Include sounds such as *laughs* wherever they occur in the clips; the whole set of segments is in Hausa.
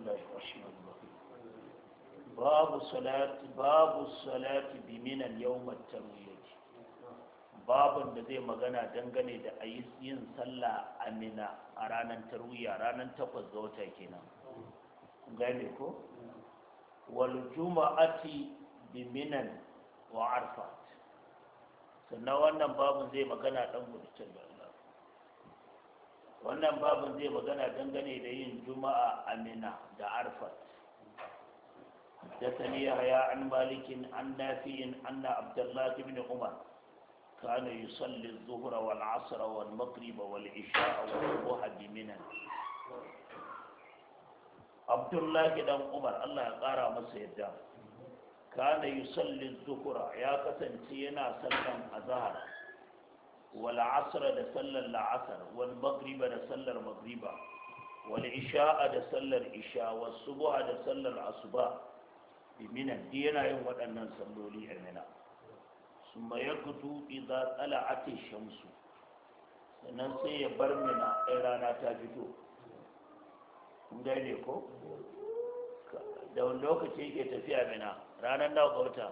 الله الرحمن الرحيم باب الصلاة باب الصلاة babin da zai magana dangane da a yin sallah a mina a ranar tarwiya ranar takwas ga wata kenan gane ko wal juma'ati bi minan wa arfat sannan wannan babin zai magana dan gudutun ba wannan babin zai magana dangane da yin juma'a amina da arfat حدثني يحيى عن مالك عن نافع أن عبد الله بن عمر كان يصلي الظهر والعصر والمغرب والعشاء والضحى بمنى عبد الله بن عمر الله يقرا مسيدا كان يصلي الظهر يا كسنتي ينا سلم أزهر wal asr da sallar la'asar wal maghriba da sallar magriba, wal isha'a da sallar isha was subha da sallar asuba bi minan yana yin waɗannan salloli a mina summa yakutu idza tala'at shamsu sannan sai ya bar mina ai rana ta fito gane ko da wani lokaci yake tafiya mina ranar da wata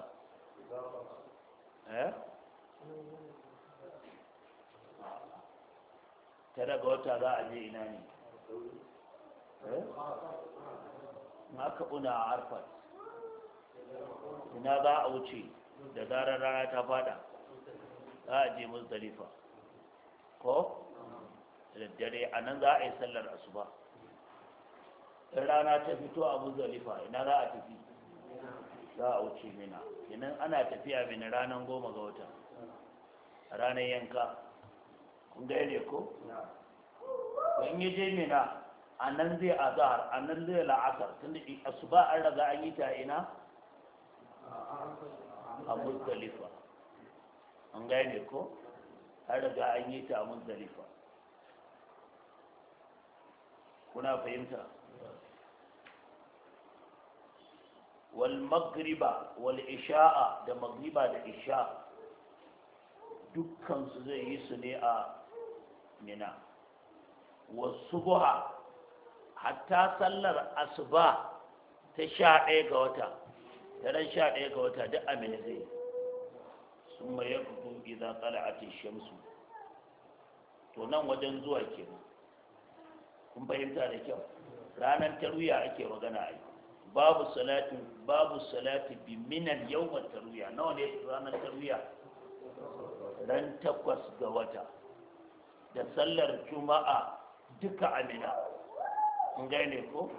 eh? tare ga wata za a je ina ne ma eh? ka una a harfar ina za a wuce da zarar rana ta fada za a je muzdalifa ko da dare a nan za a yi sallar asuba in rana ta fito a muzdalifa ina za a tafi za a wuce mina Ina ana tafiya mini ranar goma ga wata ranar yanka ne ko in ya je mina a nan zai azahar a nan zai la'asar tun da asuba an raga an yi ta ina a muzdalifa an gane ko an raga an yi ta a muzdalifa kuna fahimta wal magriba wal isha'a da magriba da isha dukkan su zai yi su ne a mina wasu buha hatta sallar asuba ta sha ɗaya ga wata ta ran sha ɗaya ga wata duk amina zai sun mai yakubu idan tsala a shamsu to nan wajen zuwa ke mu, kun fahimta da kyau ranar tarwiya ake magana a babu salati babu salati bi minal yawmat tarwiya nawa ne ranar tarwiya ran takwas ga wata da sallar juma'a duka amina mun gane ko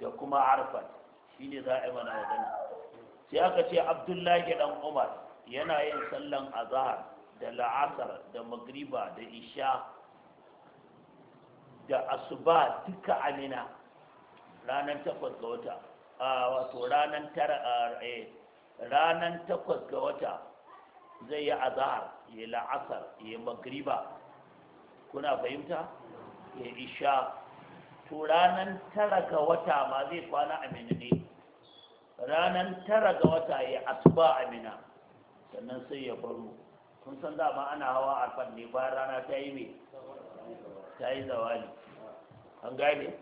da kuma arfan shi ne za a yi mana gani sai aka ce abdullahi dan umar yana yin sallan azahar da la'asar da magriba da isha da asuba duka amina ranar takwas ga wata a wato ranar tara eh, takwas ga wata zai yi azahar ya la'asar ya magriba kuna fahimta ya isha to ranar tara ga wata ma zai kwana a ne ranar tara ga wata ya asuba a mina sannan sai ya baro kun san dama ana hawa arfan ne bayan rana ta yi mai ta yi zawali an gane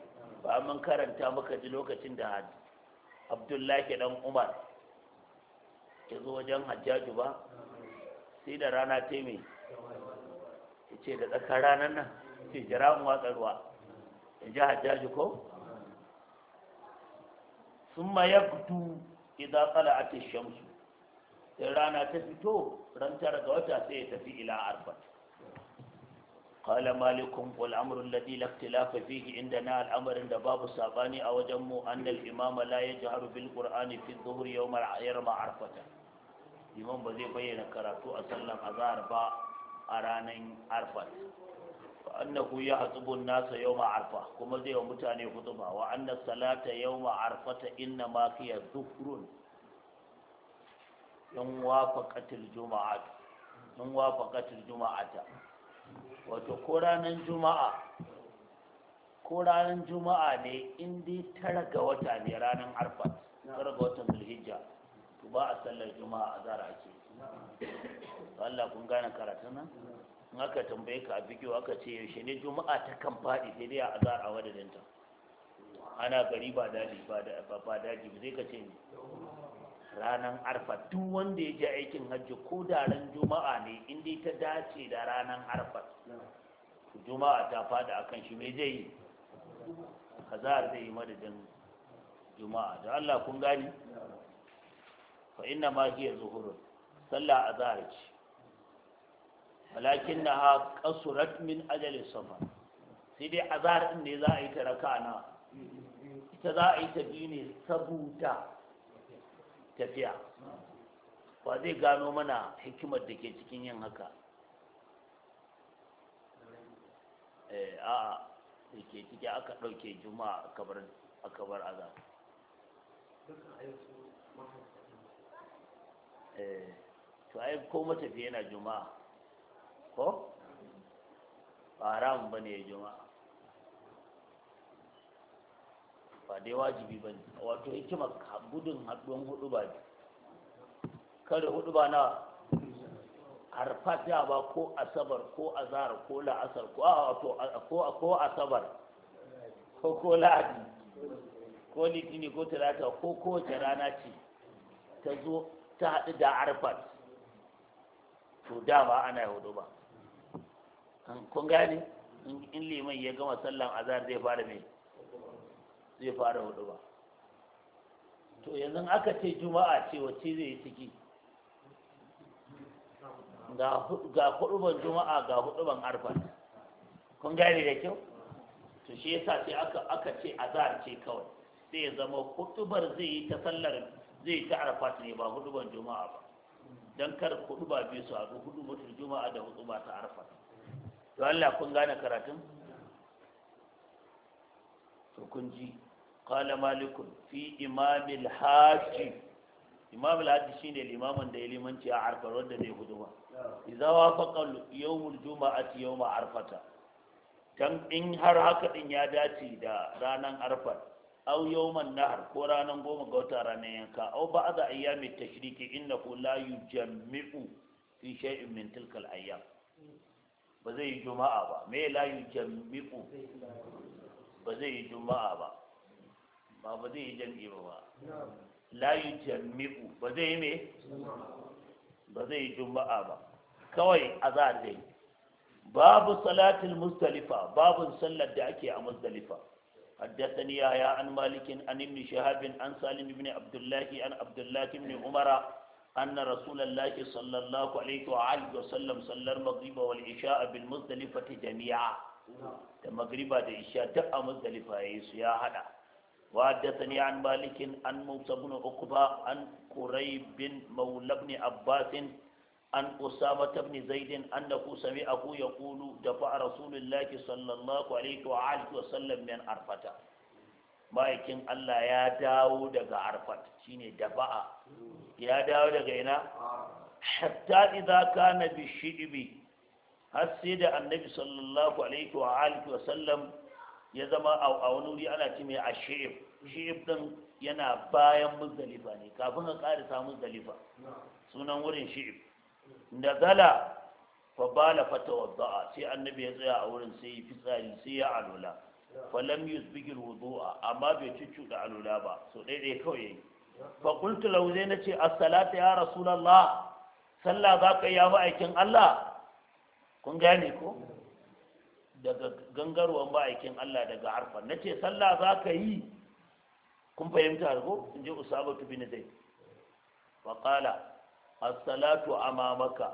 ba mun karanta muka ji lokacin da abdullahi dan umar ya zo wajen hajjaju ba sai da rana ta mai ce da tsakar ranar nan ce jira mu watsa ruwa in ji hajjaji ko sun ma ya fito idan tsala a shamsu sai rana ta fito ran tara ga wata sai ya tafi ila arfa قال مالك والأمر الذي لا اختلاف فيه عندنا الأمر عند باب الساباني أو جمه أن الإمام لا يجهر بالقرآن في الظهر يوم يرمى عرفته imam ba zai bayyana karatu a sallan azhar ba a ranar arfa fa annahu ya hatubun nasa yawma arfa kuma zai wa mutane hutuba wa anna salata yawma arfata inna ma hiya dhukrun in wafaqatil juma'at in wafaqatil juma'ata wato ko ranar juma'a ko ranar juma'a ne in dai tara ga wata ne ranar arfa tara ga watan zulhijja to ba a sallar juma'a a zara ake Allah kun gane karatun nan in aka tambaye ka a bigiyo aka ce yaushe ne juma'a ta kan faɗi sai dai a azar a wadadinta ana gari ba daji ba daji ba zai ka ce ne ranar arfa duk wanda ya je aikin hajji ko da ran juma'a ne in dai ta dace da ranar arfa juma'a ta faɗi a kan shi me zai yi azar zai yi madadin juma'a da Allah kun gani fa inna ma hiya zuhurun sallah azhar ce walakin na ha kasurat min ajalin sama sai dai azhar din ne za a yi ta raka na ita za a yi ta biyu ne sabuta tafiya ba zai gano mana hikimar da ke cikin yin haka eh, a da ke ciki aka ɗauke juma'a a kabar azhar Eh, to ai ko matafiya yana juma'a ko ba ba ne juma'a ba dai wajibi ba ne wato hikima gudun haɗuwan hudu ba ne kada hudu ba na harfa ba ko asabar ko azhar ko la'asar ko a wato ko asabar ko ko la'adi ko litini ko talata ko kowace rana ce ta zo ta haɗu da arfat to dama ana hudu ba kun gane in liman ya gama sallan azhar zai fara mai zai fara hudu ba to yanzu aka ce juma'a ce wacce zai yi ciki ga huduban juma'a ga huduban arfat kun gane da kyau to shi yasa sai aka aka ce azhar ce kawai sai ya zama hudubar zai yi ta sallar zai ta ta ne ba hudu ban juma'a ba dan kar hudu ba biyu su haɗu hudu mutum juma'a da hudu ba ta arafat to Allah kun gane karatun to kun ji qala malikun fi imamil haji Imamil haji shi ne limamin da ya limanci a arfar wanda zai hudu ba faƙa wafaqa juma'a ta yawma arfata dan in har haka din ya dace da ranar arfar aw yawman nahar ko ranar goma ga wata ranar yanka aw ba'da ayyami tashriki ko la jami'u fi shay'in min tilka al-ayyam ba zai yi juma'a ba me la jami'u? ba zai yi juma'a ba ba ba zai yi jam'i ba ba la yujammi'u ba zai yi me ba zai yi juma'a ba kawai a za a dai babu salatul muzdalifa babu sallar da ake a muzdalifa حدثني يا عن مالك عن ابن شهاب عن سالم بن عبد الله عن عبد الله بن عمر أن رسول الله صلى الله عليه وآله وسلم صلى المغرب والعشاء بالمزدلفة جميعا المغرب والعشاء دقا مزدلفة يا هذا وحدثني عن مالك عن موسى بن عقبة عن قريب مولى بن عباس عن أسامة بن زيد أنه سمعه يقول دفع رسول الله صلى الله عليه وآله وسلم من عرفة ma'aikin Allah ya dawo daga arfat shine dafa'a ya dawo daga ina hatta idza kana bi shi'bi har sai da annabi sallallahu alaihi wa sallam ya zama a wani wuri ana ce mai ashib shib din yana bayan muzdalifa ne kafin ka sa muzdalifa sunan wurin shib nazala fa bala fatawadda sai annabi ya tsaya a wurin sai ya fitsari sai ya alula lam yusbigil wudu'a amma bai cucu da alula ba so dai kawai yayi fa qultu law zai nace as-salatu ya rasulullah sallah za ka yi ma'aikin Allah kun gane ko daga gangarwan ma'aikin Allah daga harfa nace salla za ka yi kun fahimta ko in je usaba bin zaid fa qala as-salatu amamaka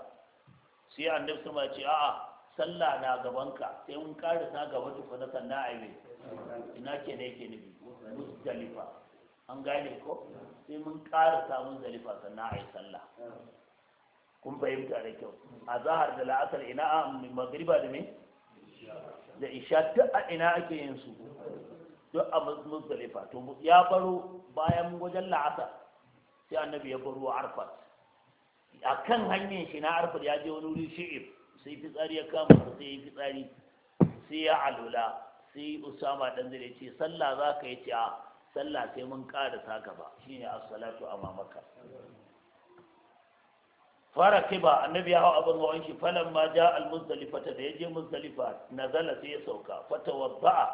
sai annabi sama ce a'a sallah na gabanka sai mun kare karasa gaba na sannan a yi ina ke ne ke nufi musdalifa an gane ko sai mun karasa musdalifa sannan a yi sallah kun fahimta da kyau a zahar da la'asar ina a magariba da me da isha ta a ina ake yin su duk a musdalifa to ya baro bayan wajen la'asar sai annabi ya baro arfat a kan hanyar shi na arfa ya je wani wuri shi'ir sai fitsari ya kama sai ya fitsari sai ya alula sai usama dan zai ce sallah za ka yi ce a ah, sallah sai mun kada sa gaba shine as-salatu mamaka fara kiba annabi ya hau abin hawan shi falan ma ja al-muzdalifa da ya je muzdalifa zala sai ya sauka fata ba'a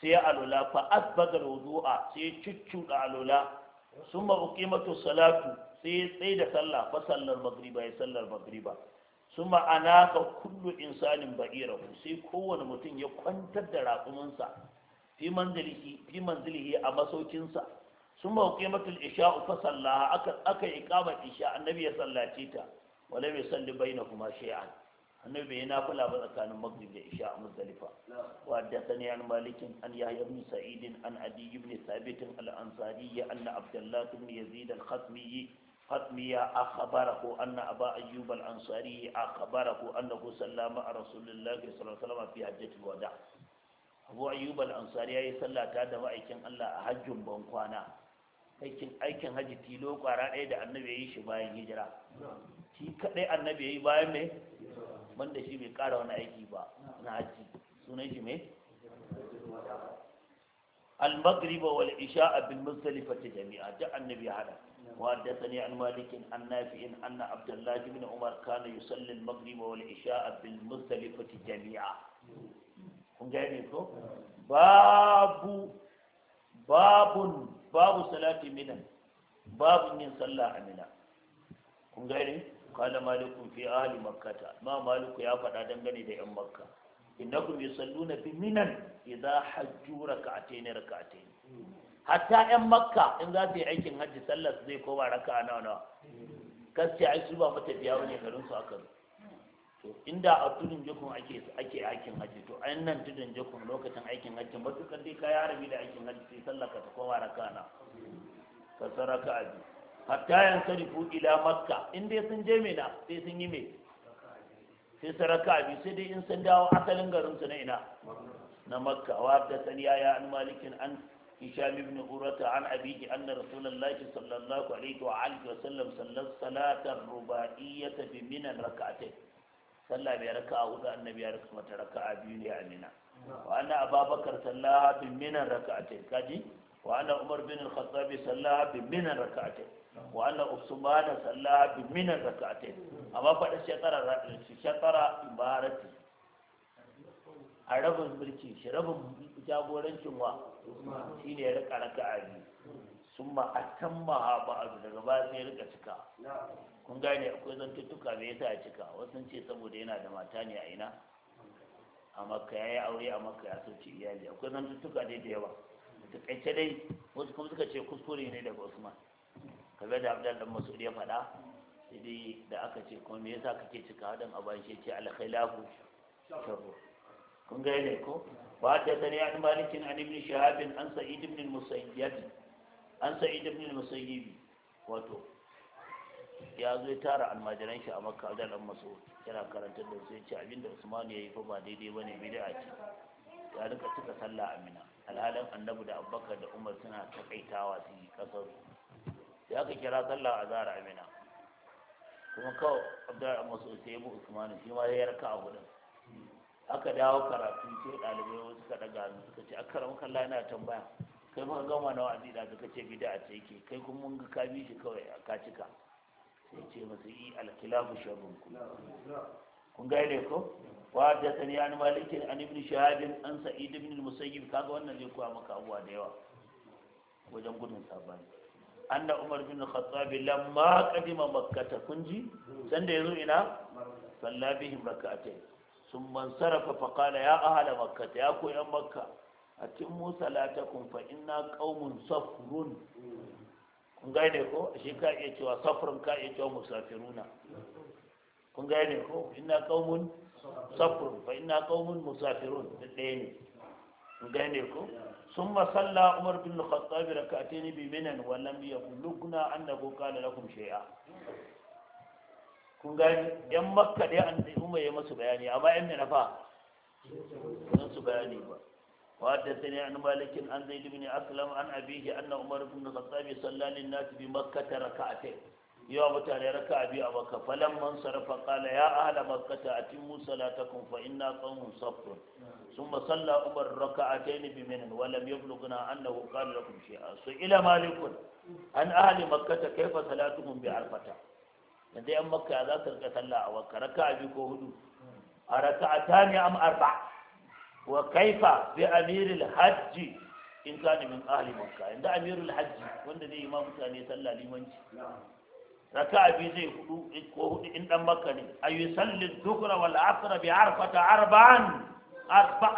sai ya alula fa asbaga wudu'a sai ya cuccuda alula summa salatu sai tsaye da sallah fa sallar magriba ya sallar magriba sun ma'ana ka kullu insanin ba'irahu sai kowane mutum ya kwantar da raƙuminsa fi manzilihi a masaukinsa sun ma matul isha'u fa sallaha aka yi kamar isha annabi ya sallace ta wala bai salli bai na kuma shi'an annabi bai nafila ba tsakanin maghrib da isha a muzdalifa wa haddathani an malikin an yahya ibn sa'idin an adi ibn thabit al-ansari anna abdullah ibn yazid al-khatmi حطمية أخبره أن أبا أيوب الأنصاري أخبره أنه صلى مع رسول الله صلى الله عليه وسلم في حجة الوداع أبو أيوب الأنصاري أي صلى تادا وأيكن الله حج بنقوانا aikin aikin haji tilo kwara da annabi ya yi shi bayan hijira shi kaɗai annabi ya yi bayan mai banda shi bai ƙara wani aiki ba na haji sunan shi mai al jami'a annabi ya hada وحدثني عن مالك عن نافع أن عبد الله بن عمر كان يصلي المغرب والعشاء بالمزدلفة جميعا كو باب باب باب صلاة منا باب من صلى منا kun gane kala malikun fi ahli makkata ma maliku ya faɗa dangane da yan makka innakum yusalluna fi minan idza hajju hatta yan makka in za su yi aikin hajji sallar zai koma raka nawa nawa gaskiya ai su ba matafiya wani garin su aka to inda a tudun jikun ake ake aikin hajji to an nan tudun jikun lokacin aikin hajji matukar dai ka yarabi da aikin hajji sai sallar ka ta koma raka na ka saraka abi hatta yan sarifu ila makka in dai sun je mina sai sun yi me? sai saraka bi sai dai in sun dawo asalin garin su na ina na makka wa da sani ya an malikin an هشام بن هرة عن أبيه أن رسول الله صلى الله عليه وآله وسلم صلى الصلاة الرباعية بمنى ركعتين صلى بركعة أولى النبي ركعة ركعة بيوني عمنا وأنا أبا بكر صلى بمنى ركعتين كاجي وأنا عمر بن الخطاب صلى بمنى ركعتين وأنا عثمان صلى بمنى ركعتين أما بعد شطر شطر إمارتي a rabin mulki shi rabin jagorancin wa ne ya rika a biyu summa ba ba'du daga baya sai ya rika cika kun gane akwai zan zantuttuka me yasa a cika wasu ce saboda yana da mata ne a ina a maka ya yi aure a maka ya sauke iyali akwai zan zantuttuka dai da yawa takaice dai wasu kuma suka ce kuskure ne daga usman kamar da abdal dan masu ya faɗa sai da aka ce kuma me yasa kake cika hadan a bayan shi ce kun gaya gane ko وحدثني عن مالك عن ابن شهاب an سعيد بن المسيب عن سعيد بن المسيب Wato. ya zo ya tara almajiran shi a makka a dalar mas'ud yana karantar da su ce abinda usman ya yi fa ba daidai ba ne bida ce ya rika cika sallah amina alhalin annabi da abubakar da umar suna takaitawa su yi kasar ya ka kira sallah a zara amina kuma kawai abdullahi mas'ud sai ya bi usman shi ma ya yarka a hudun aka dawo karatu sai ɗalibai wasu suka ɗaga hannu suka ce akaram kalla yana tambaya kai muka gama nawa a da suka ce bid'a ce yake? kai kuma mun ga ka bi kawai a ka cika sai ce masu yi alkilafu sharrun ku kun gane ko wa da sani an malikin an ibn shahabin an sa'id ibn musayyib kaga wannan zai kuwa maka abuwa da yawa wajen gudun sabani anna umar bin khattab lamma qadima makkah kun ji Sanda yazo ina sallabi rak'atayn sun man sarrafa faƙala ya ahala makka ta ya koyan makka a cin musa latakun fa na ƙaumun safrun kun gane ko shi ka iya cewa safrun ka iya cewa musafiruna kun gane ko inna ƙaumun safrun fa na ƙaumun musafirun da ɗaya ne kun gane ko sun masalla umar bin khattab raka'atayn bi minan wa an da ko kala lakum shay'a kun gani yan makka dai an dai umar ya masu bayani amma yan mina fa sun su bayani ba wa da sani an malikin an zai dubi ne aslam an abihi an na umar ibn al-khattab sallallahu alaihi bi makka ta raka'ate yawa mutane raka biyu a makka falan man sarafa qala ya ahla makka ta atimu salatakum fa inna qawmun safrun thumma salla umar raka'atayn bi min wa lam yablughna annahu qala lakum shi'a su ila malikun an ahali ahli makka kayfa salatukum bi arfata yanzu yan makka za su rika sallah a wakka raka'a biyu ko hudu a raka'ata ne am arba wa kaifa bi amiril hajji in kana min ahli makka yanzu amirul hajji wanda zai yi ma mutane sallah limanci a biyu zai hudu ko hudu in dan makka ne A ayu salli dhukra wal asra bi arfata arba'an arba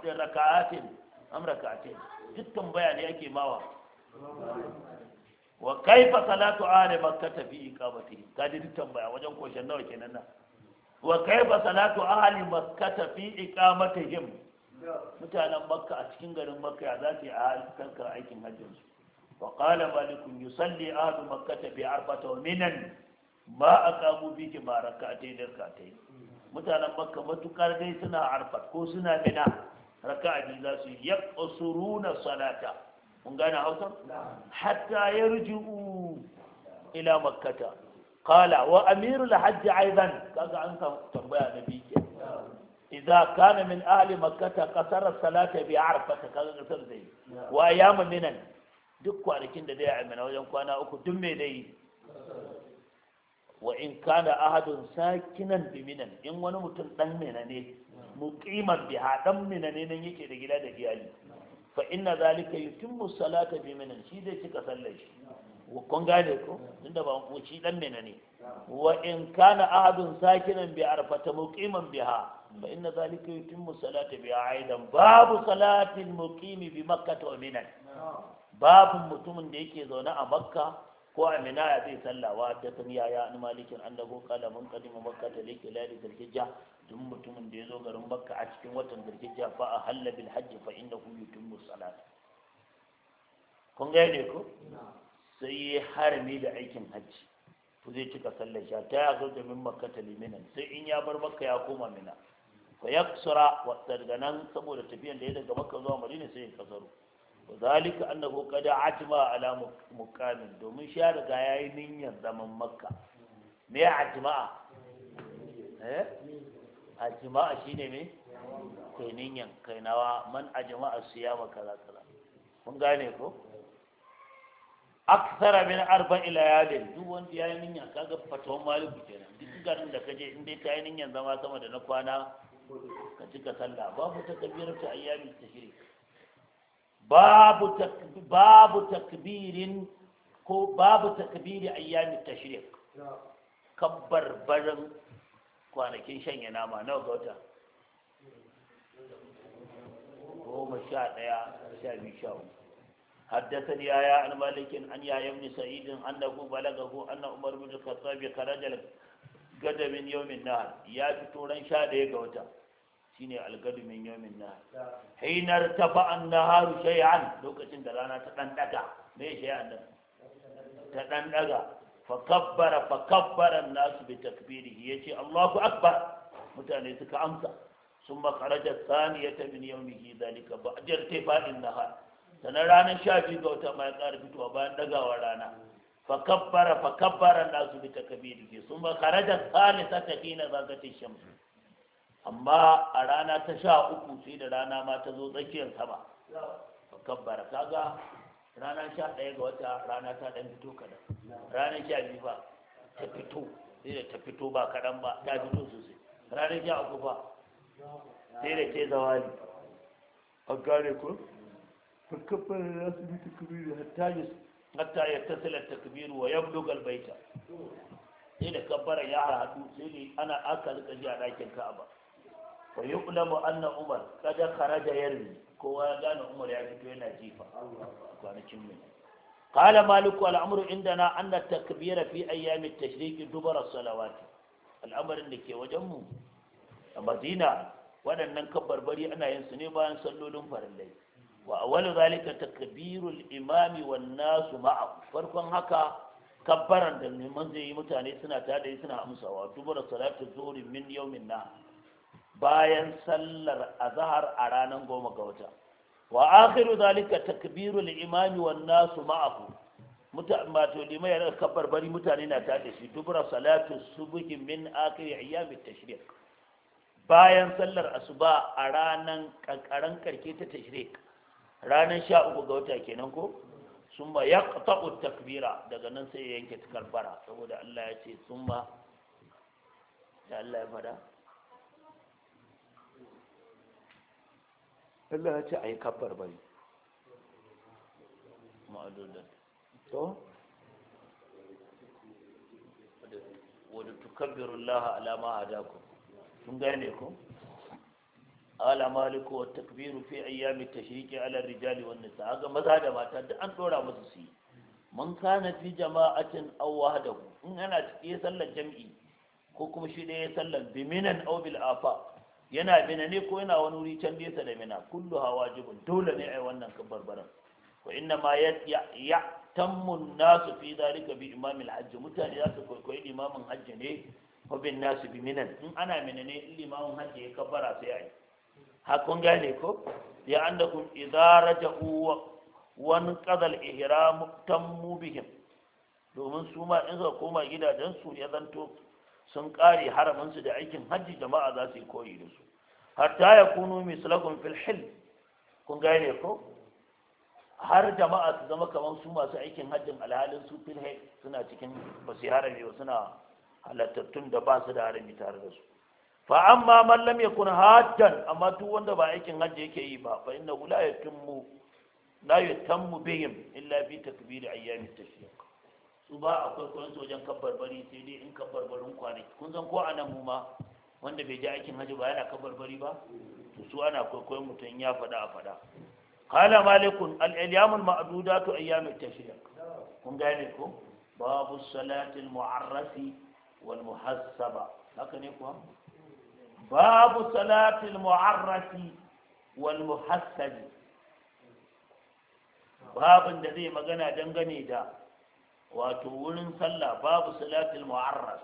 raka'atin am raka'atin dukkan bayani ake mawa wa kaifa salatu ahli ta fi Ka da duk tambaya wajen koshen nawa kenan nan wa kaifa salatu ahli makkah fi iqamatihim mutanen makka a cikin garin makka ya za su yi a kankan aikin hajjin su wa qala malikun yusalli ahli makkah bi arbata wa minan ma aqamu bi kibaraka tay da katai mutanen makka matukar dai suna arfat ko suna mina raka'a biyu za su yaqsuruna salata Kun gane hausa hatta yarji'u ila makkata qala wa amirul hajj aizan kaga an samu tambaya na biyu idza kana min ahli makkata qasara salata bi arfata kaga kasar dai. wa ayyamu minan duk kwanakin da zai amina wajen kwana uku duk me dai wa in kana ahadun sakinan bi minan in wani mutum dan mina ne muqiman biha dan mina ne nan yake da gida da iyali fa inna zalika yutimmu salata bi minan shi zai cika sallar shi kun gane ko tunda ba ko shi dan mena ne wa in kana ahadun sakinan bi arfata muqiman biha fa inna zalika yutimmu salata bi aidan babu salatin muqimi bi makkah wa minan babu mutumin da yake zaune a makka ko a mina ya zai wa ta tani yaya an malikin annabo kala mun kadima makka ta lake Ladi, zulhijja duk mutumin da ya zo garin makka a cikin watan zulhijja fa a halla bil hajji fa innahu yutimmu salat kun ga ne ko sai ya harami da aikin hajji ku zai cika sallar sha ta ya zo min makka ta liminan sai in ya bar makka ya koma mina fa yaksura wa nan saboda tafiyan da ya daga makka zuwa madina sai ya kasaro wa zalika قد qad على ala دومن domin shi ya riga yayi niyyar zaman makka me ya atma eh atma كاي me kai niyyar kai nawa man kun gane ko aksara min arba'in layalin duk wanda yayi ninya kaga fatawan maliku kenan duk garin da kaje in dai kayi ninya zama sama da na kwana ka cika sallah babu ta kabiratu ayyami tashrik babu babu takbirin ko babu takbiri ayyamin tashrik kabbar barin kwanakin shanye nama nawa ga wata goma sha daya sha biyu sha ya حدثني يا عن مالك عن يا بن سعيد أنه بلغه أن عمر بن الخطاب خرج غدا يوم النهر يا تورن sha ɗaya ga wata shine algadu min yawmin nahar hinar tafa an-naharu shay'an lokacin da rana ta dan daga me shay'an din ta dan daga fa kabbara fa kabbara an-nasu bi takbirihi yace Allahu akbar mutane suka amsa ثم خرج الثانية من يومه ذلك بعد ارتفاع النهار sannan ranar sha biyu ga wata mai ƙara fitowa bayan dagawa rana fakabbara fakabbara da nasu bi takabiri sun ba kare da tsali ta tafi zagatin shamsu amma a rana ta sha uku sai da rana ma ta zo tsakiyar sama kabbara kaga rana sha ɗaya ga wata rana ta ɗan fito kaɗan ranar sha biyu ba ta fito sai da ta fito ba kaɗan ba ta fito sosai ranar sha uku ba sai da ke zawali a gane ku fa kabbara za su bi takbiru hatta ya hatta ya tasila takbiru wa yabluga galbaita sai da kabbara ya haɗu sai da ana aka rika ji a ɗakin ka'aba fa yi ulamu an umar kada kharaja yarni kowa ya gane umar ya fito yana jifa a kwanakin mai kala maliku al'amuru inda na an na takbira fi ayyamin tashriki dubara salawati al'amarin da ke wajen mu a madina waɗannan kabbar ana yin su ne bayan sallolin farallai wa awalin zalika takbirul imami wa nasu ma'a farkon haka kabbaran da neman zai yi mutane suna tada yi suna amsawa dubara salatu zuhuri min yau min bayan sallar azhar a ranar goma ga wata wa akhiru zalika takbiru al-imami wan nasu ma'ahu to limai yana kabbar bari mutane na ta da shi dubra salatu subhi min akhir ayyam tashriq bayan sallar asuba a ranan kankaran karke ta tashriq ranan 13 ga wata kenan ko summa yaqta'u takbira daga nan sai ya yanke takbara saboda Allah ya ce summa da Allah ya fada Allah ya ce a yi kabbar bari ma'adudan to wadda tukabbirun laha alama a dakon sun gane ku ala maliku wa takbiru fi ayyami tashriki ala rijali wan nisa aga maza da mata da an dora musu su yi man kana fi jama'atin aw wahdahu in ana cikin sallar jam'i. ko kuma shi da ya sallar biminan aw bil afa yana binane ne ko yana wani wuri can nesa da mina kullu hawa jibin dole ne a wannan kabbarbaran wa inna ma ya tammun nasu fi zalika bi imamil hajji mutane za su kwaikwayi limamin hajji ne wa bin nasu bi minan in ana mina ne limamin hajji ya kabbara sai a yi hakun gane ko ya annakum idza raja'u wani qadal ihram tammu bihim domin su ma in suka koma gidajensu ya zanto sun kare haraminsu da aikin hajji jama'a za su yi koyi da su ta ya kunu mai fil filhil kun gane ko har jama'a su zama kamar su masu aikin hajjin alhalin su fil suna cikin ba su harami ba suna halattattun da ba su da harami tare da su fa amma mallam ya kun hajjan amma duk wanda ba aikin hajji yake yi ba fa innahu la yatimmu tan mu bihim illa fi takbir ayyamit tashriq su ba akwai koyon su wajen bari sai dai in barin kwanaki kun san ko anan mu ma wanda bai ji aikin hajji ba yana bari ba to su ana kwaikwayon mutum ya faɗa a faɗa kala malikun al'ayyamul ma'aduda to ayyamin tafiya kun gane ko babu salatin mu'arrafi wal muhassaba haka ne kuwa babu salatin mu'arrafi wal muhassabi babin da zai magana dangane da wato wurin sallah babu salatul mu'arras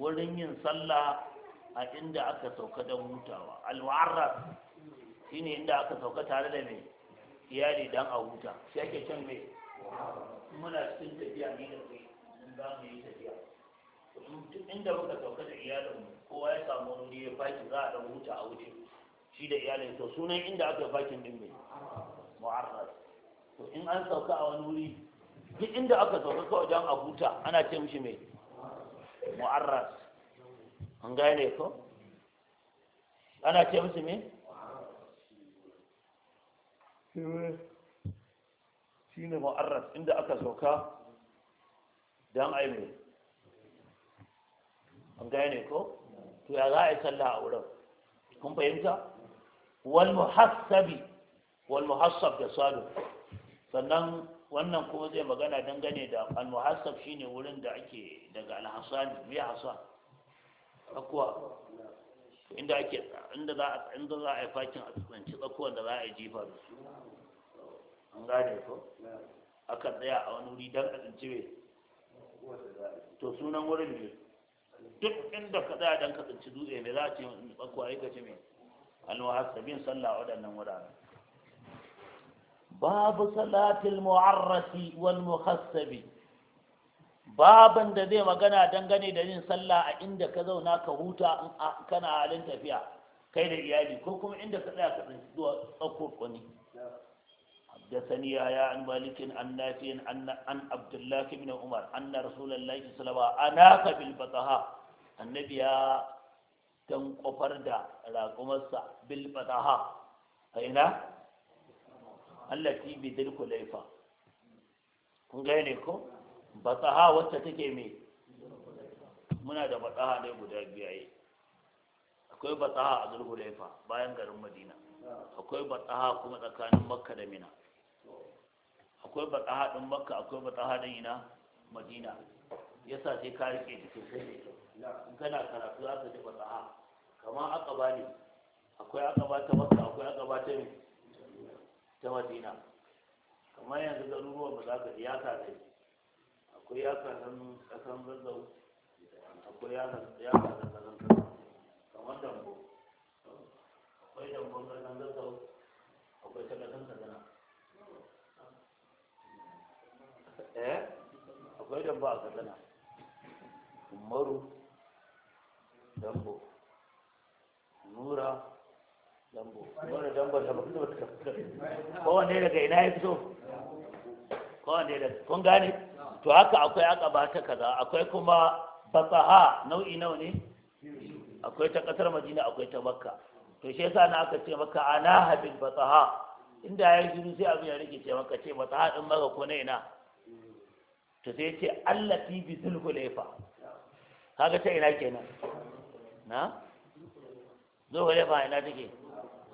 wurin yin sallah a inda aka sauka don hutawa al-mu'arras shine inda aka sauka tare da mai iyali dan a huta shi ake can mai muna cikin tafiya ne da kai za mu yi tafiya inda muka sauka da iyalinmu kowa ya samu wani ya faki za a ɗan huta a wuce shi da iyalin to sunan inda aka fakin din mai mu'arras to in an sauka a wani wuri duk inda aka sauka kawai don a huta ana ce mishi mai mu'arras an gane ko ana ce mishi mai shi ne mu'arras inda aka sauka don a an gane ko to ya za a yi sallah a wurin kun fahimta wal muhassabi wal muhassab da sadu sannan wannan kuma zai magana dangane da al-muhassab shine wurin da ake daga al-hasan bi hasan akwa inda ake inda za a inda za a yi fakin a tsanci da za a yi jifa da su an gane ko aka tsaya a wani wuri dan a tsanci ne to sunan wurin ne duk inda ka tsaya dan ka tsanci dutse me za a ce tsakuwa ya gaci me al-muhassabin sallah waɗannan wuraren babu salatul mu'arrasi wal mukhassabi baban da zai magana dangane da yin sallah a inda ka zauna ka huta in kana halin tafiya kai da iyali ko kuma inda ka tsaya ka tsinci zuwa tsakko kwani ya يا عن مالك عن نافع عن عن عبد الله بن عمر أن رسول الله صلى الله عليه وسلم أناك بالفتحة النبي تنقفر دا راقمسا بالفتحة allati bi dil laifa kun gane ko bataha wacce take me muna da batsaha ne guda biyaye akwai batsaha a laifa bayan garin madina akwai batsaha kuma tsakanin makka da mina akwai batsaha din makka akwai batsaha din ina madina yasa sai ka rike ta sai ne in kana karatu za ka ji batsaha kamar aka ba ne akwai aka ba ta makka akwai aka ba ta mina ta madina kamar yanzu garuruwan ba za ka ji yaka da akwai yaka nan kasan zazzau akwai yaka nan kasan kasan kamar dambo akwai dambo kasan zazzau akwai ta kasan kasan eh akwai dambo a kasan umaru dambo nura lambo wani dambo da ba kowanne daga ina ya fito kowanne daga kun gane to haka akwai akaba ta kaza akwai kuma fasaha nau'i nawa ne akwai ta kasar madina akwai ta makka to shi yasa na aka ce maka ana habil fasaha? inda ya yi shiru sai abin ya rike ce maka ce batsaha din maka ko na ina to sai ce allati bi zulhulaifa kaga ta ina kenan na zulhulaifa ina take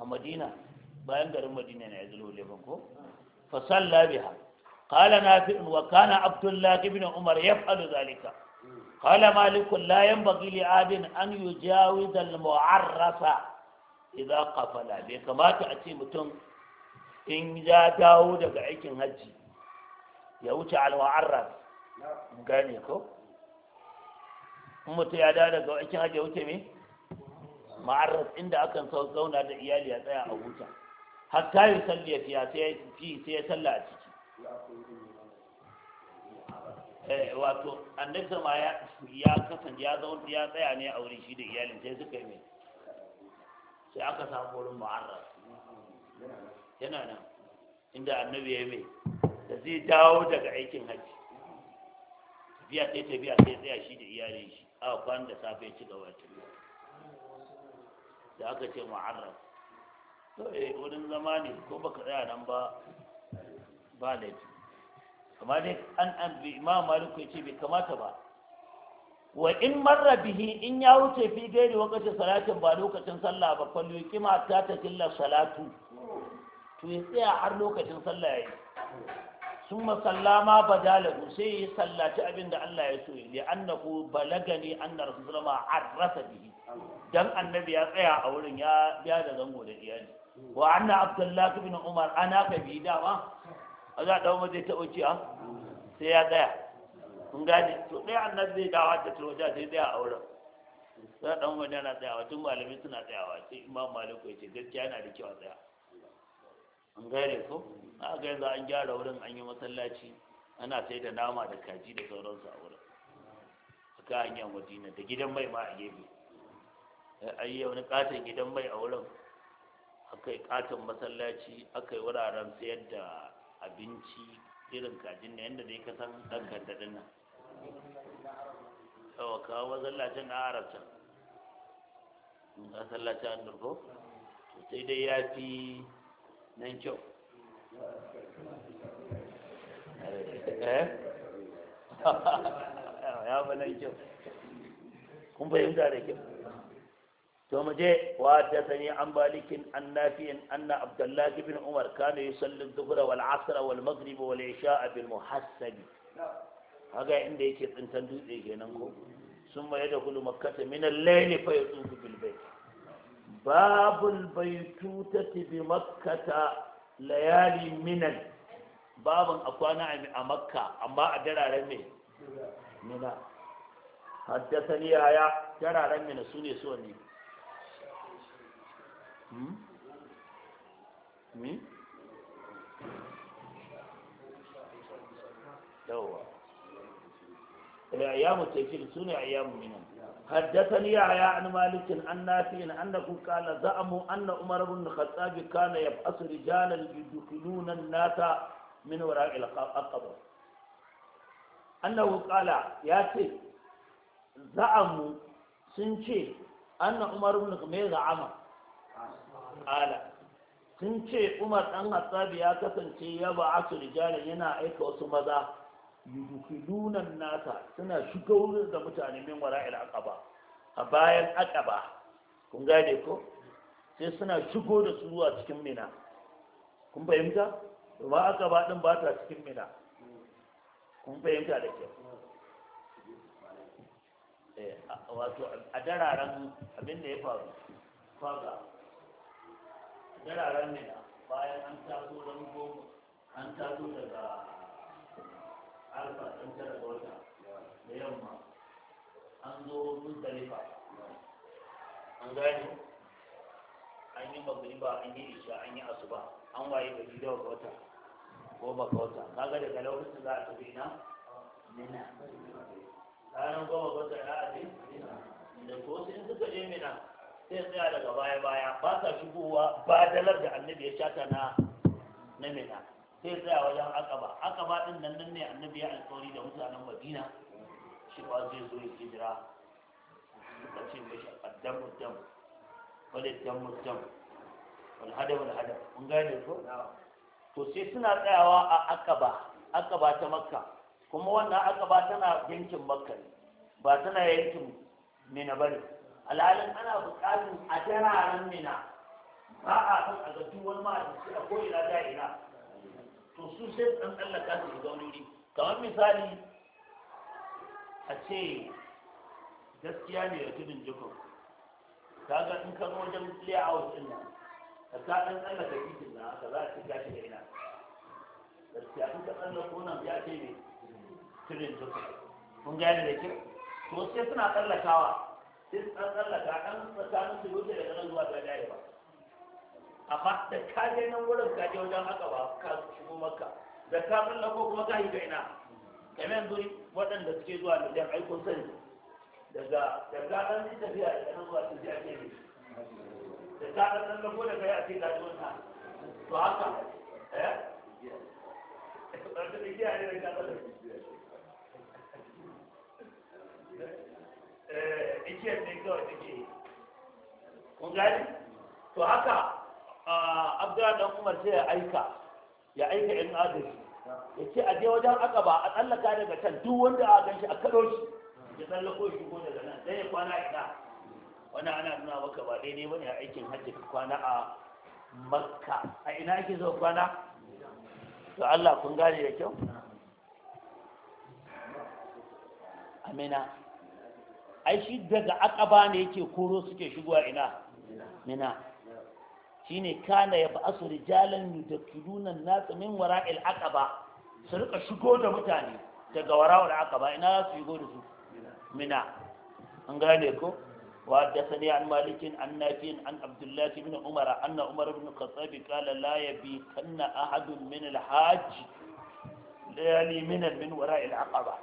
a madina bayan garin madina ne ya zilo lefin ko fasalla biha qala nafi'un wa kana Abdullahi ibn umar ya yaf'alu zalika qala malik la yanbaghi li adin an yi yujawiz al mu'arrafa idza kafala. bai kamata a ce mutum in ya dawo daga aikin hajji ya wuce al mu'arraf gane ko mutum ya dawo daga aikin hajji ya wuce me ma'arras inda akan zauna da iyali a tsaya a huta hatta yin salli ya fiya sai ya salla a ciki eh, wato annabi sama ya kasance ya zauna ya tsaya ne a wurin shi da iyalin sai suka yi mai sai aka samu wurin ma'arras yana nan inda annabi ya yi mai da zai dawo daga aikin hajji tafiya sai tafiya sai tsaya shi da iyalin shi a kwan da safe ci gaba tafiya da aka ce mu'arraf to eh wurin zama ne ko baka tsaya nan ba ba laifi amma dai an an bi imam malik ko ce bai kamata ba wa in marra bihi in ya wuce fi gairi lokacin salatin ba lokacin sallah ba fa kima ta killa salatu to ya tsaya har lokacin sallah yayi sun masallama ba dalagu sai ya sallaci abin da Allah ya so ya annahu balagani anna rasulullah arrasa bihi dan annabi ya tsaya a wurin ya biya da zango da iyali wa anna abdullah ibn umar ana ka bi dama a za dawo zai ta wuce a sai ya tsaya kun gane to dai annabi zai dawo ta da sai tsaya a wurin sai dan wajen na tsayawa tun malamai suna tsayawa sai imam maliku ya ce gaskiya yana da kyau a tsaya an gane ko na ga yanzu an gyara wurin an yi masallaci ana sai da nama da kaji da sauransu a wurin ka hanyar madina da gidan mai ma a gefe eh, an yi wani katon gidan mai a wurin aka yi katon masallaci aka yi wuraren sayar da abinci irin kajin da yadda dai ka san da kandadin nan yawa kawo masallacin na arabta masallacin an durko sai dai ya fi nan kyau eh? *laughs* ya fi nan kyau kun fahimta da kyau to mu je wa ta sani an balikin an nafiyin anna abdullahi bin umar kana yusalli dhuhra wal asra wal maghrib wal isha abin muhassabi haga inda yake tsintan dutse kenan ko sun ma da makkata min al-layli fa yatufu bil babul baitutati bi makkata layali minan babin a kwana a makka amma a dararen ne mina haddasa ni yaya dararen mina su ne so ne mi hmm? hmm? yawa ayyamu tafil su ne ayyamu minan حدثني يحيى عن مالك عن نافع انه قال زعموا ان عمر بن الخطاب كان يبعث رجالا يدخلون الناس من وراء القبر انه قال يا سي زعموا سنشي ان عمر بن الخطاب زعم قال sun ce umar ɗan hassabi ya kasance ya ba a su rijalin yana aika wasu maza yudkhilunan nasa suna shigar da mutane min wara'il aqaba a bayan aqaba kun gane ko sai suna shigo da su zuwa cikin mina kun fahimta ba aqaba din ba ta cikin mina kun fahimta da eh wato a dararan abin da ya faru faga dararan mina bayan an taso wani goma an taso daga alfa ɗan tara ga wata da yamma an zo muzdalifa an gani an yi magriba an yi isha an yi asuba an waye gari da wata goma ga wata kaga daga lokacin za a tafi na nina ranar goma ga wata ya aje da ko sai suka je mina sai tsaya daga baya baya ba sa shigowa ba dalar da annabi ya shata na na mina sai tsaya wajen akaba akaba din nan nan ne annabi ya alkawari da mutanen madina shi ba zai zo ya hijira suka ce mai shi addam addam wale addam addam wal hada wal hada kun gane ko to sai suna tsayawa a akaba akaba ta makka kuma wannan akaba tana yankin makka ne ba tana yankin mina bari. alhalin ana bukatun a tararen mina ba a kan a ga duk wani ma'aikaci a ina da ina to su sai an tsallaka su ga wuri kamar misali a ce gaskiya ne da tudun jikon kaga in ka zo wajen layout din nan ka ka dan tsallaka titin nan ka za ka ci gashi da ina gaskiya in ka tsallaka nan ya ce ne tudun jikon kun ga da kyau to sai suna tsallakawa sai an tsallaka an tsakanin su wuce da ɗan zuwa ga dai ba amma da ka je nan wurin ka je wajen haka ba ka shigo maka da ka bin ko kuma ka yi ga ina kamar yanzu waɗanda suke zuwa da jan aiko sani daga da ɗan yi tafiya da ɗan zuwa tafiya ne da ka ɗan ɗan da kai a ce ka ji wannan to haka eh ɗan da da ka ɗan eh ikiyar ne wata kun to haka abdullahi dan umar sai ya aika ya aika yan agaji ya ce a je wajen aka ba a tsallaka daga can duk wanda a ganshi a kado shi ya tsallako shi ko daga nan sai ya kwana ina wani ana nuna maka ba daidai bane a aikin hajji ka kwana a makka a ina ake zo kwana to Allah kun gane da kyau amina ai shi daga akaba ne yake koro suke shigowa ina mina shine kana ya ba ba'asu rijalan yudakkiluna an-nas min wara'il aqaba su rika shigo da mutane daga wara'il aqaba ina su shigo da su mina an gane ko wa da sani an an malikin وحدثني عن مالك عن نافع عن عبد الله بن عمر أن عمر بن الخطاب قال لا يبيتن أحد من al ليالي من من وراء العقبة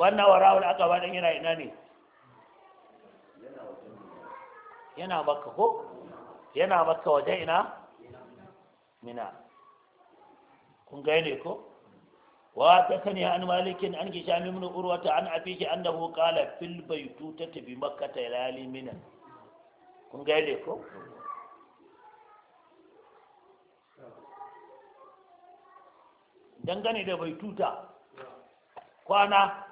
aqaba din yana ina ne yana maka ko yana maka waje ina mina kun gane ko wa ta sani an malikin an gisha min urwata an an da qala fil ta bi ta lali mina kun gane ko dangane da tuta kwana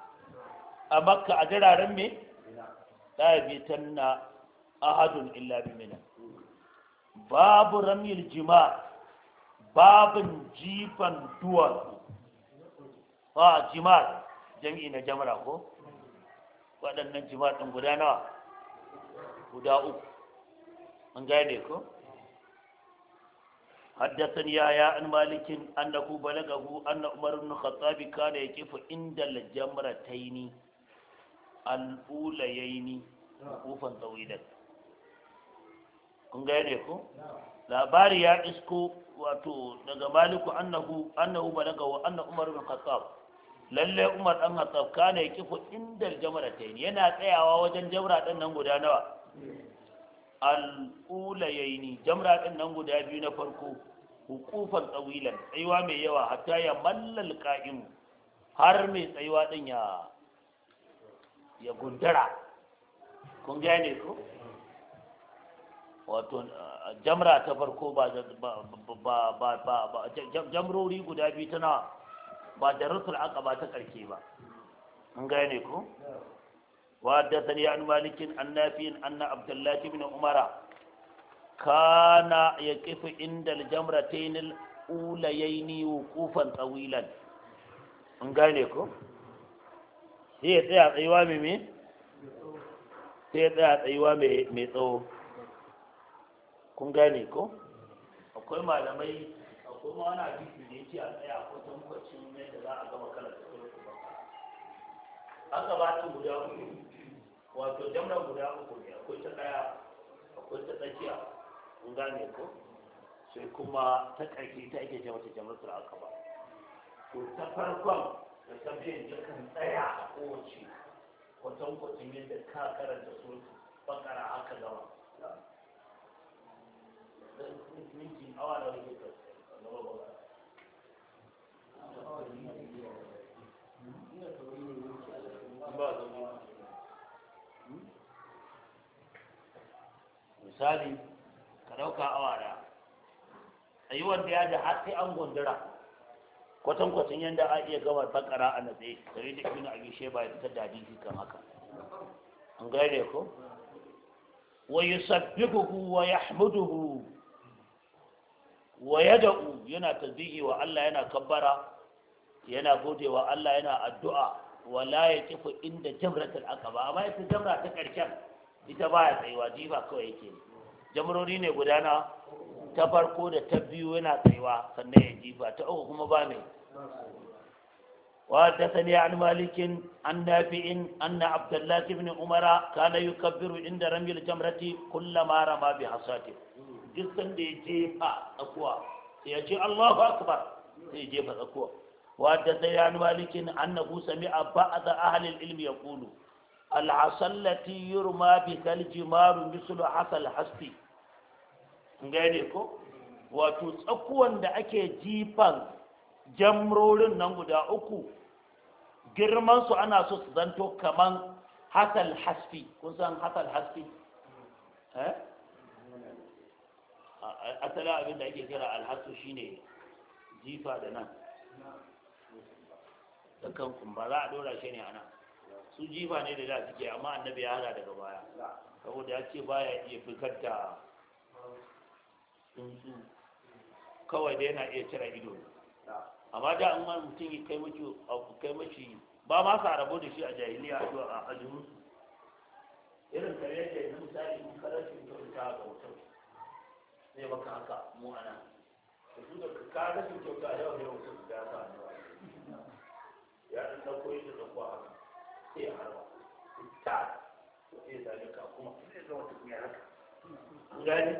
a makka a jiraren me ɗaya bitan na ahadun illa bi mina babu ramil jima babin jifan duwatsu a jima jam'i na jamra ko waɗannan jima ɗin guda nawa guda uku an gane ko حدثني يا عن مالك أنه بلغه أن عمر بن الخطاب كان يقف عند الجمرتين الأوليين وقوفا طويلا kun gane ko labari ya isko wato daga maliku annahu annahu balaga wa anna umar bin khattab lalle umar dan khattab kana yakifu indal jamratayn yana tsayawa wajen jamra din nan guda nawa al ulayaini jamra din nan guda biyu na farko hukufan tsawilan tsayuwa mai yawa hatta ya mallal qa'im har mai tsayuwa din ya ya gundara kun gane ko wato uh, jamra ta farko ba ba ba ba jamrori guda biyu tana ba da rasul aqaba ta karke ba an ne ko wa haddathani an malikin an anna abdullahi ibn umara kana yaqifu inda al-jamratayn al-ulayayni wuqufan tawilan an gane ko sai ya tsaya tsayuwa mai me sai ya tsaya tsayuwa me mai tsawo kun gane ko akwai malamai akwai ma wani hadisi da yake a tsaya a kusan ne da za a gama da suratul baqara aka ba ta guda uku wato jamra guda uku ne akwai ta daya akwai ta tsakiya kun gane ko sai kuma ta karfi ta ake ce mata jamratul aqaba to ta farkon da ta biyan kan tsaya a kowace kwatankwacin yadda ka karanta suratul bakara aka gama misali ka ɗauka awa da yi wanda ya ji haske an gundura kwatankwacin yadda a iya gama bakara a natse tare da a abi sheba ya fitar da hadisi kan haka an gane ko wa yusabbihuhu wa yahmuduhu wa yad'u yana tasbihi wa Allah yana kabbara yana godewa Allah yana addu'a wa la yaqifu inda jamratul aqaba amma ita jamra ta karshen ita baya tsayuwa jifa kawai yake jamrori ne gudana ta farko da ta biyu yana tsayuwa sannan ya jifa ta uku kuma ba mai an malikin, an nafi'in, an na Abdullahi الله بن عمر كان inda عند رمي الجمرة كلما رمى بحصاته duk sanda ya jefa tsakuwa sai ya ce Allahu akbar sai ya jefa tsakuwa wa ya sayan malikin annahu sami'a a ahli ilmi ilmi ya kulu hasallati yurma bi kaljimaru da hasal hasti gane ko wato tsakuwan da ake jifan jamrorin nan guda uku girman su ana so su zanto kaman hasal hasfi kun san hasal hasfi eh asala abin da ake kira alhassu shine jifa da nan da kan ba za a dora shi ne a nan su jifa ne da za suke amma annabi ya hada daga baya saboda ya ce baya iya fi karta tsuntsu kawai da yana iya cire ido amma da an wani mutum ya kai mashi kai ba ma sa rabo da shi a jahiliya a ajiyar irin kare da yanzu misali in karar ta ga mutum sai baka haka mu ana da su da ka rashin kyauta yau yau su da ta ne ya dan da koyi da ko haka sai ya harba ta sai da ne ka kuma sai ga wata kuma haka gani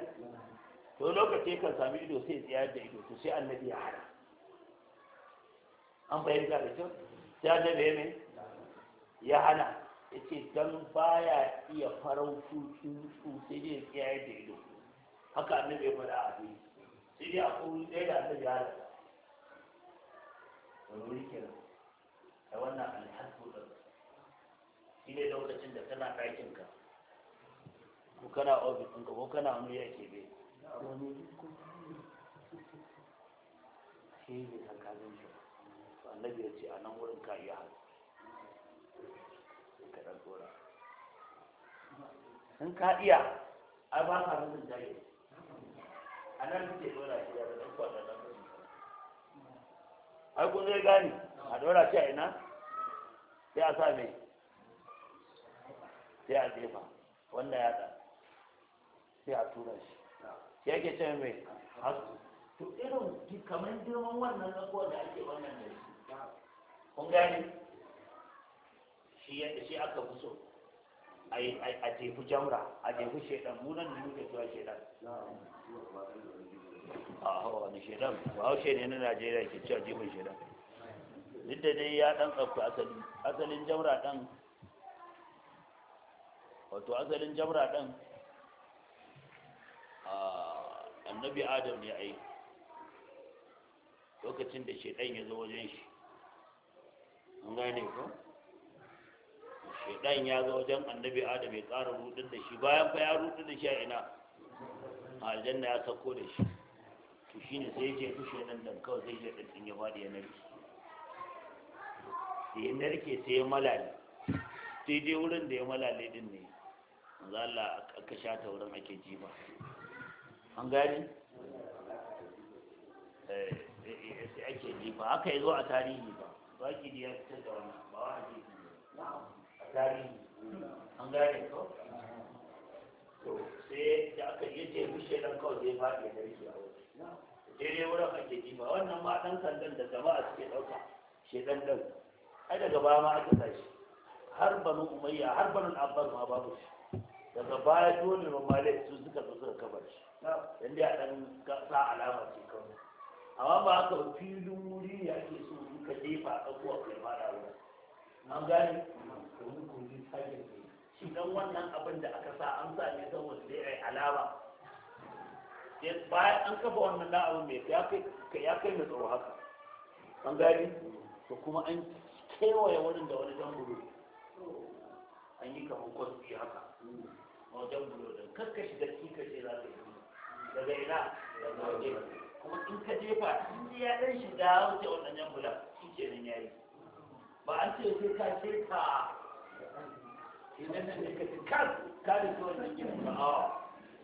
to lokaci kan sami ido sai tsaya da ido to sai annabi ya hana an fahimta da kyau sai annabi ya mai ya hana ya ce don baya iya farautu tsuntsu sai dai tsaya da ido haka annabi ya faɗa a dai sai dai a kowani ɗaya da annabi ya da ta wuri kenan ta wannan alhazu ɗin shi ne lokacin da kana ka ko kana ofis ɗinka ko kana wani ya ke bai shi ne tsakanin shi annabi ya ce a nan wurin ka iya hannu ka ɗan in ka iya ai ba ka rufin jahili a nan suke dora shi da ɗan kwa da ɗan ai kun zai gani a dora shi a ina sai a sa mai sai a jefa wanda ya ɗa sai a tura shi ya ke ce mai hasu to irin kamar girman wannan zafuwa da ake wannan da shi kun gani? shi aka fi so a jefu jamra a jefu shaidan munan da muke cewa shaidan a hawa wani shaidan ba haushe ne na najeriya ke cewa jifin shaidan duk da dai ya dan tsafta asali asalin jamra dan wato asalin jamra dan annabi adam ne ai lokacin da shaidan ya zo wajen shi an gane ko shaidan ya zo wajen annabi adam ya ƙara rudin da shi bayan fa ya rudin da shi a ina aljanna ya sako da shi to shi ne sai ya je ku shaidan da kawai sai shaidan din ya bada ya narke da ya narke sai ya malale dai wurin da ya malale din ne za Allah aka sha ta wurin ake ji ba an gani sai eh, eh, eh, ake ji ba haka ya zo a tarihi ba ba ki da ya fitar da wani, ba wa ji ba. tarihi an gane ko to sai da aka yi ce mushe dan kawai zai faɗi da rike a wuri daidai wurin ake ji ba wannan ma dan sandan da jama'a suke ɗauka shi dan dan ai daga baya ma aka tashi har banu umayya har banu abbas ma babu shi daga baya dole ma malik su suka zo suka kabar shi dan dai a dan sa alama ce kawai amma ba haka filin wuri ne ake so ka jefa a ɗauko a kai fada wurin an gane wani kogi sake ne shi dan wannan abin da aka sa an sa ne saboda dai ai alama bayan an kafa wannan dan abin mai ya kai ya kai mai tsaro haka an gane to kuma an kewaye wurin da wani dan buru an yi kamar kwasfi haka wajen buru din kakka shiga kika ce za ka yi daga ina daga waje kuma in ka jefa in ya dan shiga wuce wannan yan bula shi ke nan yi. ba a ce sai ka ka idan ne ka ci ka da su wannan gidan ba a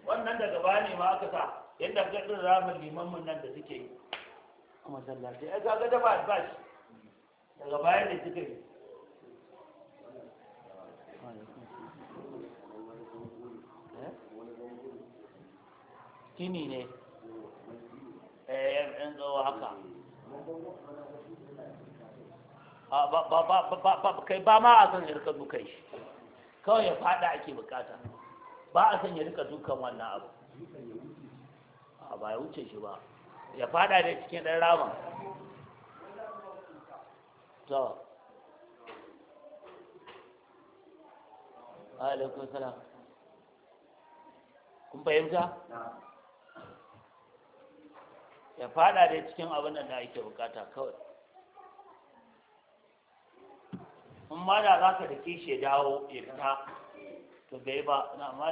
wannan daga baya ne ma aka sa yadda ka ɗin ramin liman mun nan da suke yi a masallaci ai kaga da ba ba shi daga baya ne suka yi Kini eh? ne, eh, ‘yan tsawo haka. ba ma a san ya rika dukan shi kawai ya fada ake bukata ba a san ya rika dukan wannan abu a ba ya wuce shi ba ya fada da cikin ɗan rama. to alaikun salam kun fahimta ya fada da cikin abin da ake bukata kawai in ma da za ka da kishi ya dawo ya fita to bai ba na ma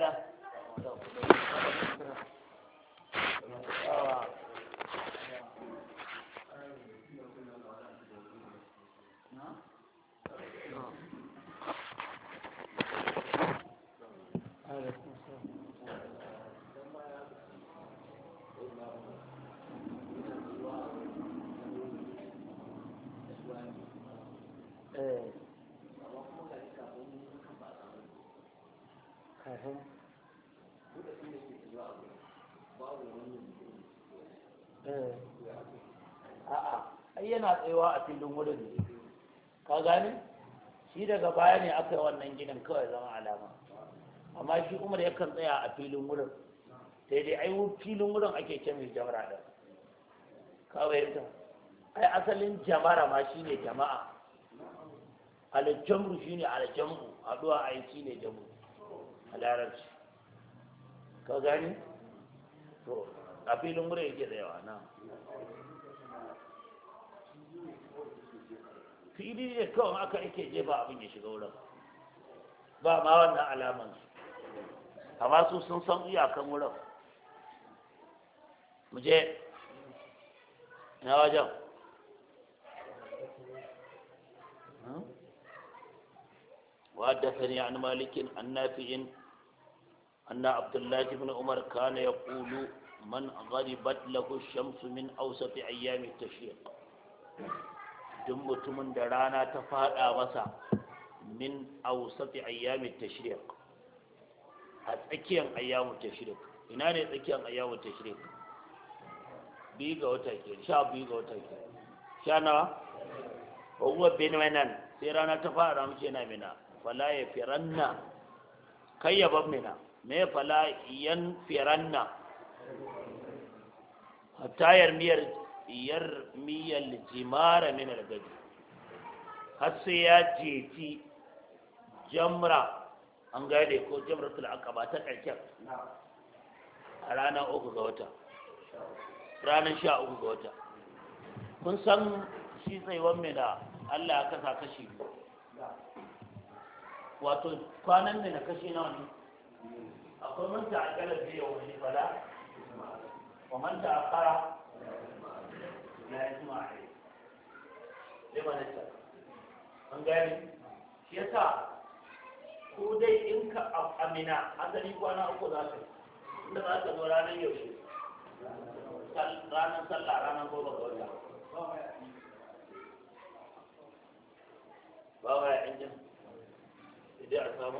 a'a ai yana tsayawa a filin wurin ne ka gane shi daga baya ne aka wannan ginin kawai zama alama amma shi umar yakan tsaya a filin wurin sai dai ai filin wurin ake ce mai jamara da kawai ta ai asalin jamara ma shi ne jama'a aljamru shi ne aljamru haɗuwa a yi shi ne jamru a ka gani to a filin wurin yake da yawa na fili ne kawai aka je ba abin ya shiga wurin ba ma wannan alaman amma su sun san iyakan wurin mu je na wajen وحدثني عن مالك عن نافع أن عبد الله بن عمر كان يقول من غربت له الشمس من أوسط أيام التشريق duk mutumin da rana ta fada masa min ausati ayyami tashriq a tsakiyar ayyamu tashriq ina ne tsakiyar ayyamu tashriq biyu ga wata ke sha biyu ga wata ke sha nawa wa huwa bin sai rana ta fara mace na ya kai ya mina me fala yan firanna hatta yar yarmiyar jimara min algadi har sai ya jefi jamra an gane ko jamratul aqaba ta ƙarshen a ranar uku ga wata ranar sha uku ga wata kun san shi tsaiwon mai da allah ya kasa kashi wato kwanan mai na kashi nawa ne akwai man ta'akkala bi yau wani fala wa man ta'akkara Na yasma alai a ba na ta an gani shi yasa ko dai in ka amina asali kwana uku za ka inda za ka zo ranar yaushe ranar sallah ranar goma ga wata ba wa ya ɗan idan a samu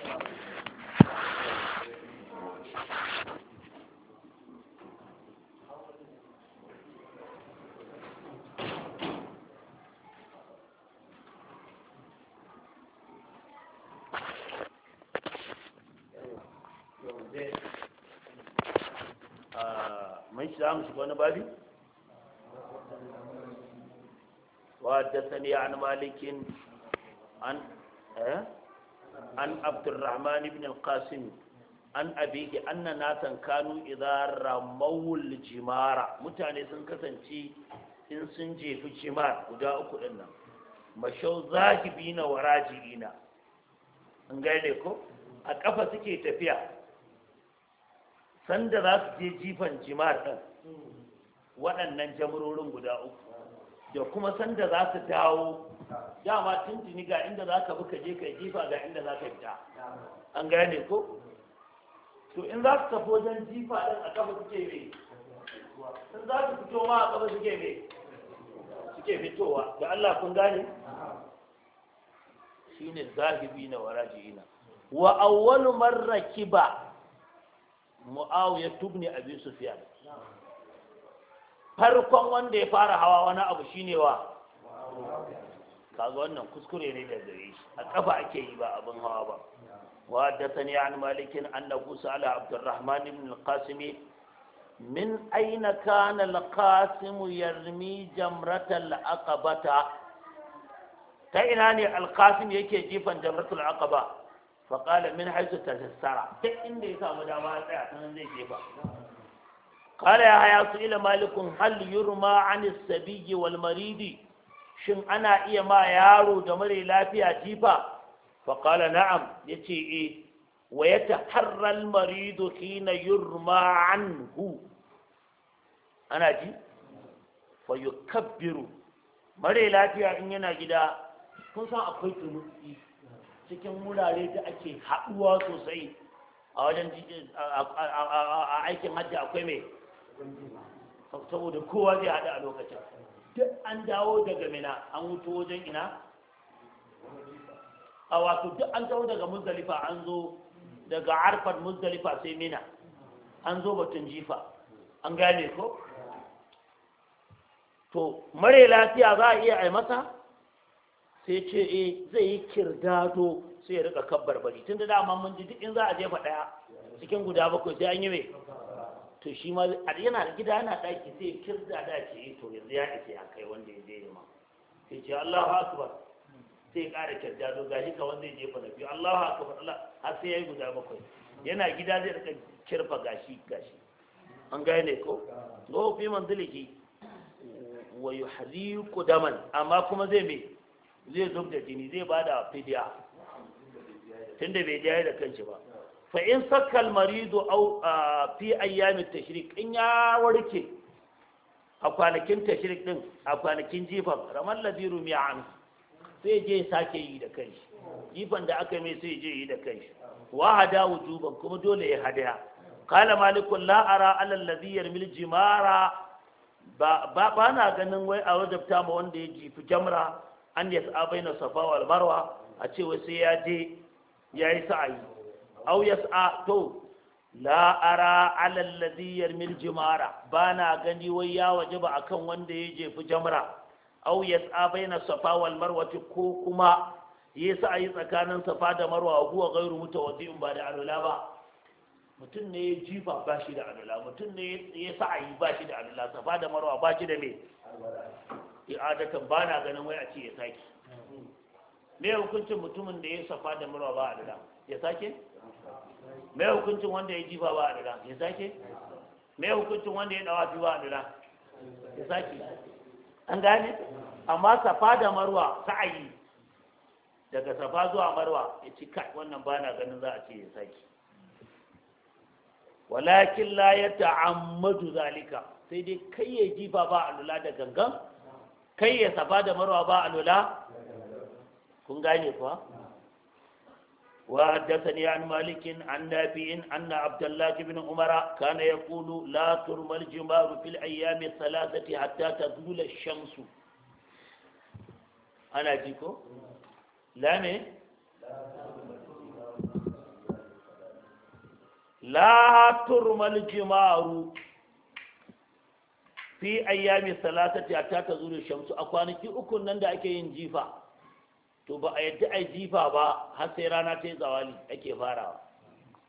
من shi za mu shiga وحدثني عن مالك عن عن عبد الرحمن بن القاسم عن أبيه أن ناسا كانوا إذا رموا الجمار متعني سنكسن شي إن سنجي في الجمار وجاءوا كلنا مشوا ذاهبين وراجعين an gane ko a kafa suke tafiya sanda za su je jifan jima'ar ɗan waɗannan jamarorin guda uku da kuma sanda za su dawo dama tuntuni ga inda za ka buka je ka jifa ga inda za ka fita an gane ko to in za su tafi wajen jifa ɗin a kafa suke mai in za su fito ma a kafa suke mai suke fitowa da Allah kun gane shine zahibi na warajina wa awwalu marrakiba mu'awiya tubni abi sufyan farkon wanda ya fara hawa wani abu shine wa kaga wannan kuskure ne da gare shi a kafa ake yi ba abin hawa ba wa sani an malikin annahu sa'ala abdurrahman ibn al min aina kana al yarmi jamrat aqabata ta ina ne al yake jifan jamratul aqaba faƙala min haisu ta sassara duk inda ya samu dama ya tsaya zai jefa kala ya haya su ila malikun hal yurma an sabiyyi wal shin ana iya ma yaro da mare lafiya jifa faƙala na'am ya e wa ya taharra al maridu hina yurma ana ji fa mare lafiya in yana gida kun san akwai tunutsi cikin wurare da ake haɗuwa sosai a wajen aikin hajji akwai mai saboda kowa zai haɗu a lokacin duk an dawo daga mina an wuto wajen ina a wato duk an dawo daga muzdalifa an zo daga harfar muzdalifa sai mina an zo batun jifa an gane ko to mare lafiya za a iya aimata? masa sai ce e zai yi kirdato sai ya rika kabbar bari tun da dama mun ji duk in za a jefa daya cikin guda bakwai sai an yi mai to shi ma yana da gida yana daki sai ya kirda da ce eh, to yanzu ya isa ya kai wanda ya je ma sai ce Allahu akbar sai ya kara ga gashi ka wanda ya jefa na biyu Allahu akbar Allah har sai yi guda bakwai yana gida zai rika kirfa gashi gashi an ne ko go fi manziliki wa yuhadiku daman amma kuma zai mai zai zub da jini zai bada da fidiya tunda bai jaye da kanci ba fa in Marizu maridu au fi ayyamin tashrik in ya warke a kwanakin tashrik din a kwanakin jifan ramal ladhi rumiya an sai je sake yi da kanci jifan da aka mai sai je yi da kanci wa hada wujuban kuma dole ya hadaya qala malikun la ara ala alladhi yarmil jimara ba ba na ganin wai a wajabta ma wanda ya jifi jamra an ya sa'a bai na safa wal marwa a ce wai sai ya je ya yi sa'ayi au ya sa'a to la ara alallazi yarmil jimara ba na gani wai ya waje ba akan wanda ya jefi jamra au ya sa'a bai na safa wal marwa ko kuma ya yi sa'ayi tsakanin safa da marwa a huwa gairu mutawaddi'in ba da alula ba mutum ne ya jifa ba shi da alula mutum ne ya sa'ayi ba shi da alula safa da marwa ba shi da me i'adatan ba na ganin wai a ce ya sake me hukuncin mutumin da ya safa da murwa ba a dada ya sake me hukuncin wanda ya jifa ba a dada ya sake me hukuncin wanda ya dawa ba a dada ya sake an gane amma safa da marwa sa'ayi daga safa zuwa marwa ya ci kai wannan ba na ganin za a ce ya sake walakin la ya ta'ammadu zalika sai dai kai ya jifa ba a lula da gangan kai ya safa da marwa ba alula kun gane kuwa وحدثني عن مالك عن نافع أن عبد الله بن عمر كان يقول لا ترمى الجمار في الأيام الثلاثة حتى تزول الشمس أنا أجيكو لا مي لا ترمى الجمار fi ayyami salatati hatta tazuru shamsu a kwanaki uku nan da ake yin jifa to ba a yadda ai jifa ba har sai rana ta yi ake farawa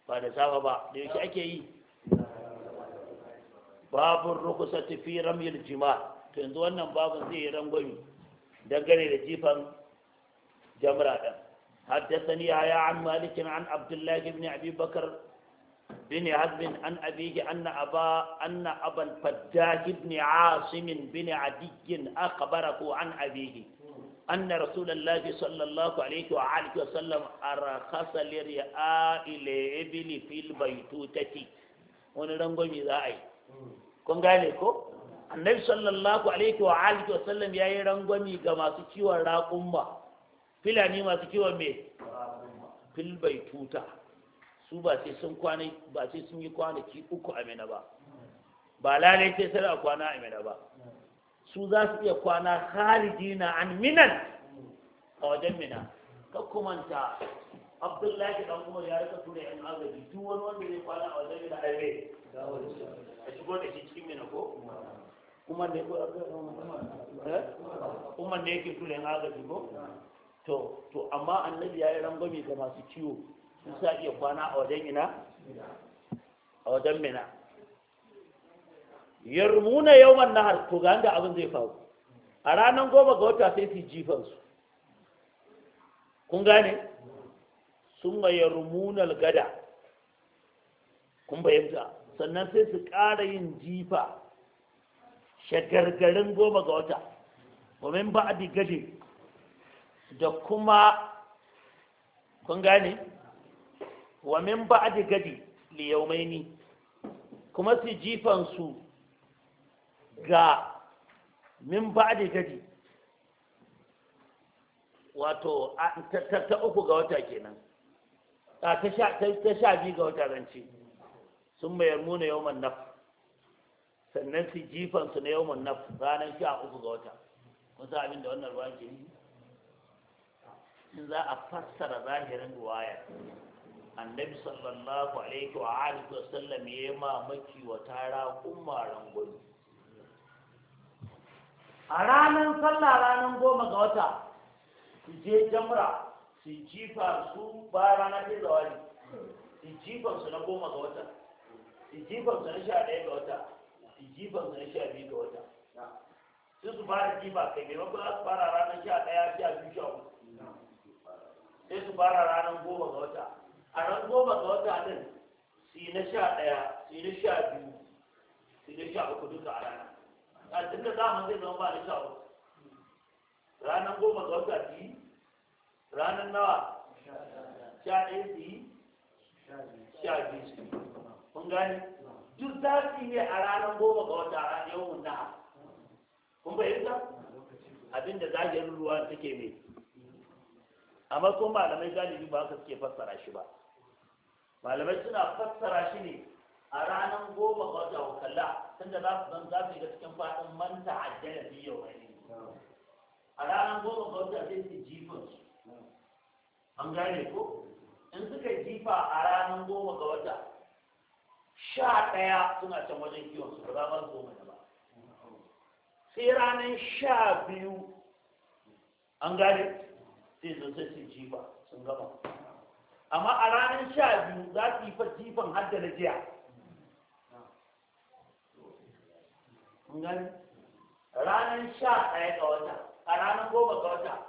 ba da safa ba da yake ake yi babun rukusati fi Ramil jima to yanzu wannan babu zai yi rangwami dangane da jifan jamra din حدثني يا عن مالك عن عبد الله بن ابي بكر بن عزم عن أبيه أن أبا أن أبا الفجاج بن عاصم بن عدي أخبره عن أبيه أن رسول الله صلى الله عليه وآله وسلم أرخص لرعاء الإبل في البيتوتة ونرنغمي ذاعي kun gane ko annabi sallallahu alaihi wa alihi wa sallam yayi rangwami ga masu kiwon raƙumma filani masu kiwon me fil baituta su ba sai sun kwana ba sai sun yi kwanaki uku a mina ba ba lalai sai sai a kwana a mina ba su za su iya kwana na an minan a wajen mina kumanta abdullahi dan kuma ya rika tura yan agaji duk wani wanda zai kwana a wajen mina aibe a shigo da shi cikin mina ko Kuma ne ko kuma eh? ne yake tura yan agaji ko to to amma annabi ya yi rangwame ga masu ciwo musa sa iya kwana a wajen ina a wajen mina yarmuna yawan nahar to ga da abin zai faru a ranar goma ga wata sai su jifansu kun gane sun ma yarmunar gada kun bayyanta sannan sai su ƙara yin jifa shagargarin goma ga wata domin ba a da kuma kun gane wa min ba'di gadi li yawmaini kuma su jifan su ga min ba'di gadi wato ta uku ga wata kenan ta sha biyu ga wata zance sun bayar muna yawman naf sannan su jifan su na yawman naf ranar sha uku ga wata kusa abin da wannan ruwan ke yi? in za a fassara zahirin ruwayar annabi sallallahu alaihi wa alihi wasallam ya yi mamaki wa tara umma rangwani a ranar sallah ranar goma ga wata su je jamra su jifa su ba rana da wani, su jifan su na goma ga wata su jifan su na sha ɗaya ga wata su jifan su na sha biyu ga wata su su fara jifa kai maimakon za su fara ranar sha ɗaya sha biyu sha uku sai su fara ranar goma ga wata a ran goma ga wata nan si na sha ɗaya si na sha biyu si na sha uku duka a rana a tunda zaman zai zama ba na sha uku ranar goma ga wata biyu ranar nawa sha ɗaya su yi sha biyu su kun gani duk za su ne a ranar goma ga wata a mun na kun bayyanta abinda zagen ruwa take mai amma kuma malamai galibi ba haka suke fassara shi ba malamai suna fassara shi ne a ranar goma ga wata wakalla tunda za su zan za su ga cikin faɗin manta a jalabi yau a A ranar goma ga wata zai su shi an gane ko in suka jifa a ranar goma ga wata sha ɗaya suna can wajen kiwon su ba za su goma da ba sai ranar sha biyu an gane sai zo sai su jifa sun gaba amma a ranar sha biyu za su yi fatifan hadda na jiya ranar sha ɗaya ga wata a ranar goma ga wata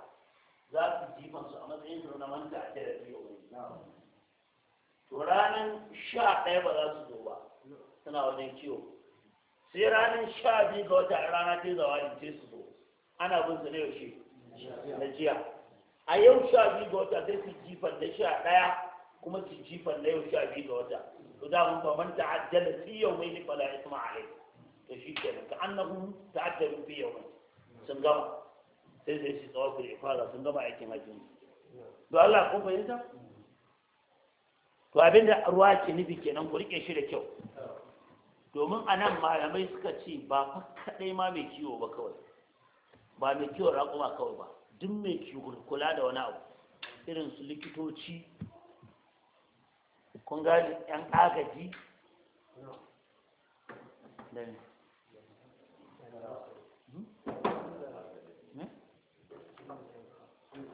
za su jifan su a matsayin su na manta a tare da yau to ranar sha ɗaya ba za su zo ba suna wajen kiwo sai ranar sha biyu ga wata a rana ta zawa in ce su zo ana bin su ne yaushe na jiya a yau sha biyu ga wata sai su jifan da sha ɗaya kuma su jifan na yau sha biyu ga wata to da mun faman ta'ajjala fi yau mai la isma alai to shi ke nan ka ta ta'ajjalu fi yau sun gama sai sai shi tsawon kuri fara sun gama aikin hajjin to Allah kun fahimta to abinda ruwa ke nufi kenan ku rike shi da kyau domin a nan malamai suka ce ba fa kaɗai ma mai kiwo ba kawai ba mai kiwo raƙuma kawai ba duk mai kula da wani abu irin su likitoci kun gani yan agaji hmm? Hmm?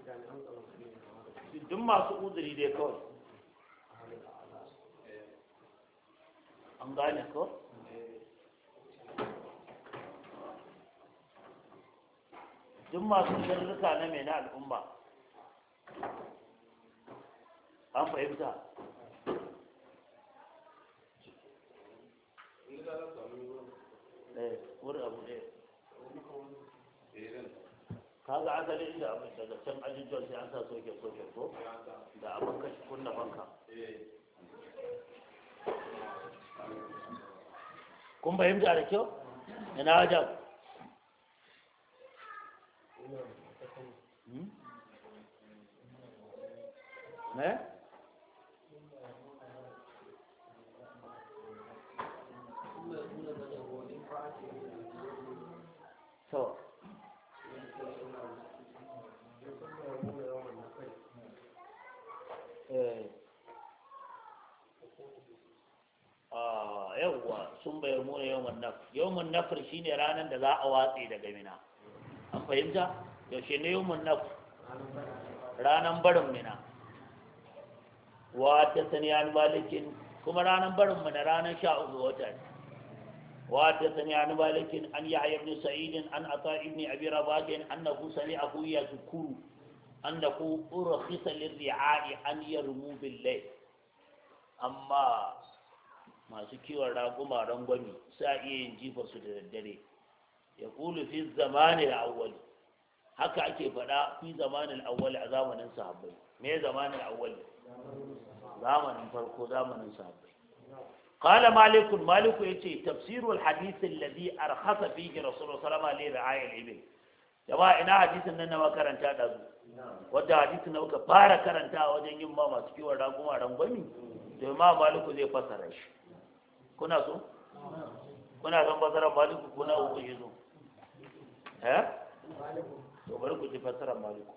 duk masu uzuri dai kawai an gane kawai duk masu sharruka na mai na al'umma an fahimta eh, kaga asali inda abu daga can ajujuwan sai an sa soke soke ko da abin kashi kunna banka kun fahimta da kyau ina wajen ne? to yawwa sun bayar yawan yawan shine ranar da za a watse daga mina an fahimta yaushe ne mun naku ranan barin mina wata sani an malikin kuma ranan barin mina ranan sha uku wata ne wata sani an malikin an yi ibn sa'idin an ata a abi rabatin an sami'a sani a annahu urkhisa kuru an an yi bil layl amma masu kiwon raguma rangwami sa iya yin jifa su da daddare ya kulu fi zamanin awali haka ake fada fi zamanin awali a zamanin sahabbai me zamanin awali zamanin farko zamanin sahabbai kala malikun maliku ya ce tafsirul hadisin ladi arhasa fi ji rasulun salama ne da ayin ibe jama ina hadisin nan na karanta da zu wadda hadisin na muka fara karanta a wajen yin ma masu kiwon raguma rangwami domin ma maliku zai fasara shi kuna so kuna son fasara maliku kuna uku yi zo ha to bari ku ji fassarar maliku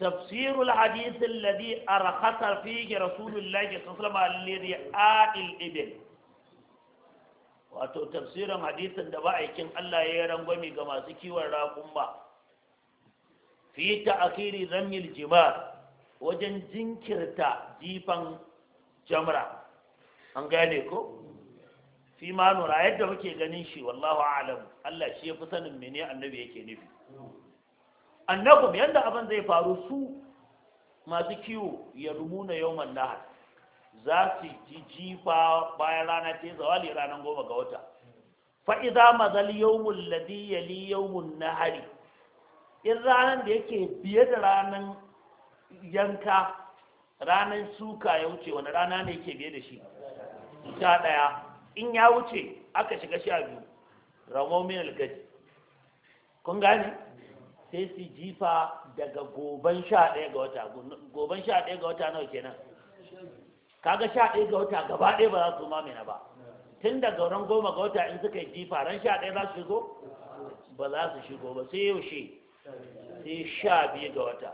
تفسير wato tafsirin hadisin da ba ba'aikin Allah ya yi rangwami ga masu kiwon raƙun ba fi ta akiri zammil wajen jinkirta jifan jamra an gane ko fi ma nura yadda muke ganin shi wallahu alam Allah shi yafi sanin mene annabi yake nufi annakum yanda abin zai faru su masu kiwo ya rumuna yawan nahar za su ji jifa bayan rana ce zawali ranar goma ga wata fa'iza mazal Ladi, yali yawmun nahari in ranar da yake biye da ranar yanka ranar suka ya wuce wani rana ne ke biye da shi sha ɗaya in ya wuce aka shiga sha biyu ramo min alkaji kun gani sai su jifa daga goban sha ɗaya ga wata goban sha ɗaya ga wata nawa kenan kaga sha ɗaya ga wata gaba ɗaya ba za su mina ba tun daga ran goma ga wata in suka yi jifa ran sha ɗaya za su shigo ba za su shigo ba sai yaushe sai sha biyu ga wata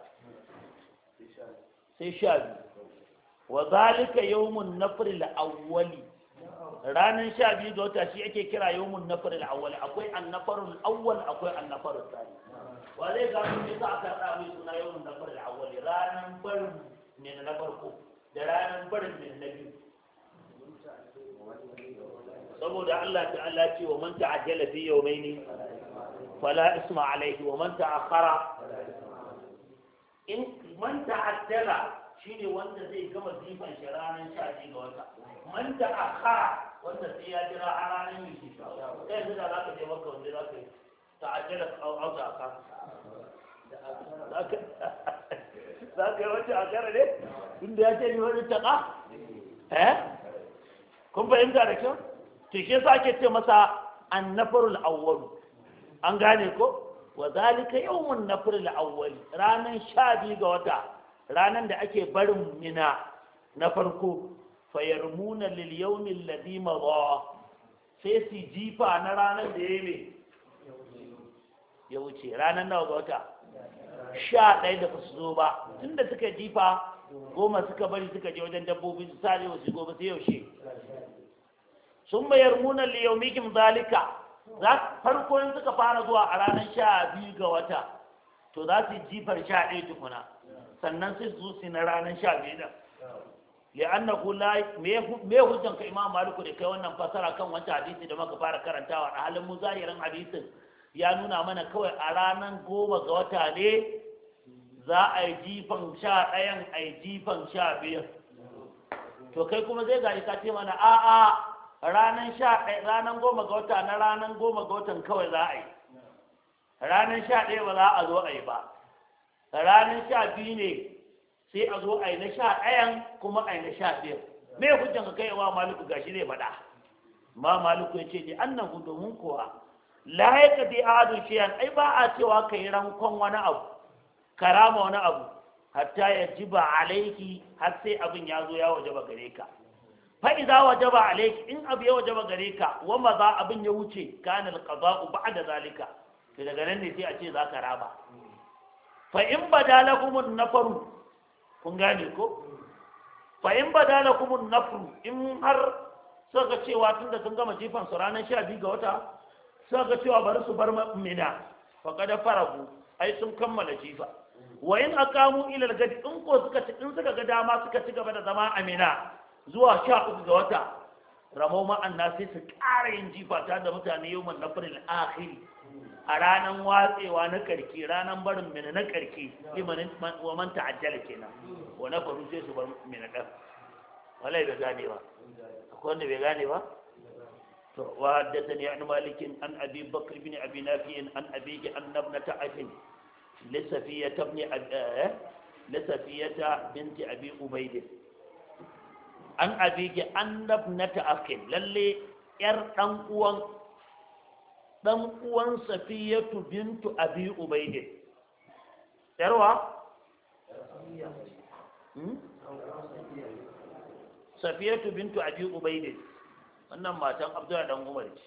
sai sha biyu wa zalika yawmun nafr al-awwali ranan sha biyu ga wata shi ake kira yawmun nafr al-awwali akwai annafarul awwal akwai annafarul thani wa zai ga mun bisa aka rada mai suna yawmun nafr al-awwali ranan barin ne na farko da ranan barin ne na biyu saboda Allah ta'ala ce wa man ta'ajjala fi yawmaini fala isma alayhi wa man ta'akhkhara in man shi ne wanda zai gama zifan shi ranar sha biyu ga wata man da aka wanda sai ya jira a ranar yi shi ta yanzu da za ka je maka wanda za ka yi ta'addala auta a kan za ka yi wacce a kara ne inda ya ce ni wani taƙa eh kun fahimta da kyau to shi yasa ake ce masa annafarul awwalu an gane ko wa zalika yawmun nafr al-awwal ranan biyu ga wata ranan da ake barin mina na farko fayarmuna lil yawmi alladhi madha sai su jifa na ranan da yayi ya wuce ranan nawa ga wata sha ɗaya da su zo ba tunda suka jifa goma suka bari suka je wajen dabbobi su sare wasu gobe sai yaushe sun bayar muna liyaumihim zalika farko yin suka fara zuwa a ranar sha biyu ga wata to za su jifar sha ɗaya tukuna sannan sai su su na ranar sha biyu da na kula me hujjan ka imam maliku da kai wannan fasara kan wancan hadisi da muka fara karantawa a halin zahirin hadisin ya nuna mana kawai a ranar goma ga wata ne za a yi jifan sha ɗayan a yi jifan sha biyar to kai kuma zai gari ka ce mana a'a Ranan sha ɗaya ranan goma ga wata na ranan goma ga watan kawai za a yi Ranan sha ɗaya ba za a zo a yi ba Ranan sha biyu ne sai a zo a yi na sha ɗayan kuma a yi na sha biyar me hujjan ka kai wa maliku gashi zai faɗa ma maluku ya ce ni annahu domin kowa la a bi shi yan ai ba a cewa ka yi rankon wani abu karama wani abu hatta ya jiba alaiki har sai abin ya zo ya waje ba gare ka fa'iza waje ba alaiki in abu ya waje ba gare ka wa maza abin ya wuce kanil qaza'u ba'da zalika to daga nan ne sai a ce za ka raba fa in badalakumun nafaru kun gane ko fa in badalakumun nafaru in har suka cewa tunda sun gama jifan su ranar 12 ga wata suka cewa bari su bar mina fa kada farahu ai sun kammala jifa wa in aqamu ila al-gadi in ko suka ci in suka ga dama suka ci gaba da zama amina zuwa sha uku ga wata ramau ma'anna sai su ƙara yin jifa ta da mutane yau man nafirin akhiri a ranar watsewa na karke ranar barin mina na karke limanin wa man ta'ajjala kenan wa na faru sai su bar mina ɗan walai bai gane ba akwai wanda bai gane ba To وحدثني عن مالك عن ابي بكر بن ابي نافع عن ابيه ان ابنه عف لسفيه بن أب... ta binti ابي عبيد an abige annab na ta'akin lalle yar dan uwan dan uwan safiyatu bintu abi ubaidin yarwa hmm? safiyatu bintu abi ubaidin wannan matan abdullahi dan umar ce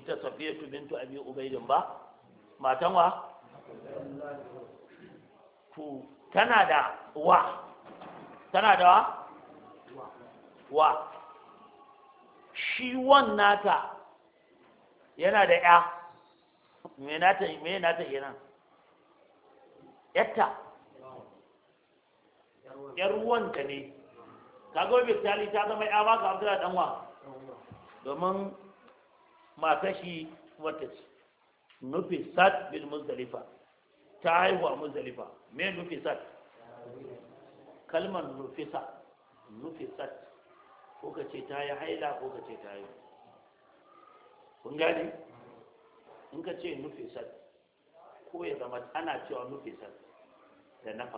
ita safiyatu bintu abi ubaidin ba matan wa to tana da wa tana da wa wa shi nata yana da ya me nata me nata kenan yatta yar ne kaga tali ta zama ya maka abdullahi danwa domin matashi wata ce nufi sat bin muzdalifa ta haihuwa muzdalifa me nufi sat kalmar nufi sat nufi sat ko ka ce ta yi haila ko ka ce ta yi kun gani in ka ce nufisar ko ya zama ana cewa nufisar da nufi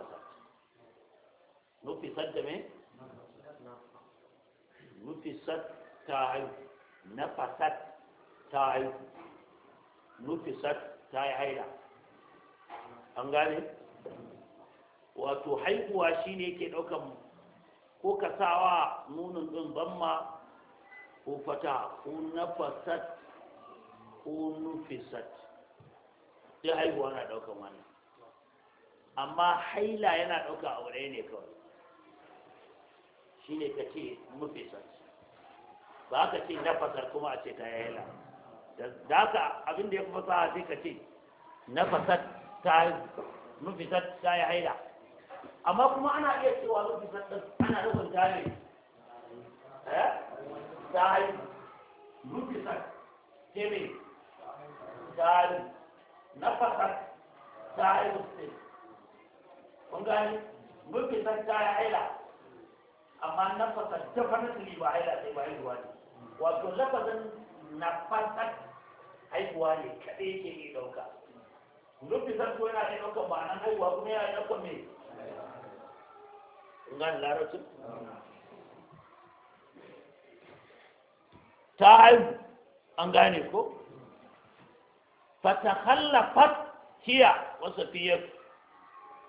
nufisar da me? nufisar ta haihu nafasar ta nufi nufisar ta yi haila an gani wato haihuwa shine ke ɗaukan ko ka wa nunin ɗin bamma ko fata ko nafasat ko nufisat sai haihuwa na ɗaukan wannan amma haila yana ɗauka a wurare ne kawai shi ne ka ce nufisat ba ka ce nafasar kuma a ce ta haila da haka abin da ya kuma sa sai ka ce nafasat ta nufisat ta yi haila amma kuma ana iya cewa nufisat ɗin ana nufin ta ne eh? ta haihu rufisan kebe ta haihu na fasar ta haihu ce kun gani rufisan ta yi aila, amma na fasar definitely ba aila sai ba haihuwa ne wato lafazin na fasar haihuwa ne kaɗai ke ɗauka rufisan ko yana ɗaukan ba nan haihuwa kuma yana ɗaukan mai kun gane larabcin ta haihu an gane ko fatakhallafat hiya wa safiya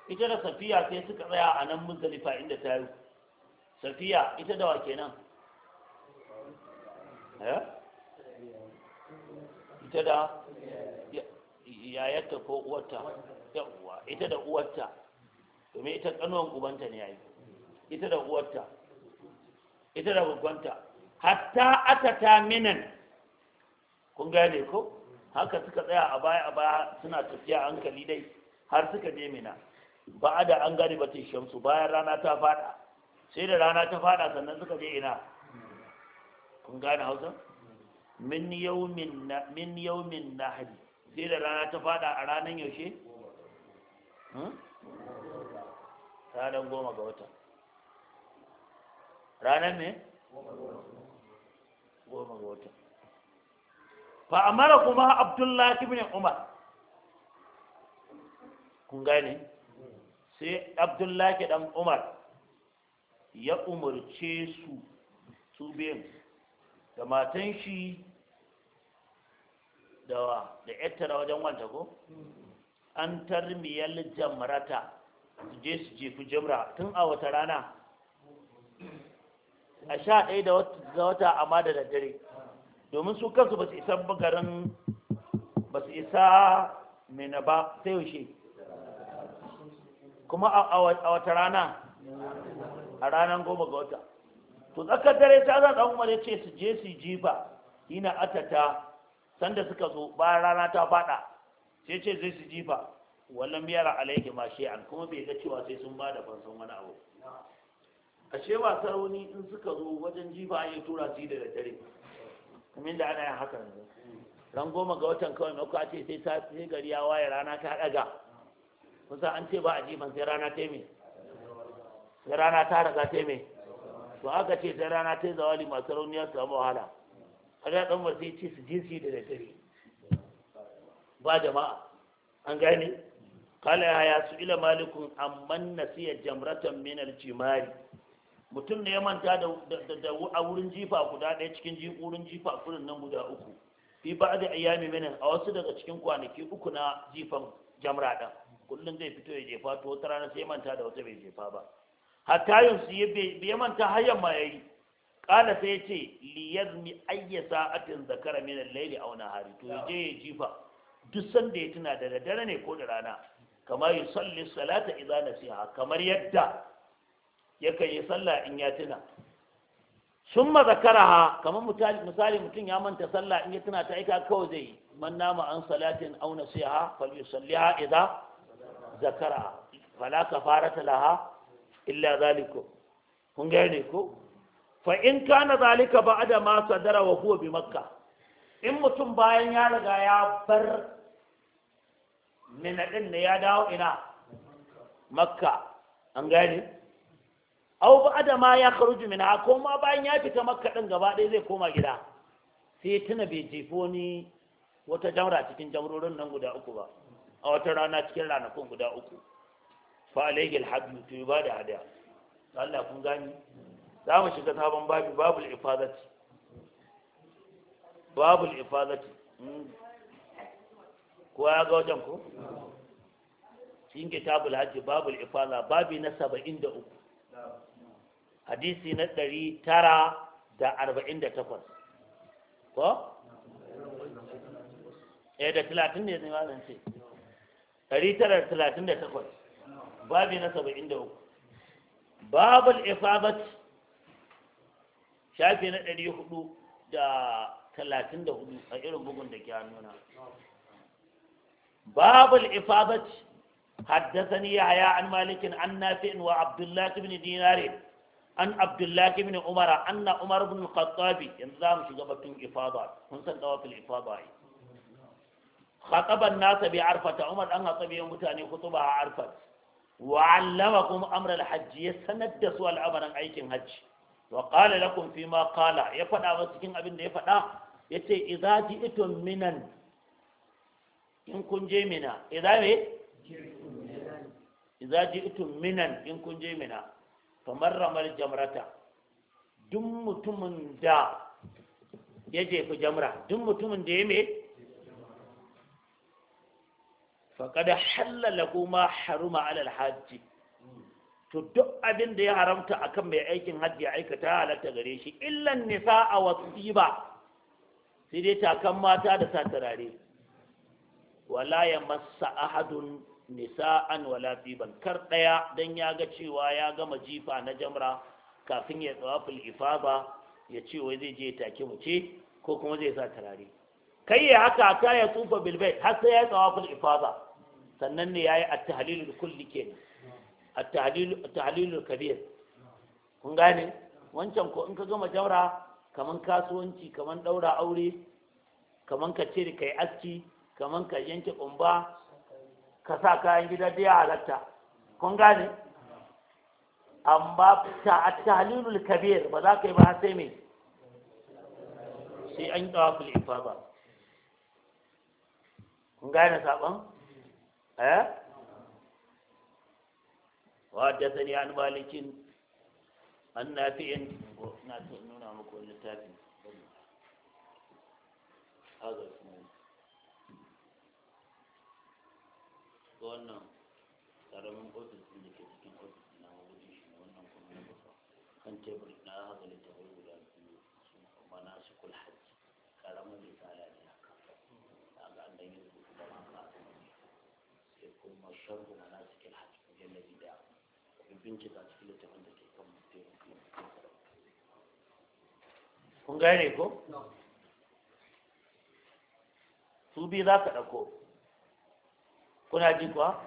ita da safiya sai suka tsaya a nan muzdalifa inda ta yi safiya ita da wa kenan eh? ita da yayarta ko uwarta yawwa ita da uwarta domin ita kanuwan ubanta ne ya yi. ita da uwarta ita da babbanta hatta ta minan kun gane ko haka suka tsaya a baya a baya suna tafiya hankali dai har suka je mina ba da an gane batun shamsu bayan rana ta fada sai da rana ta fada sannan suka je ina kun gane hausa min yaumin na min sai da rana ta fada a ranan yaushe hmm? ranar goma ga wata ranar ne goma ga wata fa amara kuma abdullahi ibn umar kun gane sai abdullahi dan umar ya umarce su su biyan da matan shi da yattara wajen wanta ko an tarmiyar jamrata su je su jefi jamra tun a wata rana a sha ɗaya da wata amma da daddare domin su kansu ba su isa garin ba su isa mena ba sai yaushe kuma a wata rana a ranar goma ga wata to tsakar dare ta za ta umar ya ce su je su jifa ina atata sanda suka zo bayan rana ta faɗa sai ce zai su jifa wallan biyar alaiki ma shi'an kuma bai ga cewa sai sun ba da fansan wani abu ashe ba sarauni in suka zo wajen jifa ya tura su da daddare kamar da ana yin haka ne ran goma ga watan kawai mako a ce sai ta sai gari ya waye rana ta daga kusa an ce ba a jifan sai rana ta me sai rana ta daga ta me to aka ce sai rana ta zawali masu rauni ya samu wahala har ya dan wasu ce su ji su da daddare ba jama'a an gane kala ya su ila malikun amman nasiya jamratan minar jimari mutum ne ya manta da a wurin jifa guda ɗaya cikin wurin jifa kudin nan guda uku fi ba da ayyami minin a wasu daga cikin kwanaki uku na jifan jamra ɗan kullum zai fito ya jefa to wata rana sai manta da wata bai jefa ba hatta yanzu ya manta har yamma ya yi ƙala sai ya ce liyar mi ayya sa'atin zakara mina laili a wani hari to ya je ya jifa duk sanda ya tuna da dare ne ko da rana kamar ya salli salata idan nasiha kamar yadda yakan yi sallah in ya tuna sun mazakara ha kamar misali mutum ya manta sallah in ya tuna ta aika kawai zai man nama an salatin auna sai ha, nasiha salli ha idza zakara fala fara laha illa zaliku kun ne ko fa in kana zalika ba'da ma sadara wa huwa bi makka in mutum bayan ya riga ya bar minadin ne ya dawo ina makka an gane ba da ma ya kharuju minha ko ma bayan ya fita makka din gaba ɗaya zai koma gida sai tuna bai jefo ni wata jamra cikin jamrorin nan guda uku ba a wata rana cikin ranakun guda uku fa alayhi alhadu to yi bada hadiya Allah kun gani za mu shiga sabon babu babu ifadati babul ifadati hmm. ko ya ga wajen ko cikin kitabul hajji babu ifada babi na 73 hadisi na ɗari tara da arba'in da takwas ko? ɗaya eh, da talatin ne zan ce ɗari tara da talatin da takwas babi na saba'in da uku babul ifabat shafi na ɗari hudu da talatin da hudu a irin bugun da ke hannuna babul ifabat حدثني يحيى عن مالك عن نافع وعبد الله بن دينار an abdullahi umara, umar anna umar bin al Yanzu yanzu zamu shiga batun ifada mun san tawaful ifada yi. khataban nas bi arfata umar dan hatsabi yan mutane khutuba a arfat wa allamakum amr al hajji ya sanar da su al'amarin aikin hajji wa qala lakum fi ma qala ya fada ba cikin abin da ya fada yace idza ji'tum minan in kun je mina idza me idza ji'tum minan in kun je mina kamar ramar jamrata duk mutumin da ya jefi jamra duk mutumin da ya me faƙada hallala kuma haruma alal hajji to duk abin da ya haramta akan mai aikin hajji aikata halatta gare shi illan nisa a wasiba sai dai takan mata da sa turare wala ya masa ahadun nisa'an wala tiban kar daya dan ya ga cewa ya gama jifa na jamra kafin ya tsawaful ifaba ya ce wai zai je take mu ce ko kuma zai sa tarare. kai ya haka ta ya tsufa bilbai har sai ya tsawaful ifaba sannan ne yayi at-tahlilul kulli kenan at-tahlilul kabir kun gane wancan ko in ka gama jamra kaman kasuwanci kaman ɗaura aure kaman ka ce kai aski kaman ka yanke ƙumba. ka sa kayan gida da ya halatta kun gane amma ta tahlilul kabir ba za ka yi ba sai me sai an tawaful ifada kun gane saban eh wa sani an malikin an nafi'in na nuna muku littafin هذا ga wannan karamin ofis ɗin da ke cikin ofis na wajen shi na wannan kuma na kusa kan tebur na haka da tebur guda biyu su kuma na su kul hajji karamin risala ne haka a ga an dangi su kuma haka a kuma ne sai kuma sharhu na na cikin hajji wajen na bida kuma bincika cikin littafin da ke kan mutum kun gane ko? su biyu za ka ɗauko kuna ji kuwa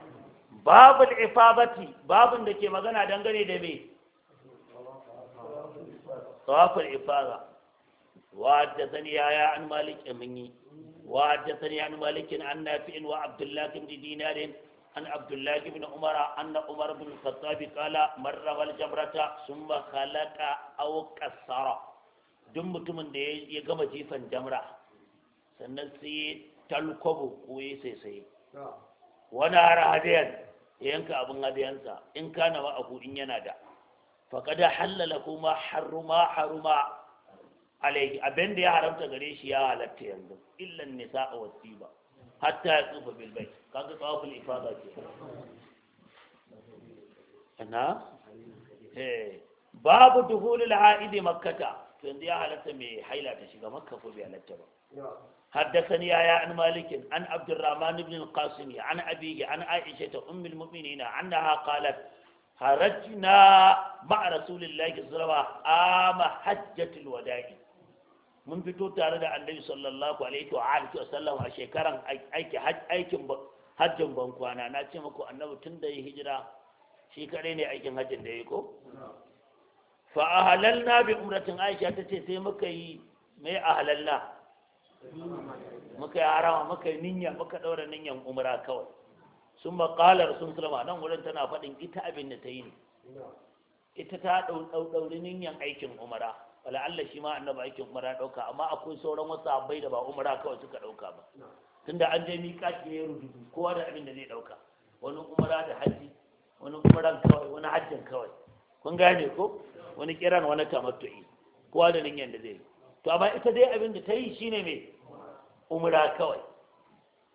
babul ifabati babun da ke magana dangane da me tawaful ifaza wa haddathani ya ya an eh, mun yi. wa haddathani an malik an nafi'in wa abdullah ibn dinarin an abdullah ibn umar an umar ibn khattab qala marra wal jamrata summa khalaqa aw kasara duk mutumin da ya gama jifan jamra sannan sai talkobo ko sai sai wani har hadayan yanka abin hadiyansa in kana ma abu in yana da faƙada hallala kuma haruma haruma alaihi abin da ya haramta gare shi ya halatta yanzu illan nisa a wasiba hatta ya tsufa bilbai kaga tsawafin ifada ke na eh. babu duhulul ha'idi makkata to yanzu ya halatta mai haila ta shiga makka ko bai halatta ba حدثني يا عن مالك عن عبد الرحمن بن القاسم عن أبيه عن عائشة أم المؤمنين عنها قالت خرجنا مع رسول الله صلى الله عليه وسلم عام حجة mun fito tare da annabi sallallahu alaihi wa alihi a shekaran aikin hajjin ban kwana na ce muku annabi tun da ya hijira shi kadai ne aikin hajjin da ya ko fa ahlalna bi umratin aisha tace sai muka yi mai halalla? muka yi harama muka yi ninya muka ɗaura ninyan umra kawai sun maƙalar sun sulama nan wurin tana faɗin ita abin da ta yi ne ita ta ɗauri niyyan aikin umara. wala Allah shi ma annaba aikin umara ɗauka amma akwai sauran wasu abai da ba umara kawai suka ɗauka ba tunda an je miƙa ka ke rubutu kowa da abin da zai ɗauka wani umara da haji wani umran kawai wani hajjin kawai kun gane ko wani kiran wani tamattu'i kowa da ninyan da zai yi to amma ita dai abin da ta yi shine mai umra kawai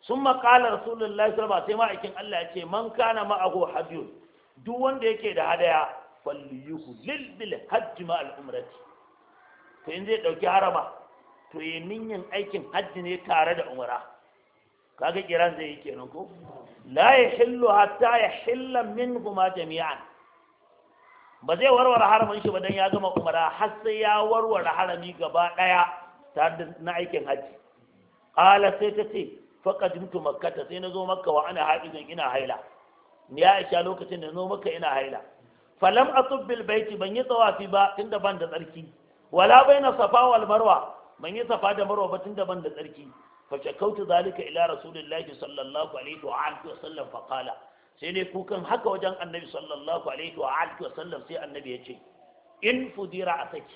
sun makala rasulullahi sallallahu sai ma'aikin Allah ya ce man kana ma'ahu hadiyun duk wanda yake da hadaya falyuhu lil bil hajji ma al to in zai dauki harama to yi niyyar aikin hajji ne tare da umra kaga kiran zai yi kenan ko la yahillu hatta yahilla minhuma jami'an ba zai warware haramin shi ba dan ya gama umra har sai ya warware harami gaba daya tare da na aikin hajji Ƙala sai ta ce faqadimtu makkata sai na zo makka wa ana haɗin ina haila ni aisha lokacin da zo makka ina haila falam atub bil baiti ban yi tsawafi ba tun da ban da tsarki wala baina safa wal marwa ban yi safa da marwa ba tun da ban da tsarki fa shakautu zalika ila rasulillahi sallallahu alaihi wa alihi wa sallam fa qala sai ne kukan haka wajen annabi sallallahu alaihi wa alihi wa sallam sai annabi ya ce in fudira saki.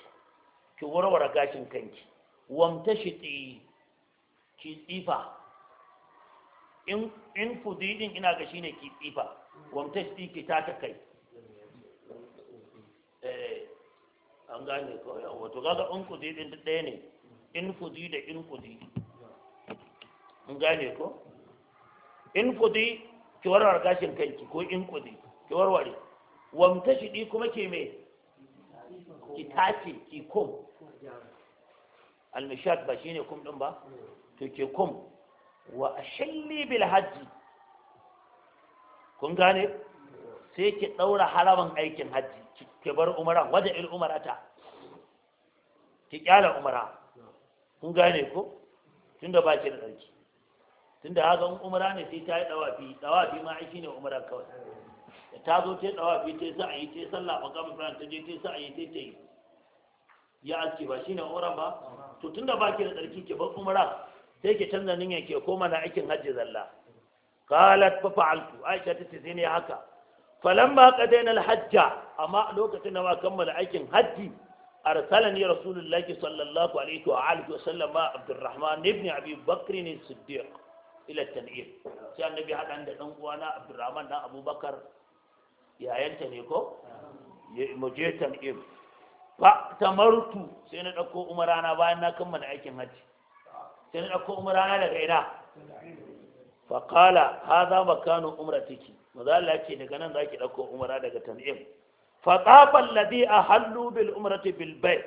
ki warware gashin kanki wamtashiti ki tsifa in fudidin ina ga ne ki tsifa wamta shi ke ta ta kai eh, an gane ko wato kaga in kudidin da ɗaya ne in fudi da in fudi an gane ko in kudi ki warware gashin kanki ko in kudi ki warware wamta shi kuma ke me ki tace ki kum al-mishat ba shine kum din ba take kum wa ashalli bil hajji kun gane sai ki daura haraman aikin hajji ki bar umara waje il umarata ki kyala umara kun gane ko tunda ba ki da tsarki tunda haka in umara ne sai ta yi dawafi dawafi ma aiki ne umara kawai da ta zo ta yi dawafi ta yi za a yi ta yi sallah kama fulani ta je ta yi za a yi ta yi ya aski ba shi ne umara ba to tunda ba ki da tsarki ki bar umara sai ke canza niyya ke koma na aikin hajji zalla qalat fa fa'altu aisha ta ce sai ne haka falamma qadaina al-hajja amma lokacin da ma kammala aikin hajji arsalani rasulullahi sallallahu alaihi wa alihi wa sallam ma abdurrahman ibn abi bakr ibn siddiq ila tan'im sai annabi hada da dan uwana abdurrahman dan abubakar yayanta ne ko mu je tan'im fa tamartu sai na dauko umarana bayan na kammala aikin hajji sai na ɗauko umra na daga ina faƙala ha za makanu umra tiki maza ce daga nan za ki ɗauko umra daga tan'im faƙafan ladi a hannu bil umrati ta bai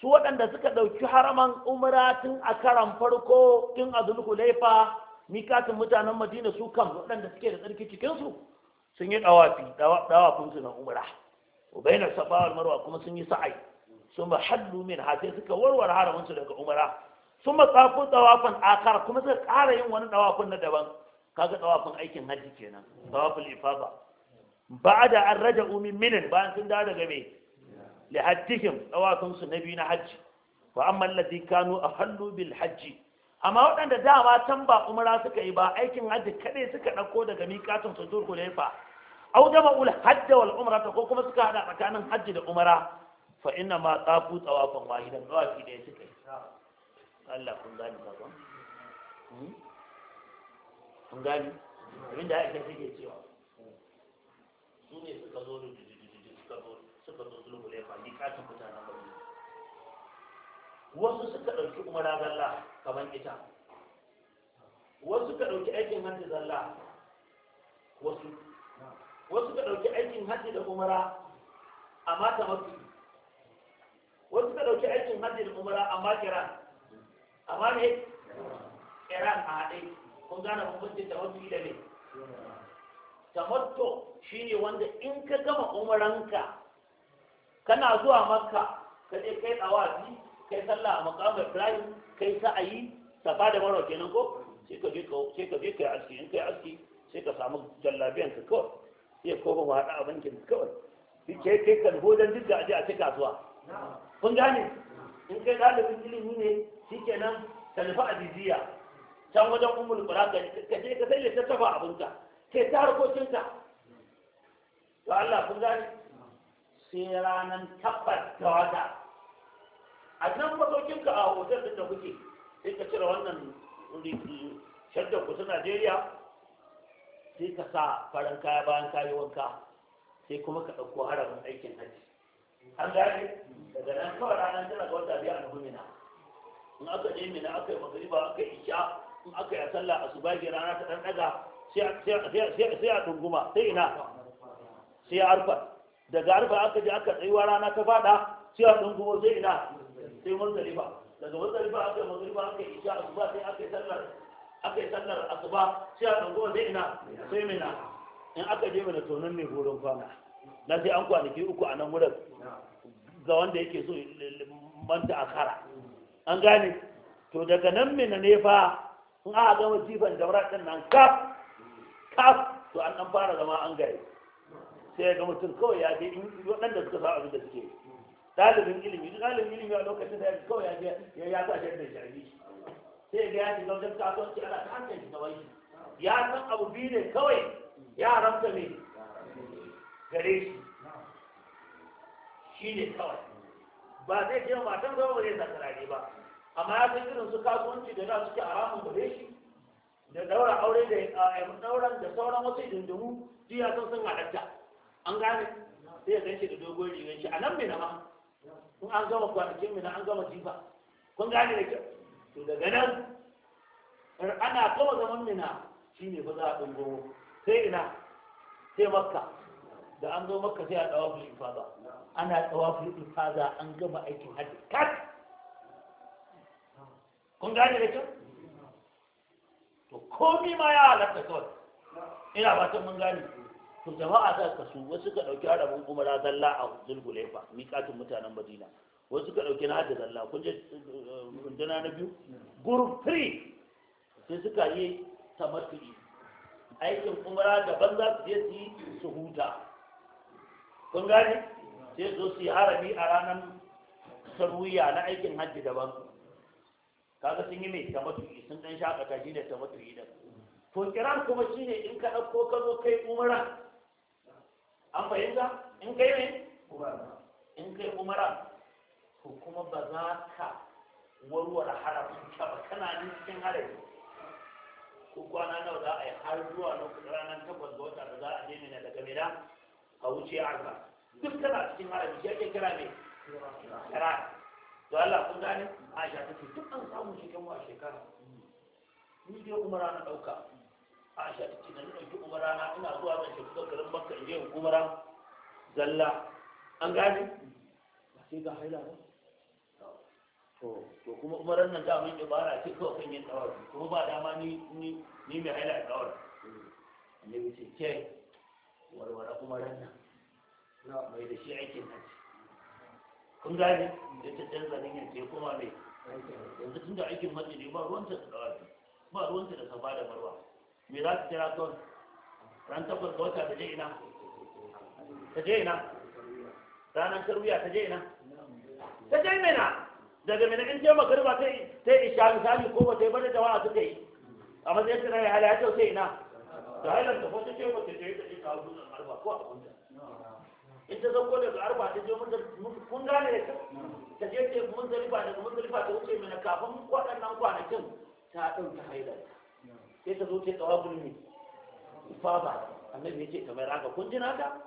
su waɗanda suka ɗauki haraman umra tun a karan farko tun a zulhulaifa mikatin mutanen madina su kan waɗanda suke da tsarki cikinsu sun yi ɗawafi ɗawafinsu na umra ubainar safa marwa kuma sun yi sa'ai sun ba hallu min ha sai suka warware haramansu daga umra sun matsafu tsawafin akara kuma suka ƙara yin wani tsawafin na daban kaga tsawafin aikin hajji kenan tsawafin ifaba ba da an rage umi minin bayan sun dawo daga mai li tsawafin su na biyu na hajji wa amma a kanu bil hajji amma waɗanda dama can ba umara suka yi ba aikin hajji kaɗai suka ɗauko daga miƙatun sojur kulefa au dama ul hajja wal ko kuma suka haɗa tsakanin hajji da umara fa inna ma tsafu tsawafin wahidan tsawafi ɗaya suka yi Allah kun ba sakon hmm? kun gani abin da ake suke cewa su ne suka zo da jijijiji suka zo suka zo sulhu da yafa likafin mutanen bari wasu suka ɗauki umara zalla kamar ita wasu suka ɗauki aikin hajji zalla wasu wasu suka ɗauki aikin hajji da umara a mata mafi wasu suka ɗauki aikin hajji da umara a kira amma ne iran a haɗe kun gane bambanci tamattu da ne shi shine wanda in ka gama umaranka kana zuwa makka ka je kai tsawafi kai sallah a makamar ibrahim kai sa'ayi safa da mara kenan ko sai ka je ka kai aski in kai aski sai ka samu jallabiyan ka kawai sai ko ba haɗa a bankin kawai sai kai kan hodan duk da aje a ci kasuwa kun gane in kai ɗalibin ilimi ne nan ka nufi aziziya can wajen umul kura ka je ka sai littattafa abinka kai ta harkokinka to Allah kun gani sai ranar tabbas da wata a nan masaukinka a hotel da kuke sai ka cire wannan shaddar kusa Najeriya sai ka sa farin kaya bayan kayi wanka sai kuma ka ɗauko haramin aikin hajji an gane daga nan kawai ranar tana ga wata biya na humina in aka je mina aka yi magariba aka yi isha in aka yi sallah a subagi rana ta ɗan ɗaga, sai a dunguma sai ina sai arfa daga arfa aka je aka tsayuwa rana ta faɗa, sai a dungumo sai ina sai muzdalifa daga muzdalifa aka yi magariba aka yi isha asuba sai aka yi sallar aka yi sallar asuba sai a dungumo sai ina sai mina in aka je mina tonon ne gurin kwana na sai an kwanaki uku a nan wurin ga wanda yake so manta akara an gane to daga nan me na nefa in aka gama jifan jamra din nan kaf kaf to an an fara zama an gare sai ga mutum kawai ya je waɗanda suka sa abin da suke ɗalibin ilimi duk ɗalibin ilimi a lokacin da kawai ya je ya ya sa shi da jami'i sai ga ya shiga wajen kasuwanci ana ta hankali shi kawai ya san abu biyu ne kawai ya haramta ne gare shi shi ne kawai ba zai ce matan zama ba zai ne ba amma ya san irin su kasuwanci da za suke a ramin gare shi da daura aure da dauran da sauran wasu idundumu duk ya san sun halatta an gane sai ya ganshi da dogon rigar shi a nan mina ma kun an gama kwanakin mina an gama jifa kun gane da kyau to daga nan er, ana kama zaman mina ne ba za a dungo sai ina sai makka da an zo makka sai a ɗawa bulifa ba ana tsawafin ifaza an gama aikin hajji kat kun gane da kyau to komi ma ya halatta kawai ina fatan mun gane to jama'a za ka su wasu ka ɗauki harabin umara zalla a zulgulefa miƙatin mutanen madina wasu ka ɗauki na hajji zalla kun je eh, rundunar na biyu group 3 sai suka yi tamattu'i aikin umara daban za su je su yi su huta kun gane sai zo su yi harami a ranar sarwiya na aikin hajji daban kaga sun yi mai tamaturi sun dan shakata shi ne tamaturi da to kiran kuma shine in ka ɗauko ka zo kai umara an fahimta in kai ne in kai umara to kuma ba za ka warware haramta ka ba kana nan cikin harami ko kwana nawa za a yi har zuwa lokacin ranar takwas ga wata da za a daina daga gida a wuce arba duk tana cikin harami shi ake kira ne kira to Allah kun gane Aisha ta ce duk an samu shi kan a shekara ni dai umara na dauka Aisha ta ce nan dauki umara na ina zuwa zan shiga garin Makka in je umara zalla an gane ba sai ga haila ba to to kuma umaran nan da mun ibara ce kawai kan yin tsawar kuma ba dama ni ni ni mai haila tsawar ne ce ke warware kuma nan mai da shi aikin hajji kun gane da ta canza niyyar sai kuma mai yanzu tun da aikin hajji ne ba ruwanta da tsawafi ba ruwanta da safa da marwa me za ta kira ton ran takwas ga wata ta je ina ta je ina ranar tarwiya ta je ina ta je ina daga mai in je magarba sai sai isha misali ko wata bada da wani suka yi a matsayin su na mai halayyar sai ina da halar ta ko ta ce wata ce ta ce ta hudu na marwa ko a kunda in ta zauko daga arba ta je mun gane da kyau ta je ta munzalifa daga ba ta wuce mana kafin waɗannan kwanakin ta ɗauki haidar sai ta zo ta yi tsawon fa ba annabi ya ce kamar haka kun ji naka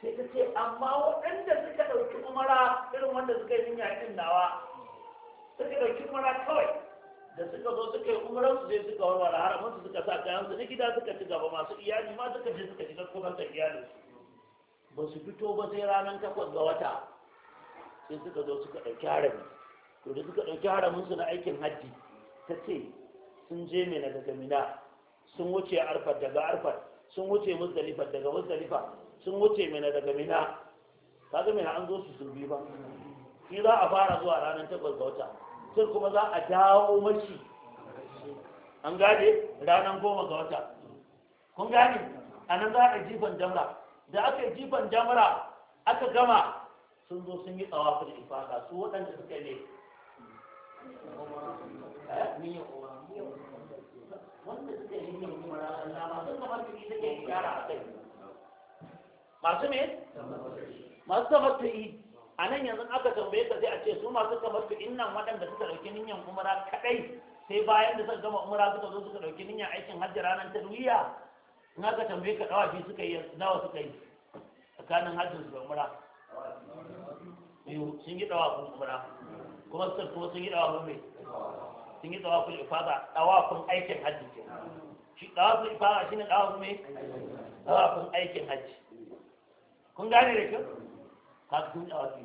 sai ta ce amma waɗanda suka ɗauki umara irin wanda suka yi niyya ɗin nawa suka ɗauki umara kawai da suka zo suka yi umaran su sai suka warware haramun su suka sa kayan su na gida suka ci gaba masu iyali ma suka je suka shiga kuma ta iyalin su ba su fito ba sai ranar takwas ga wata sai suka zo suka ɗauki harami to da suka ɗauki haraminsu na aikin hajji ta ce sun je mai daga mina sun wuce arfar daga arfar sun wuce musdalifa daga musdalifa sun wuce mai daga mina kaga mina an zo su sun bi ba shi za a fara zuwa ranar takwas ga wata sai kuma za a dawo mashi an gane ranar goma ga wata kun gane a nan za a jifan jamla da aka yi jifan jamura, aka gama sun zo sun yi tsawafi da su waɗanda suka yi ne eh? wanda suka yi ne masu tamatiri yi gyara a kai masu me? masu a nan yanzu aka tambaye ka sai a ce su masu in nan waɗanda suka ɗauki niyan umara kaɗai sai bayan da suka gama umara suka zo suka ɗauki niyan aikin hajji ranar tarwiyya in aka tambaye ka kawafi suka yi nawa suka yi tsakanin hajjin su da umra sun yi dawafin mura. kuma sun kuma sun yi dawafin mai sun yi dawafin ifada dawafin aikin hajji ke shi dawafin ifada shine dawafin mai dawafin aikin hajji kun gane da kyau ka sun dawafi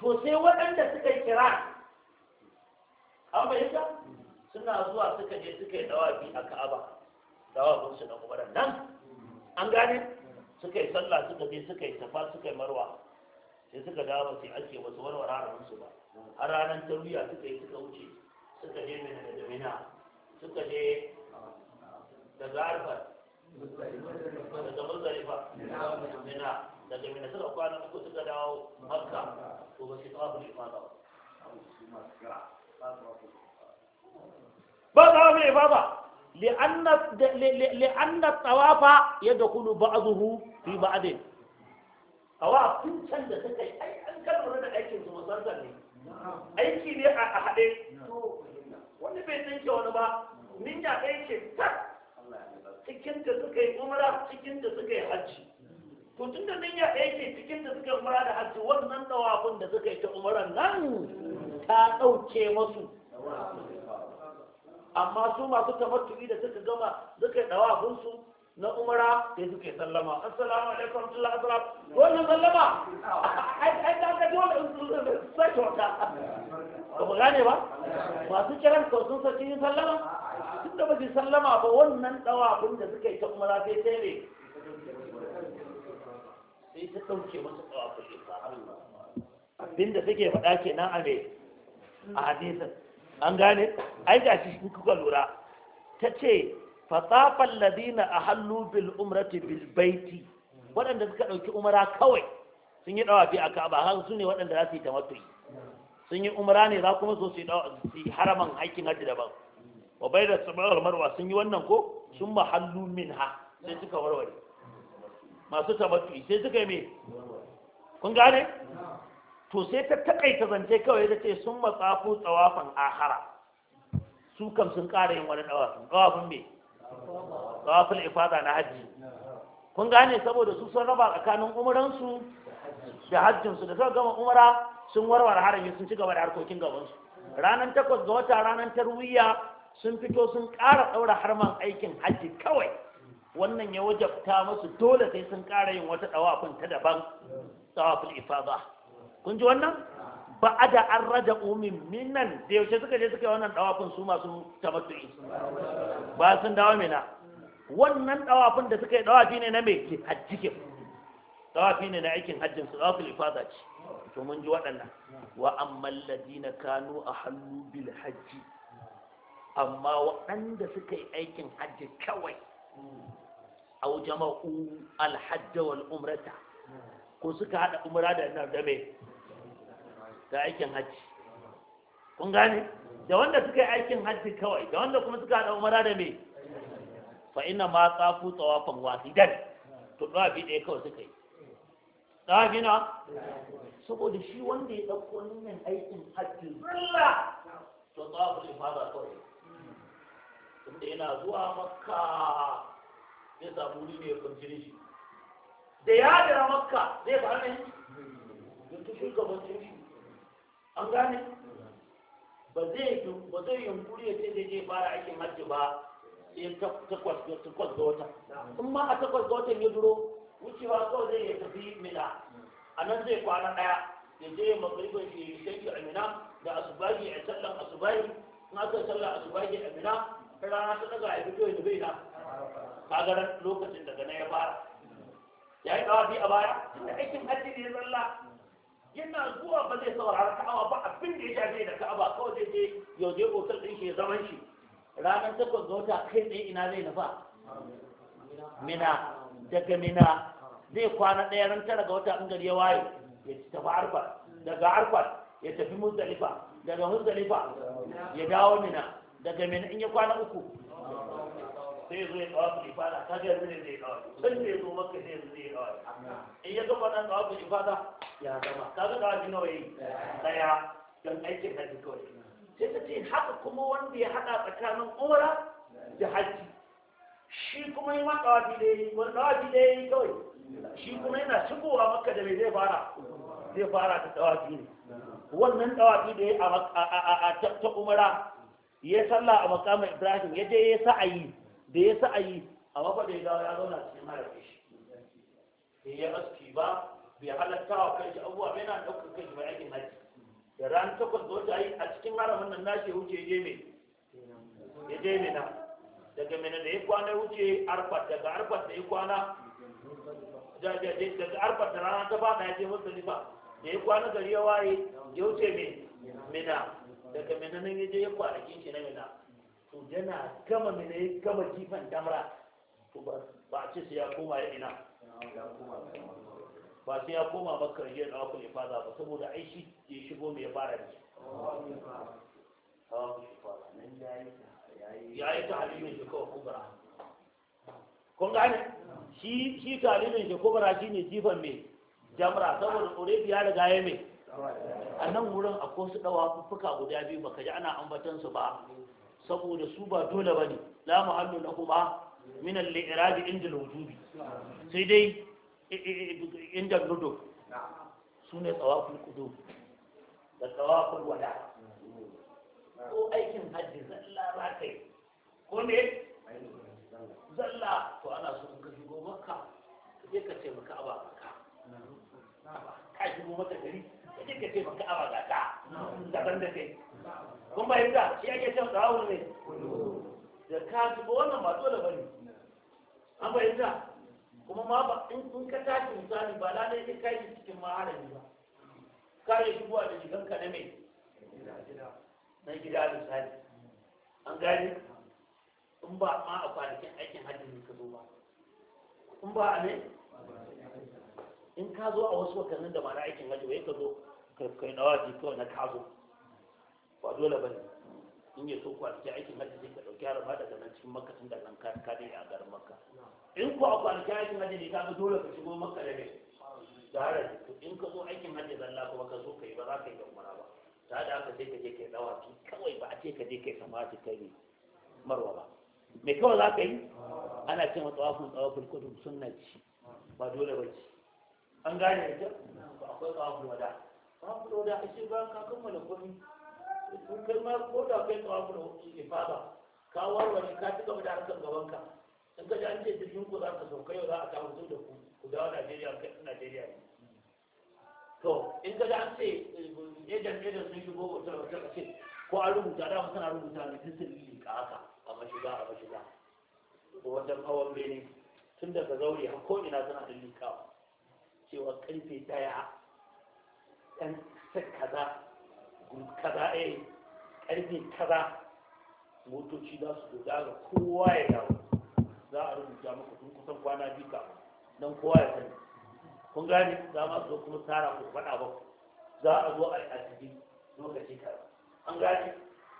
to sai waɗanda suka yi kira an bayyana suna zuwa suka je suka yi dawafi a ka'aba tawabinsu na umaran nan an gane suka yi sallah suka je suka yi tafa suka yi marwa sai suka dawo sai ake wasu warware haramunsu ba har ranar tarwiya suka yi suka wuce suka je mina da damina suka je da zarfar daga mazarifa mina da mina suka kwana uku suka dawo makka to ba su tawa ifada ba ba za mu ifada li'anna tsawafa ya da kulu ba'azuhu fi ba'adin awa sun da suka yi ai an kalmar da aikin su aiki ne a haɗe wani bai tsinke wani ba ninya ɗaya ce cikin da suka yi cikin da suka yi hajji to tun da ninya ce cikin da suka yi da hajji wannan tsawafin da suka ta umran nan ta ɗauke masu amma su masu tamattu'i da suka gama suka yi dawa abinsu na umara sai suka yi sallama assalamu alaikum warahmatullahi wabarakatuh wannan sallama ai ai da ka dole sai wata ba ku gane ba masu kiran ko sun saki yin sallama duk da ba su sallama ba wannan dawa abin da suka yi ta umara sai sai ne sai ta dauke masa dawa abin da suke faɗa kenan a me a hadisin an gane ai ga shi in kuka lura ta ce fasafan ladina a hannu bil umrati bil baiti waɗanda suka ɗauki umara kawai sun yi ɗawafi a ka'aba har su ne waɗanda za su yi tamattuyi sun yi umara ne za kuma so su yi haraman aikin hajji daban wa bai da sabar marwa sun yi wannan ko sun mahallu min ha sai suka warware masu tamattuyi sai suka yi me kun gane to sai ta takaita zance kawai da ce sun matsafu tsawafin ahara su kam sun ƙara yin wani tsawafin tsawafin me tsawafin ifada na hajji kun gane saboda su sun raba tsakanin umuransu da hajjinsu da suka gama umara sun warware harami sun ci gaba da harkokin gabansu ranar takwas ga wata ranar tarwiyya sun fito sun ƙara ɗaura harman aikin hajji kawai wannan ya wajabta masu dole sai sun ƙara yin wata tsawafin ta daban tsawafin ifada kun ji wannan ba da an raja umin minnan da yaushe suka je suka yi wannan dawafin su masu tamattu'i ba sun dawo na. wannan dawafin da suka yi dawafi ne na mai ke hajjike dawafi ne na aikin hajjin su dawafin ifada ce to mun ji waɗannan wa ammal ladina kanu hannu bil hajji amma waɗanda suka yi aikin hajji kawai au jama'u alhajja wal umrata ko suka haɗa umra da nan da mai ga aikin hajji kun gane da wanda suka yi aikin hajji kawai da wanda kuma suka haɗa umara da me fa ina ma tsafu tsawafan wasidan to bi ɗaya kawai suka yi bi na saboda shi wanda ya ɗauko wannan aikin hajji zalla to tsawafu ne fara kawai tunda yana zuwa makka zai samu wuri ne ya kwanciri shi da ya dira makka zai fara ne yanzu shugabancin shi an gane ba zai ba zai yunkuri ya ce zai je fara aikin hajji ba ya takwas ga wata in ma a takwas ga watan ya duro wucewa kawai zai ya tafi mila a nan zai kwana ɗaya ya je ya magaribin shi shaƙi a mina da asubagi a sallan asubagi in aka sallan asubagi a mina rana ta daga ya fito ya bai na kagaran lokacin daga na ya fara ya yi kawafi a baya da aikin hajji ne zalla yana zuwa ba zai saurara ka'aba ba abin da ya shafe da ka'aba kawai zai je yau je otal ɗin shi zaman shi ranar takwas ga wata kai tsaye ina zai nufa mina daga mina zai kwana ɗaya ran tara ga wata in gari ya waye ya tafi arfar daga arfar ya tafi muzdalifa daga muzdalifa ya dawo mina daga mina in ya kwana uku sai ya zo ya tsawafu ifada ta ga yanzu ne zai kawai sai ya zo maka sai yanzu zai kawai in ya gama nan tsawafu ifada ya gama ka ga kawai nawa yi daya don aikin hajji kawai sai ta ce haka kuma wanda ya haɗa tsakanin umra da hajji shi kuma yi ma tsawafi da ya yi wani tsawafi da ya yi kawai shi kuma yana shigowa maka da mai zai fara zai fara da tsawafi ne wannan tsawafi da ya a ta umra ya sallah a makamin ibrahim ya je ya sa'ayi da ya sa a yi a mafa da ya dawo ya zauna cikin harafi shi da ya aski ba bai halatta wa kai abubuwa bai na ɗaukar kai mai aikin haji da ran takwas da wata yi a cikin haramin nan nashi wuce ya je mai ya je mai na daga mai da ya kwana wuce arfat daga arfat da ya kwana daga arfat da rana ta fada ya je nifa da ya kwana gari ya waye ya wuce mai mina daga mina nan ya je ya kwanakin shi na mina to yana gama mene gama jifan damra to ba a ce sai ya koma ya ina ba sai ya koma ba karje da wakul ifada ba saboda ai shi ya shigo mai fara da shi ya yi ta halimin shi kawai kubra kun gane shi shi ta halimin shi kubra shi ne jifan mai jamra saboda ƙure ya riga ya mai a nan wurin akwai su dawa fuka guda biyu baka ji ana ambatansu ba saboda su ba dole ba ne la muhallu na kuma min al-i'rab inda al-wujubi sai dai inda al-wudu sune tsawaful qudum da tsawaful wada ko aikin hajji zalla ba kai ko ne zalla to ana so ka shigo makka kaje ka ce maka aba maka ka shigo maka gari ka ka ce maka aba ga daban da kai kun fahimta shi ake cewa tsawon ne da ka zuba wannan ba dole ba ne an fahimta kuma ma ba in kun ka tashi misali ba lalai sai kai shi cikin maharami ba ka yi shigowa da shigan ka na mai na gida misali an gani in ba ma a kwanakin aikin hajji ne ka zo ba in ba a ne in ka zo a wasu wakannin da ma na aikin hajji wai ka zo kai dawa ji kawai na ka zo ba dole ba ne in ya so ku a cikin aikin hajji sai ka ɗauki harama daga nan cikin makka tun da nan ka ka dai a garin makka in ku a kwanakin aikin hajji ne ka ga dole ka shigo makka da ne da haraji to in ka zo aikin hajji zalla ko ka zo ka yi ba za ka yi da umara ba ta da aka sai ka je kai dawaki kawai ba a ce ka je kai samati kai ne marwa ba me kawai za ka yi ana cewa tsawafin tsawafin kudu sunna ci ba dole ba ci an gane da ba akwai tsawafin wada tsawafin wada a ce ba ka kammala komai ko kai ma ko da kai tsawa mu ifada ka warware ka ci gaba da harkar gaban ka in ka ji an ce jirgin ku za ka sauka yau za a kawo su da ku ku dawo Najeriya kai Najeriya ne to in ka ji an ce ejan eh, ejan eh, eh, sun shigo wata wata kace ko a rubuta da suna rubuta ne sun yi ka haka a mashiga a mashiga ko wajen hawan bene tun daga zaure har ko ina suna da likawa cewa karfe daya ɗan kaza kaza eh karfe kaza motoci za su doga ga kowa ya dawo za a rubuta maka tun kusan kwana biyu ka don kowa ya sani kun gane za ma zo kuma tara ku faɗa ba za a zo a yi asibi lokaci kaza an gane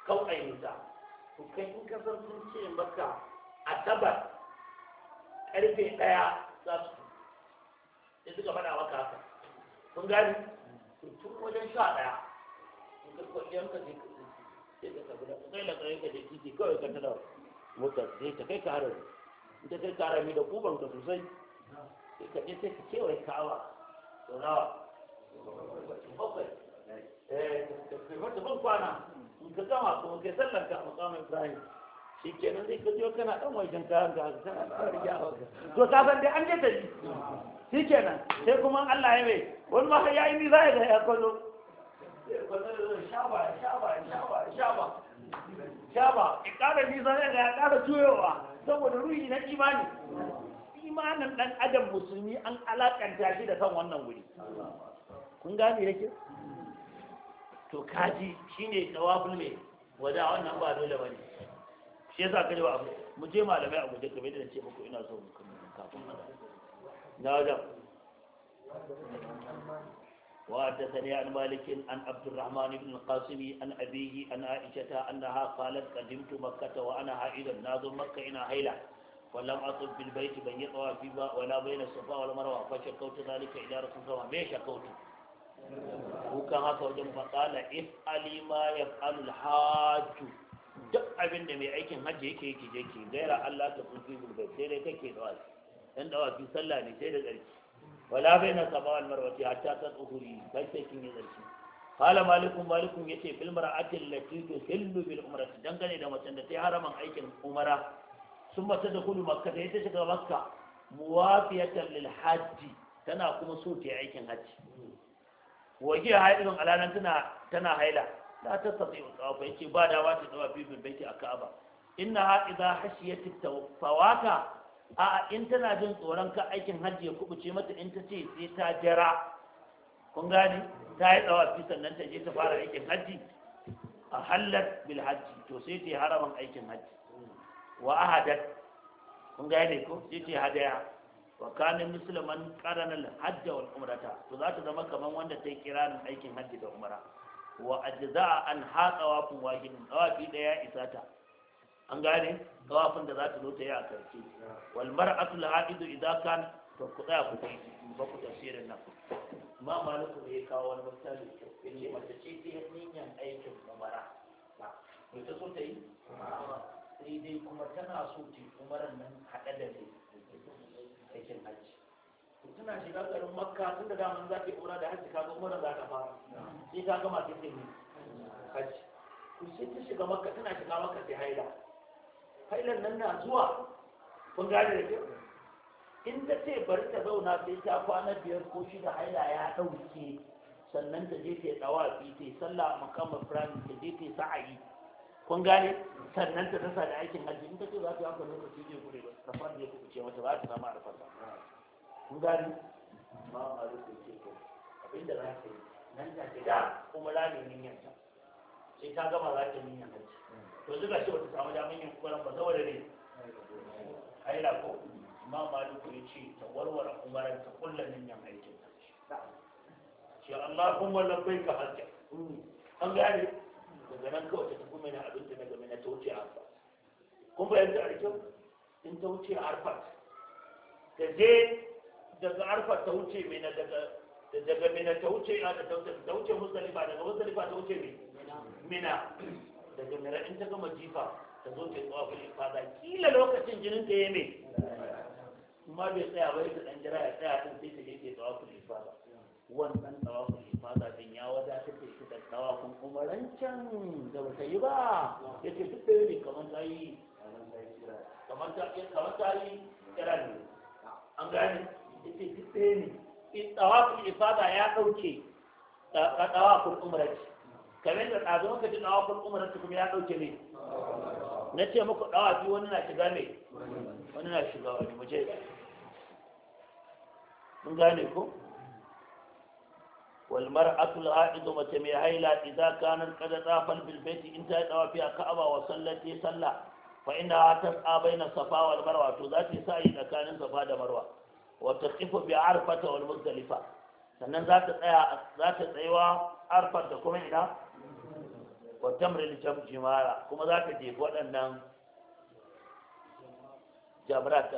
kau a yi wuta to kai in ka san sun ce maka asabar karfe ɗaya za su sai suka faɗa maka haka kun gane to tun wajen sha ɗaya ka sai ka tafi da kai kai ka je titi kawai ka kai ka harami in kai ka harami da kuban ka sosai sai ka je sai ka kewaye kawa to nawa bakwai eh ka fata ban kwana in ka gama kuma kai sallar ka a makamin ibrahim shi kenan zai kajo kana dan wajen kayan ka kana tsari yawa to ka dai an je tafi shi kenan sai kuma Allah ya mai wani ma ya yi ni za ya ga ya kwallo shaba shaba shaba shaba shaba ya ƙara nisa ne ya ƙara juyowa saboda ruhi na imani imanin ɗan adam musulmi an alakanta shi da kan wannan wuri kun gane yake to kaji shine tawaful mai wada wannan ba dole bane shi yasa kaje wa abu mu je malamai a da kamar da ce muku ina so mu kafin na wajen وحدثني عن مالك عن عبد الرحمن بن القاسم عن أبيه عن عائشة أنها قالت قدمت مكة وأنا حائض ناظر مكة إن هيلة ولم أطب بالبيت بين يطوى فيما ولا بين الصفا والمروة فشكوت ذلك إلى رسول الله ما شكوت وكما توجم فقال افعلي ما يفعل الحاج duk abin da mai aikin hajji yake yake je ki gaira Allah ta kulfi bulbai sai dai kake dawafi dan dawafi sallah ne sai da tsarki wala bai na saba wal marwati hatta ta tsuhuri bai sai kin yi zarki qala malikun malikun yace fil mar'ati allati tuhillu bil umrati dangane da macen da ta haraman aikin umara sun mata da kudu makka da ita shiga makka muwafiyatan lil hajji tana kuma so ta yi aikin hajji waje haidun alanan tana tana haila la tastati wa tawafa yace ba dawa ta dawa bibin baiti a ka'aba inna ha idha hashiyat tawaka a in tana jin tsoron ka aikin hajji ya kubuce mata in ta ce sai ta jira kun gani ta yi tsawa fi sannan ta je ta fara aikin hajji a hallar bil hajji to sai ta yi haraman aikin hajji wa ahadat kun ne ko sai ta yi hadaya wa kanin musulman karanar hajji wa umrata to za ta zama kamar wanda ta yi kiranin aikin hajji da umara wa ajza an haƙawa kun wahidin tsawafi ɗaya isa ta an gane tawafin da za ta zo ta yi a karshe walmar mar'atu al-ha'idu idza kan to ku tsaya ku yi ba ku tafsirin nan ma maliku ne kawo wani misali kyau yace mace ce ta yi niyyar aikin umara ba ta so ta yi sai dai kuma tana so ta yi umaran nan haɗe da ne aikin hajji tana shiga garin makka tun da daman za ta yi umara da hajji kaga umara za ta fara sai ta gama ta yi hajji ku sai ta shiga makka tana shiga makka sai haila failan nan na zuwa kun gane da kyau in ta ce bari ta zauna sai ta kwana biyar ko shida haila ya ɗauke sannan ta je ta yi fi ta yi sallah a makamar firami ta je ta yi sa'ayi kun gane sannan ta rasa da aikin hajji in ta ce za ta yi haka lokaci zai gure ba ta fara ya ce mata ba ta samu arfar ba kun gane ma ma zai ce za ta yi nan ta ce da kuma rami niyyanta sai ta gama za ta niyyanta to zuga shi wata samu damin yin umara ba saboda ne haila ko imam maliku ya ce ta warware umaran ta kullum yin yan aikin ta shi amma kun wannan bai ka hajja an gane daga nan kawai ta tafi mai abin da na game na ta wuce arfa kun bayan da arkyau in ta wuce a arfa ta je daga arfa ta wuce mai na daga daga mina ta wuce a da ta wuce musdalifa daga musdalifa ta wuce mina daga mira in ta gama jifa ta zo ta yi tsawafin ifada kila lokacin jinin ta yi mai ma bai tsaya bai da ɗan jira ya tsaya ɗin sai ta je ta yi tsawafin ifada wannan tsawafin ifada din ya wadata ta shi da tsawafin umarancan da ba ta yi ba ya ce duk da yi kamar ta yi kamar ta yi kira ne an gane ya ce duk da yi ne tsawafin ifada ya ɗauke tsawafin umaranci kamar da tsazo maka jin dawa kun umar ta kuma ya dauke ne na ce muku dawa fi wani na shiga ne wani na shiga wani mu mun gane ku? wal mar'atu al-a'idu mace mai haila idza kanat qad tafal bil bayt in ta dawa fi ka'aba wa sallati salla fa inna tas'a baina safa wal marwa to za ta sa'i tsakanin safa da marwa wa taqifu bi arfata wal muzdalifa sannan za ta tsaya za ta tsayawa arfar da kuma ina والتمر اللي جنب جمارة كما ذاك الديك وأنهم نعم. جامرات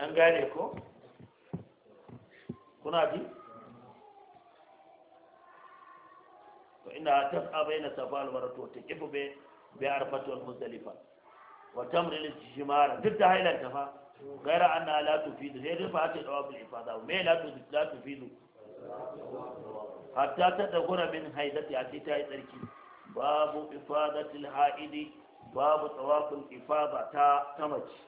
أن قال لكم كنا دي وإنها تسعى بين سفاء المرة وتجب بعرفة المزدلفة وتمر الاستجمار ضد هاي الانتفاع غير أنها لا تفيد غير رفعة الأواب الحفاظة وما لا تفيد hatta ta dagura min haidati a ta yi tsarki babu ifadatul ha'idi babu tsawafin ifada ta ta mace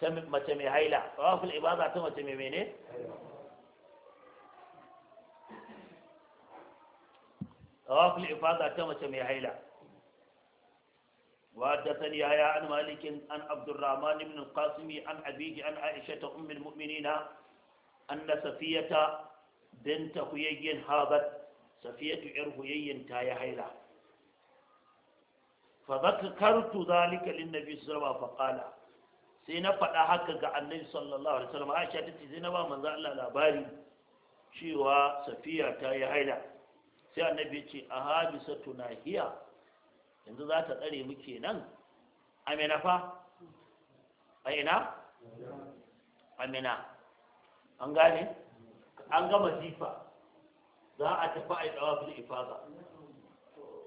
ta mace mai haila tsawafin ibada ta mace mai mene tsawafin ifada ta mace mai haila وحدثني يحيى عن مالك عن عبد الرحمن بن القاسم عن أبيه عن عائشة أم المؤمنين أن صفية bin ta huyayyin habat safiyatu yar huyayyen ta yi haila fa za zalika lin nabi sallallahu alaihi faƙala. sai na faɗa haka ga annabi sallallahu alaihi wasallam Aisha ta ce na ba manzo Allah labari cewa safiya ta yi haila sai annabi ce a habisa tunahiya yanzu za ta tsare mu kenan amina fa a ina amina an gane an gama jifa za a tafi a yi fi ifaza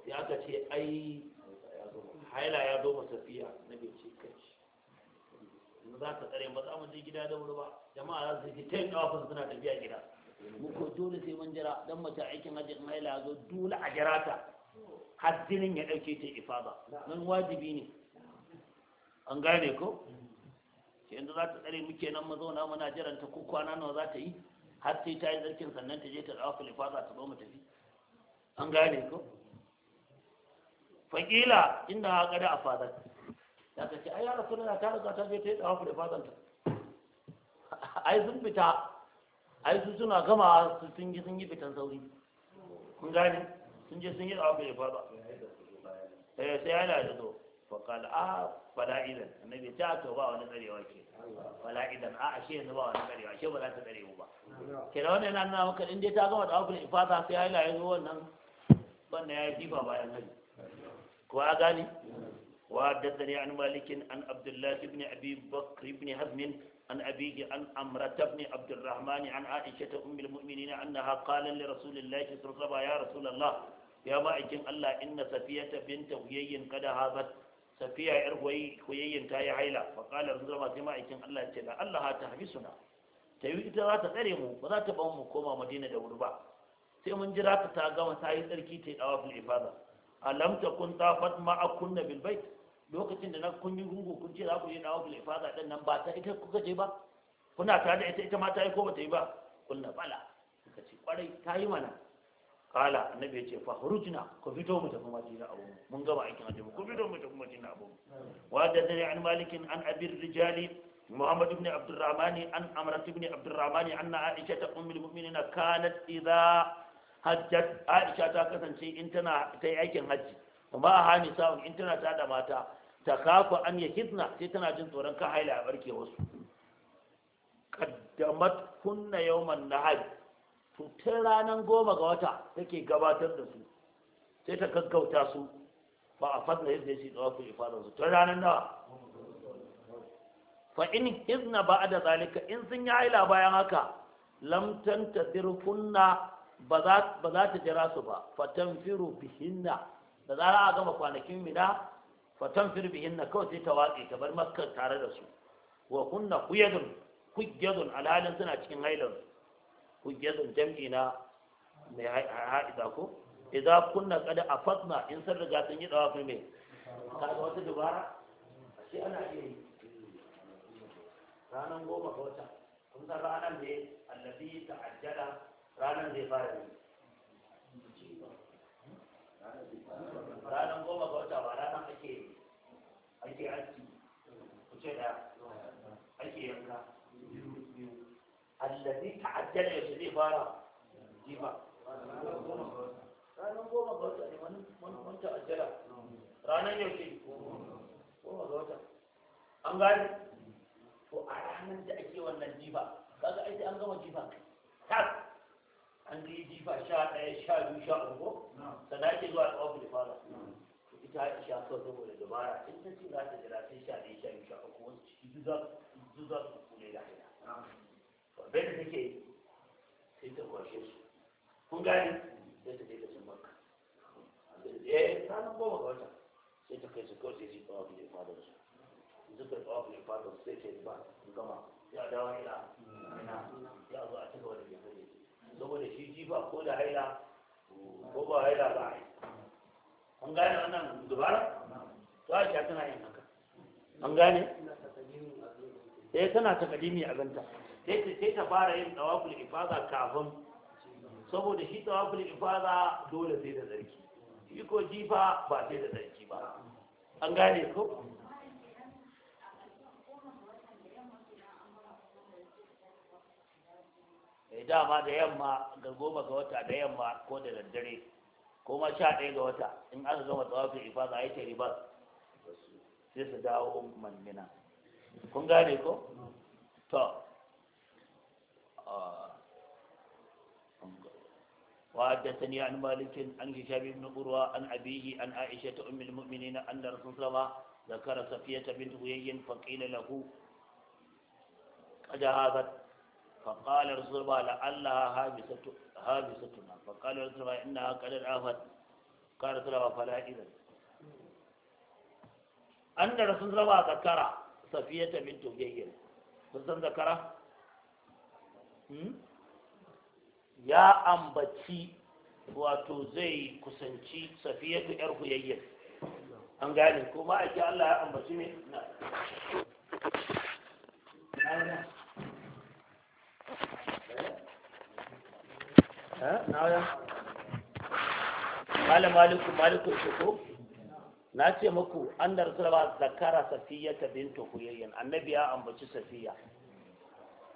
ya aka ce ai haila ya zo masafiya na bai ce kai za ta tsare ba za mu je gida da wuri ba jama'a za su ji ta tsawa fi suna tafiya gida muku dole sai mun jira don mace aikin hajji in haila ya zo dole a jira ta har jinin ya ɗauke ta ifaza nan wajibi ne an gane ko yanzu za ta tsare muke nan mazauna muna jiranta ko kwana nawa za ta yi har sai ta yi zarkin sannan ta je ta dawo kalifaza ta zo mu tafi an gane ko fakila inda ha gada a fadar da ka ce ai ya rasu na ta za ta je ta yi dawo kalifazan ta ai sun fita ai su suna gama su sun yi sun yi fitan sauri kun gane sun je sun yi dawo kalifaza eh, sai ya da zo fakala a ah, fala'idan annabi ya a ah, to ba wani tsarewa ke fala'idan a ah, ashe yanzu ba wani tsarewa ashe ba za ta tsare mu ba ke da wannan yana maka in dai ta gama da abin ifada sai ya yi layi zuwa wannan wannan ya yi jifa bayan nan ko a gani? وحدثني عن مالك عن عبد الله بن ابي بكر بن هزم عن أبيه عن أمرة بن عبد الرحمن عن عائشة أم المؤمنين أنها قال لرسول الله صلى الله عليه وسلم يا ya الله يا مائكم الله إن سفية بنت هيي safiya yar koyayyen ta yi haila faƙalar zama sai ma'aikin Allah ya ce na Allah ta hafi suna ta yi ita za ta tsare mu ba za ta ba mu koma madina da wuri ba sai mun jira ta ta gama ta yi tsarki ta yi dawa fil ifaza alam ta kun ta fat ma akunna bil bait lokacin da na kun yi gungu kun ce za ku yi dawa fil ifaza din nan ba ta ita kuka je ba kuna ta da ita ita ma ta yi ko ba ta yi ba Kunna bala suka ce kwarai ta yi mana kala annabi ya ce fa hurujna ku fito mu tafi madina abu mun gaba aikin hajji ku fito mu tafi madina abu wa da dare an malikin an abir rijali muhammad ibn abdurrahman an amrat ibn abdurrahman anna aisha ta ummul mu'minin kanat idza hajjat aisha ta kasance in tana ta aikin Kuma amma hani sa'un in tana ta da mata ta kafa an yahidna sai tana jin tsoron ka haila a barke wasu qaddamat kunna yawman nahaj to tun ranar goma ga wata take gabatar da su sai ta gaggauta su ba a fadla yadda shi tsawon su ifadar su tun ranar nawa fa in izna ba a da zalika in sun yi haila bayan haka lamtan ta kunna ba za ta jira su ba fatan firu bihinna da zara a gama kwanakin mina fatan firu bihinna kawai sai ta waƙe ta bar maskar tare da su wa kunna kuyadun kuyadun alhalin suna cikin hailarsu hujjatun jam'i na mai haɗa ko idan kunna kada a fatna in sun riga sun yi dawa fi mai ga wata dubara shi ana yi ranar goma ga wata kun san ranar ne allafi ta ajjala ranar zai fara ne ranar goma ga wata ba ranan ake ake aiki ku ce da allazi ta'ajjala yaushe zai fara jifa ranar goma ga wata ne wani ta'ajjala ranar yaushe goma ga wata an gani to a ranar da ake wannan jifa kaga aiki an gama jifa tas an yi jifa sha ɗaya sha biyu sha uku sannan ke zuwa tsawon da fara ita sha so wani dabara in ta ce za ta jira sai sha ɗaya sha biyu sha uku wasu ciki duk za kule da haina bai da take yi sai ta kwashe su kun gane sai ta kai sun makka eh ranar goma ga wata sai ta kai su kawai sai su kawo da fadar su suka kawo da fadar sai ta yi ba gama ya dawo ila ina ya zo a cika wani bai fade saboda shi jifa ko da haila ko ba haila ba yi. an gane wannan dubara to a sha tana yin haka an gane eh tana takadimi a zanta. sai ta sai ta fara yin tawaful ifaza kafin saboda shi tawaful ifaza dole sai da zarki shi ko jifa ba sai da zarki ba an gane ko mai eh, dama da yamma ga goma ga wata da yamma ko da daddare ko ma sha ɗaya ga wata in aka gama tsawafin ifaza a yi ta riba sai su dawo manmina kun gane ko to آه. وحدثني عن مالك عن هشام بن قروة عن أبيه عن عائشة أم المؤمنين أن رسول الله ذكر صفية بنت هيي فقيل له قد هذا فقال رسول الله لعلها هابستنا فقال رسول الله إنها قد عافت قال رسول الله فلا إذا أن رسول الله ذكر صفية بنت هيي فسن ذكره Hmm? ya ambaci wato zai kusanci safiyatu yar huyayyar an gane ko ma ake Allah ya ambaci ne na eh? Eh? Malam Maliku Maliku Shiko na ce muku an da Rasulullah zakara Safiya ta bintu huyayyan annabi ya ambaci safiya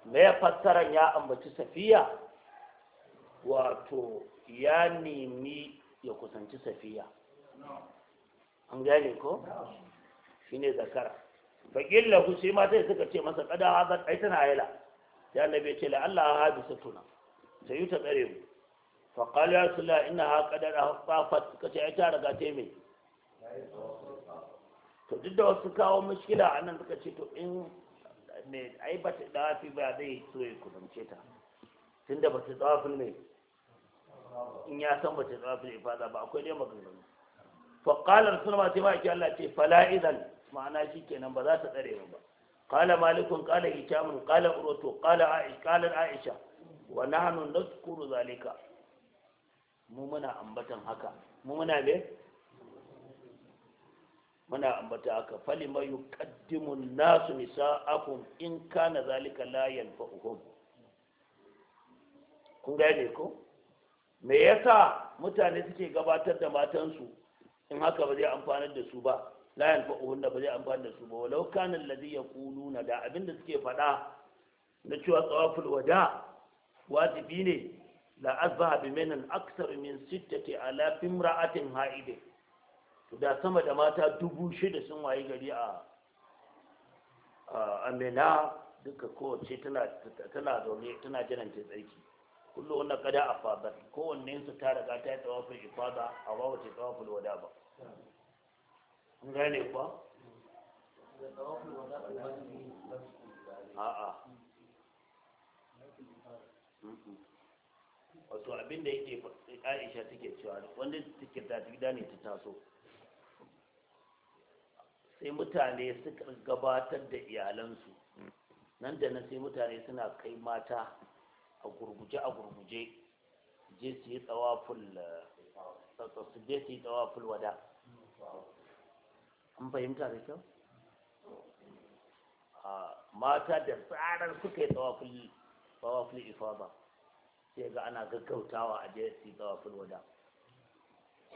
mai fassarar ya ambaci safiya wato ya nemi ya kusanci safiya an gane ko shi ne zakara bakin lahu sai mata suka ce masa kada hazar ai tana haila ya nabe ce la Allah ha bisa tuna sai yi ta tsare mu fa qala ya rasulullah inna ha qadara hafafat suka ce ai ta riga ta to duk da wasu kawo mushkila anan suka ce to in mai ai ba ta dawafi ba zai so ya kusance ta tunda ba ta dawafin ne in ya san ba ta dawafin ya fada ba akwai dai faƙalar suna ba ta sai ma'aiki Allah ce fala idan ma'ana shikenan ba za ta tsare ba qala malikun qala hisham qala urwatu ƙalar aisha na hannun wa su kuru zalika mu muna ambatan haka mu muna ne muna ambata haka fali mai yuqaddimu nasu nisa'akum in kana zalika la yanfa'uhum kun ne ko me yasa mutane suke gabatar da matansu in haka ba zai amfanar da su ba la yanfa'uhum ba zai amfanar da su ba walau kana alladhi yaquluna da abinda suke faɗa na cewa tsawaful wada wajibi ne la azbaha bi min aktsar min sittati alafin ra'atin ha'idin da sama da mata dubu shida sun waye gari a amina duka kowace tana zaune tana jiran ta tsarki kullum wannan kada a fadar kowanne su ta riga ta yi tsawafin ifada a ba wace tsawafin wada ba an gane kuwa a'a wato abinda yake aisha take cewa wanda take da gida ne ta taso sai mutane suka gabatar da iyalansu nan da nan sai mutane suna kai mata a gurguje a gurguje je su yi tsawaful su je su yi tsawaful wada an fahimta da kyau mata da tsarar suka yi tsawaful ifa ifaba sai ga ana gaggautawa a je su yi tsawaful wada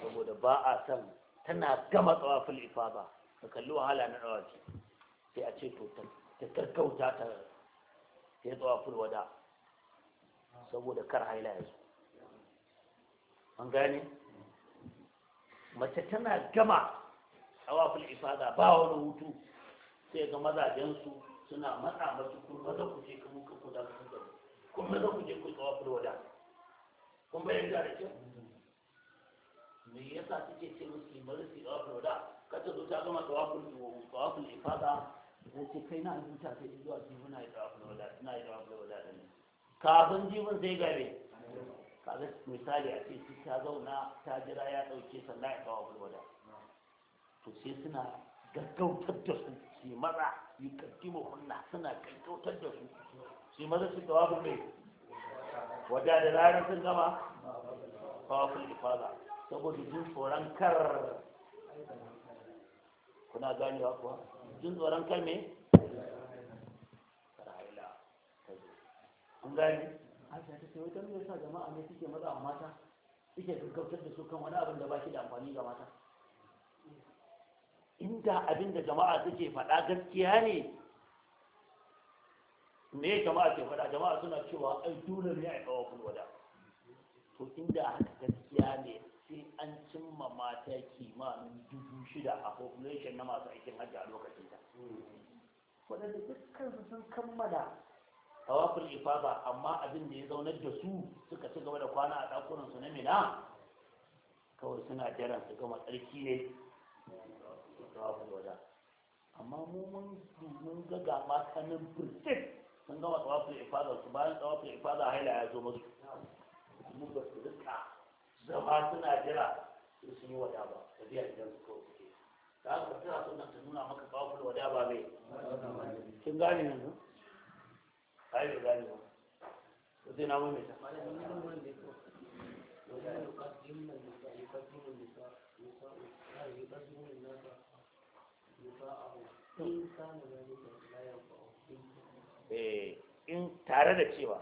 saboda ba a san tana gama tsawaful ifaba ka kalli wahala na dawaki sai a ce to ta tarkauta ta ya tsawa tsawafin wada saboda kar haila ya zo an gane mace tana gama tsawafin ifada ba wani hutu sai ga mazajensu suna matsa masu kun maza ku je kamun ka kuda ku da kun maza ku je ku tsawafin wada kun bayan da kyau me yasa suke ce musu kimar su tsawafin wada kata zo ta gama tawaful tawaful ifada ko ce kai na huta sai zuwa jibi na yi tawaful wada na yi tawaful wada da ne kafin jibin sai gabe kaga misali a ce shi ta zauna ta jira ya dauke sallah ya tawaful wada to sai suna gaggautar da su shi maza yi kaddimu kunna suna gaggautar da su shi maza su tawaful mai wada da ranar sun gama tawaful ifada saboda jin tsoron kar kuna wa kuwa jin tsoron kai me karayila ta zo an gane aisha ta ce wata mai sa jama'a ne suke matsa a mata suke gaggautar da su kan wani abin da ba shi da amfani ga mata inda abin da jama'a suke faɗa gaskiya ne me jama'a ke faɗa jama'a suna cewa ai dole ne a yi kawo kun wada to inda haka gaskiya ne sai an cimma mata kimanin dubu shida a population na masu aikin hajji a lokacin ta waɗanda dukkansu sun kammala tawafin ifaba amma abin da ya zauna da su suka ci gaba da kwana a ɗakunansu na mina kawai suna jiran su gama tsarki ne tawafin wada amma mu mun mun ga ga ta nan birtin sun gama tawafin ifaba su bayan tawafin ifaba haila ya zo musu mun ga su rika zama suna jira sun yi wada ba ka biya idan su kawai ka haka tana so ta nuna maka wada ba mai kin gane yanzu ka yi gane ba ko sai na mai ta eh, in tare da cewa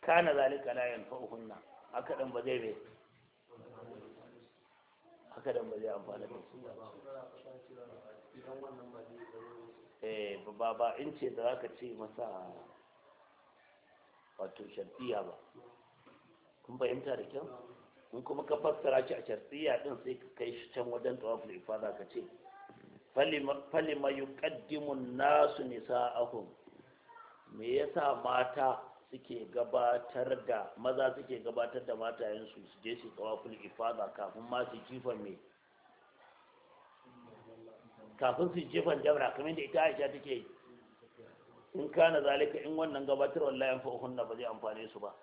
kana zalika la yanfa'uhunna haka dan ba zai bai haka da ba zai amfana da su ba eh, ba ba in ce da zaka ce masa wato shafiya ba kun bayanta da kyau in kuma ka fassara shi a shafiya din sai ka kai shi can wajen tawaf ifada ka ce falima yuqaddimu an-nasu ahun me yasa mata suke gabatar da maza suke gabatar da matayensu su je su tsawaful ifada kafin ma su jifan mai kafin su jifan jamra kamar da ita aisha take yi in kana zalika in wannan gabatar wallahi fa'uhun ba zai amfane su ba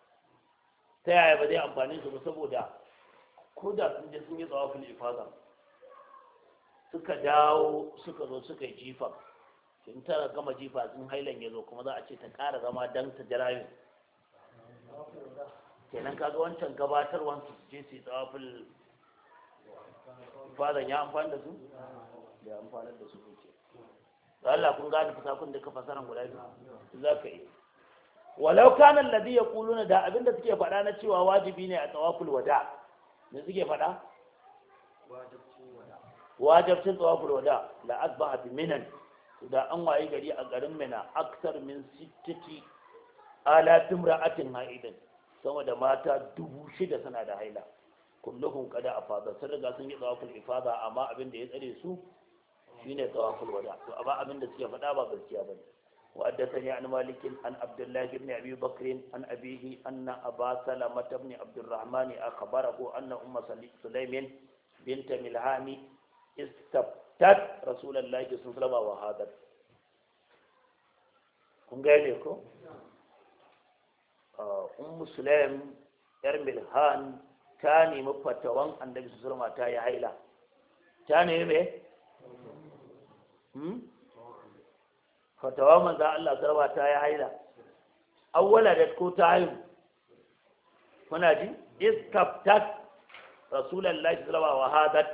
ta yaya ba zai amfane su ba saboda koda sun je sun yi tsawaful ifada suka dawo suka zo suka jifan in ta gama jifa in hailan ya zo kuma za a ce ta ƙara zama don ta jirayin kenan kaga wancan gabatarwan su je su yi tsawafin fadon ya amfani da su da amfani da su kuke da Allah kun gane fasakun duka fasaran guda biyu za ka yi walau kana alladhi na da abinda suke faɗa na cewa wajibi ne a tsawaful wada ne suke faɗa wajibcin wada tsawaful wada da asbaha minan da an waye gari a garin mina aksar min sittiki alatin ra'atin ha'idin sama da mata dubu shida suna da haila kulluhum kada a fada sun riga sun yi tsawakul ifada amma abin da ya tsare su shine tsawakul wada to amma abin da suke faɗa ba gaskiya bane وحدثني عن مالك عن عبد الله بن ابي بكر عن ابيه ان ابا سلمه بن عبد الرحمن اخبره ان ام سليم بنت ملهام tat rasulullahi sallallahu wa hadar kun gane ko ummu sulaim yar milhan ta nemi fatawan annabi sallallahu alaihi ta yi haila ta nemi fatawa manzo Allah sarwa ta yi haila awwala da ko ta haihu kuna ji istaftat rasulullahi sallallahu alaihi wa hadar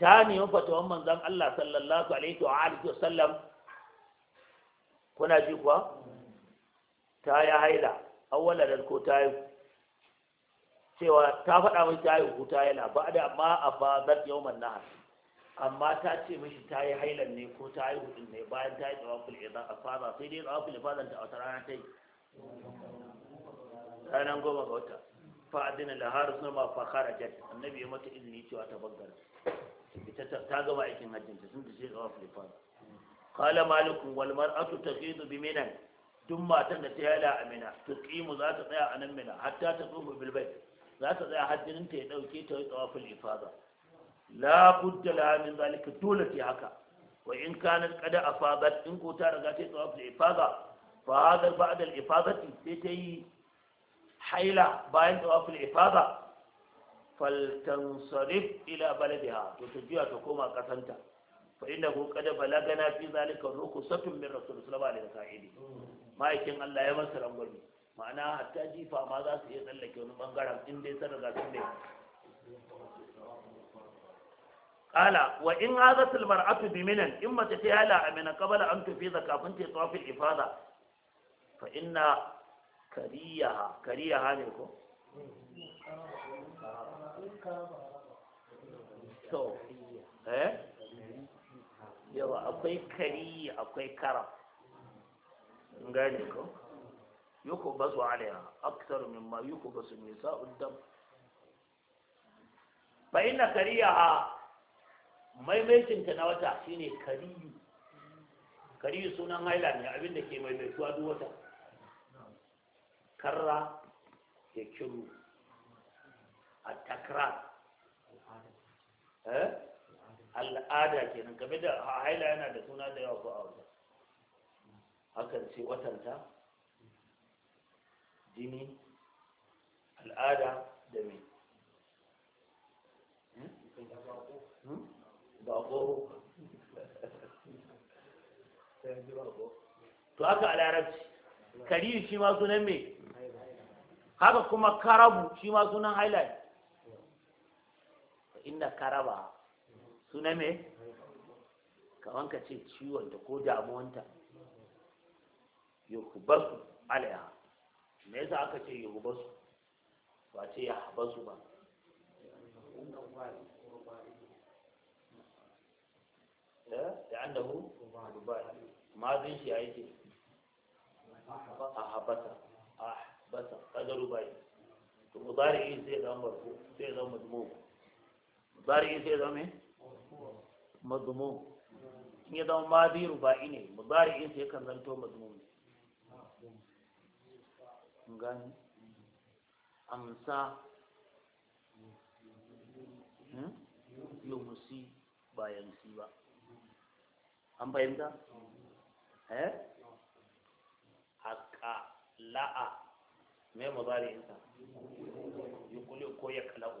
ta nemi fatawan manzan Allah sallallahu alaihi wa alihi wa sallam kuna ji kuwa ta ya haila awwala da ko ta yi cewa ta faɗa mai ta yi ko ta yi ba da ma a fadar yawman nahar amma ta ce mishi ta yi hailan ne ko ta yi hudun ne bayan ta yi tsawafin idan a fara sai dai tsawafin ibadan ta a wata rana ta yi ranar goma ga wata fa'adina laharu suna ma fakara jet annabi ya mata izini cewa ta bangare ta gaba aikin hajjin ta sun tafi gaba filifan kala malikun asu ta taqidu bi minan duk matan da ta yala a mina tuqimu za ta tsaya a nan mina hatta ta tsufa bilbai za ta tsaya hajjinin ta ya dauke ta yi tsawafin ifada la budda la min zalika dole ta haka wa in kanat a afadat in ko ta riga ta yi tsawafin ifada fa hadar ba'da ifadati sai ta yi haila bayan tsawafin ifaza. faltansarif ila baladiha to ta juya ta koma kasanta fa inna hu qad balagana fi zalika rukusatun min rasul sallallahu alaihi wasallam ma'aikin Allah ya masa rangwami ma'ana hatta jifa ma za su iya tsallake wani bangaren in dai sun riga sun dai qala wa in hadat al mar'atu bi minan in mace ta hala amina qabla an tufiza kafin ta tawafi al ifada fa inna kariyaha kariyaha ne ko to eh yawa akwai kari akwai karam gane ko yuku basu alaiha aktar ma yuko basu nisa uddam fa inna kariyaha maimaitin ta na wata shine kari kari sunan haila ne abinda ke maimaituwa duk wata karra ke kiru التكرار eh? al'ada kenan game da haila yana da suna da yawa ko a wata, hakan ce watanta jini al'ada da mai hmm? to haka a larabci kariri shi ma sunan me, haka kuma karabu shi ma sunan highlight inda ka raba suna me kawan ka ce ciwonta ko damuwanta basu alaiha me yasa aka ce yuhbasu ba ce ya basu ba eh, da annahu mazin shi yayi ce a habata a habata kadaru bai to mudari sai zama marfu sai zama dubo. mudari sai zama me madmum in ya zama madi ruba'i ne mudari sai kan zanto madumo ne gani amsa hmm? yumusi ba yansi ba an fahimta eh haƙa la'a me mudari insa yukuli ko ya kala'u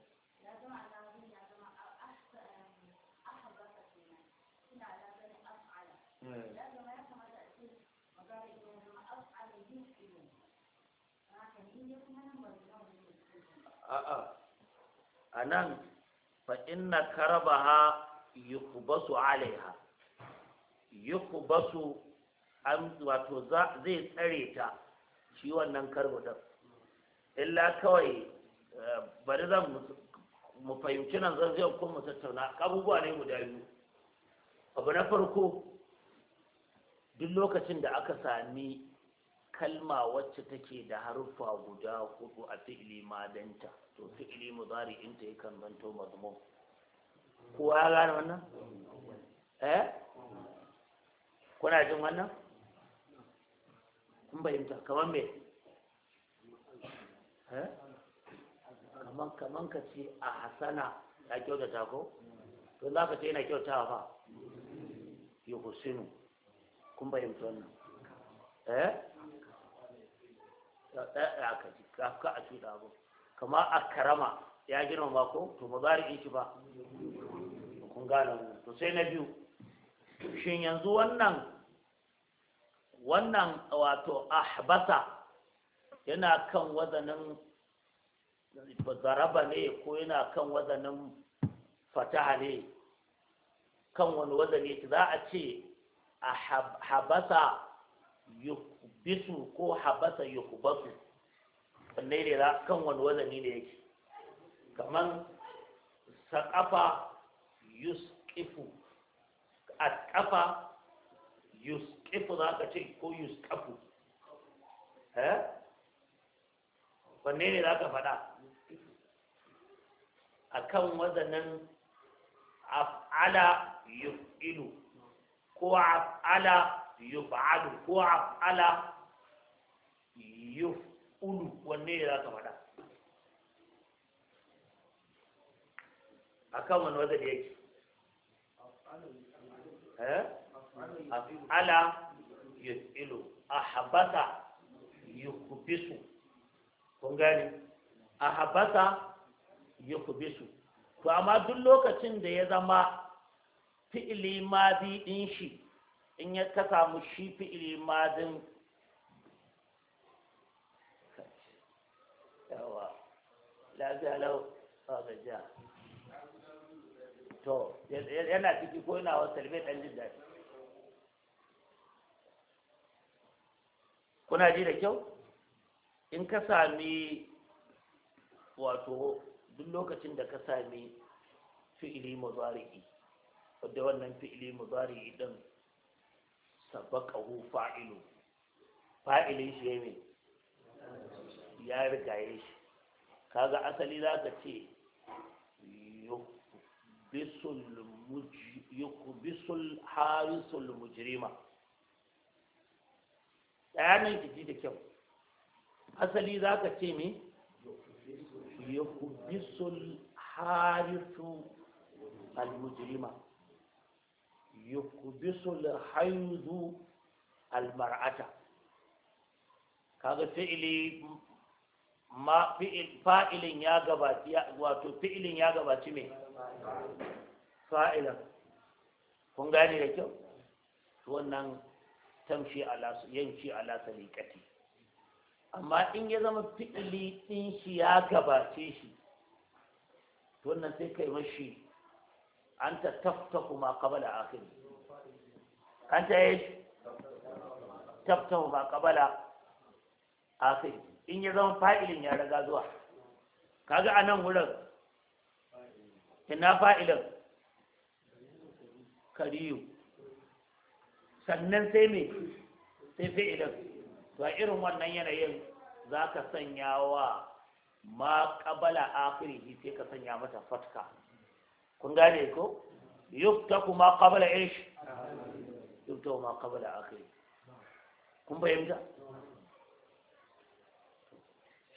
a'a anan fa inna karabaha yukhbasu alaiha yukhbasu an wato zai tsare ta shi wannan karbu illa kawai eh, bari zan mu fahimci nan zan zai kuma mu tattauna abubuwa ne guda biyu abu na farko duk lokacin da aka sami kalma wacce take da haruffa guda hudu a fi'ili madanta to fi'ili mudari inta yakan zanto mazmum ko ya gane wannan eh kuna jin wannan kun fahimta kamar me eh kaman kaman ka ce a hasana ya kyautata ko to za ka ce yana kyautawa fa yuhsinu kun fahimta wannan eh tsaya ka ji ka a cuɗa abu kama a karama ya girma ko to ba za riƙe shi ba kun gane mu to sai na biyu shin yanzu wannan wannan wato ahbasa yana kan wazanin zaraba ne ko yana kan wazanin fataha ne kan wani wazani za a ce a habasa bisu ko habasa yuhbasu wanne ne za kan wani wazani ne yake kaman saqafa a atqafa yuskifu za ka ce ko yuskafu eh wanne ne za ka faɗa kan wazanin af'ala yuf'ilu ko af'ala yuf'alu ko af'ala ulu, wanne ya zaka faɗa kan wani wazari yake eh? af'ala yuf'ilu ahbasa yukbisu kun gane ahbasa yukbisu to amma duk lokacin da ya zama fi'ili madi din shi in ya ka samu shi fi'ili din yawa lafiya lau a gajiya to yana ciki ko yana wa salme ɗan jin daɗi kuna ji da kyau in ka sami wato duk lokacin da ka sami fi'ili muzari'i wadda wannan fi'ili muzari'i din sabaqahu fa'ilu fa'ilin shi ne ya rigaye shi kaga asali za ka ce yukbisul harisul mujrima ɗayanin jiki da kyau asali za ka ce me yukbisul harisul al-mujrima yukbisul haizu al-mar'ata kaga fi'ili ma fa'ilin ya gabaci wato fi'ilin ya gabaci me Fa'ila. kun gane da kyau wannan tamshi ala yanki ala salikati amma in ya zama fi'ili din shi ya gabace shi wannan sai kai mashi an ta taftahu ma qabala akhir an ta yi taftahu ma qabala akhir in ya zama fa'ilin ya raga zuwa kaga a nan wurin ina fa'ilin kariyu sannan sai me sai fa’ilin to a irin wannan yanayin za ka sanya wa ma ƙabala akirihi sai ka sanya mata fatka kun gane ko yuftaku ma ƙabala ish ku ma ƙabala akirihi kun fahimta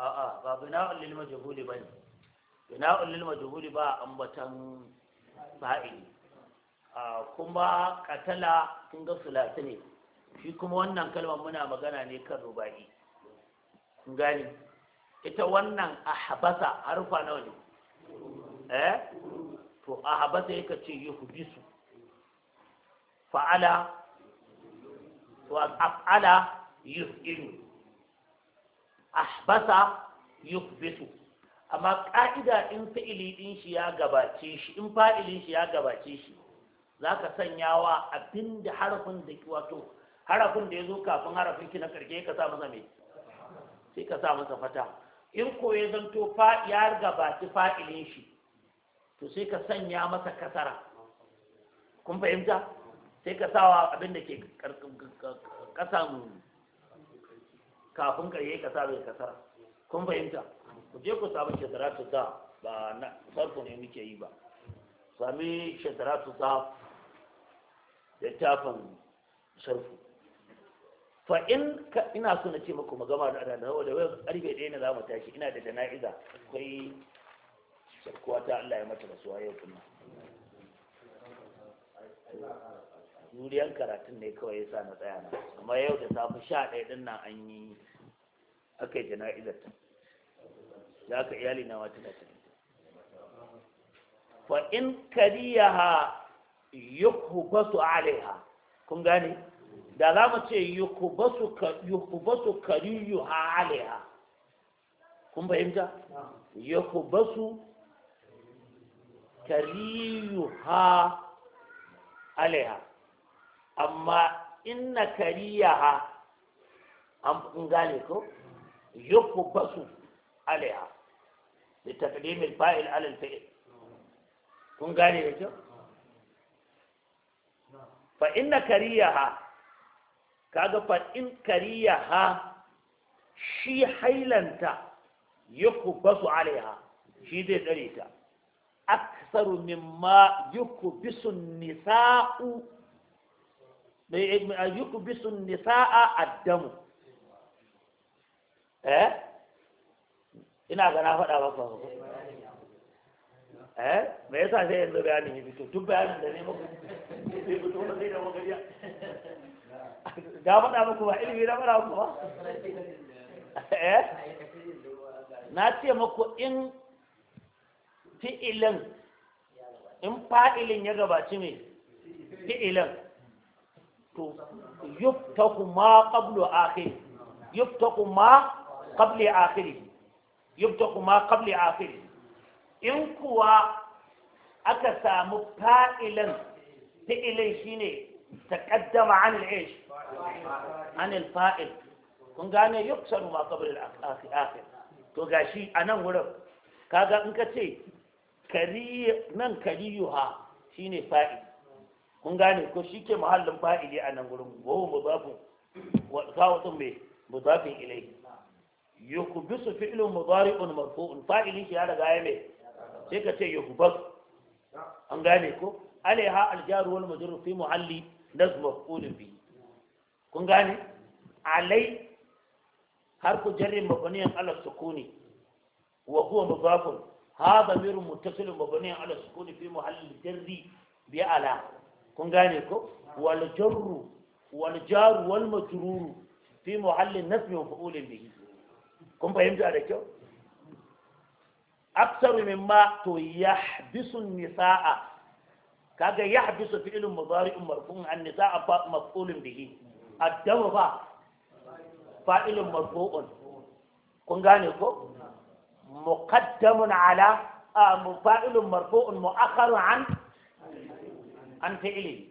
a'a ba bina'un lil majhuli bane bina'un lil majhuli ba ambatan fa'ili kuma katala kin ga sulasi ne shi kuma wannan kalmar muna magana ne kan rubai kun gani ita wannan ahabasa harfa nawa ne eh to ahabasa yake ce yuhbisu fa'ala wa af'ala yuhbisu ahbasa yuhbisu amma ƙa'ida in fa'ili din shi ya gabace shi in fa'ilin shi ya gabace shi za ka sanya wa da harafin wato harafin da ya zo kafin harafin ki na karke ka sa masa mai sai ka sa masa fata in ko ya zanto ya gabaci fa'ilin shi to sai ka sanya masa kasara kun fahimta sai ka sawa abin da ke ƙasan kafin ka yi kasa bai kasara kun fahimta ku je ku samu shataratu ta ba na farko ne muke yi ba sami shataratu ta tafin sarfu fa in ina so na ce muku magama da da da wai karfe ɗaya na za mu tashi ina da jana'iza akwai sarkuwa ta Allah ya mata rasuwa yau kuma duriyar karatun ne kawai ya sa na tsaya na amma yau da safi sha ɗaya ɗin nan an yi aka yi jana'izar ta za ka iyali na wata da fa in kariyaha yukbasu alaiha kun gane da za mu ce Kariyu ha alaiha kun fahimta Kariyu ha alaiha amma inna kariyaha an kun gane ko basu alaiha li taqdim fa'il ala al fi'l kun gane da kyau fa inna kariyaha kaga fa in kariyaha shi hailanta basu alaiha shi zai tsare ta aksaru mimma yukbisu nisa'u yukbisun nisa'a addamu eh ina ga na faɗa ba eh me yasa sai yanzu bayanin yi fito duk bayanin da ne muku fito da magariya ga faɗa muku ba ilimi na faɗa muku ba eh na ce muku in fi'ilin in fa'ilin ya gabaci mai fi'ilin to yuftahu ma qablu akhir yuftahu ma qabli akhir yuftahu ma qabli akhir in kuwa aka samu fa'ilan fi'ilin shine taqaddama an al-ish an al-fa'il kun gane yuksaru ma qabli akhir to gashi anan wurin kaga in ka ce kariya nan kariyuha shine fa'il mun gane ko shi ke mahallin fa'ili a nan gurin wawo mudafin sawatun mai mudafin ilai ku bi yukubisu fi'lun mudari'un marfu'un fa'ili shi ya daga ya mai sai ka ce ku yukubas an gane ko alaiha aljaru wal majrur fi muhalli nazm maf'ulun bi kun gane alai har ku jarrin mabaniyan ala sukuni wa kuma huwa mudafun هذا ضمير متصل مبني على السكون في محل الجر بألا kun gane ko wal jarru wal jar wal majrur fi muhallin nasbi wa fa'ulin اكثر مما تو يحبس النساء كاجا يحبس فعل مضارع مرفوع عن النساء مفعول به الدم با فاعل مرفوع كون كو مقدم على فائل مرفوع مؤخر عن an fi ilimi,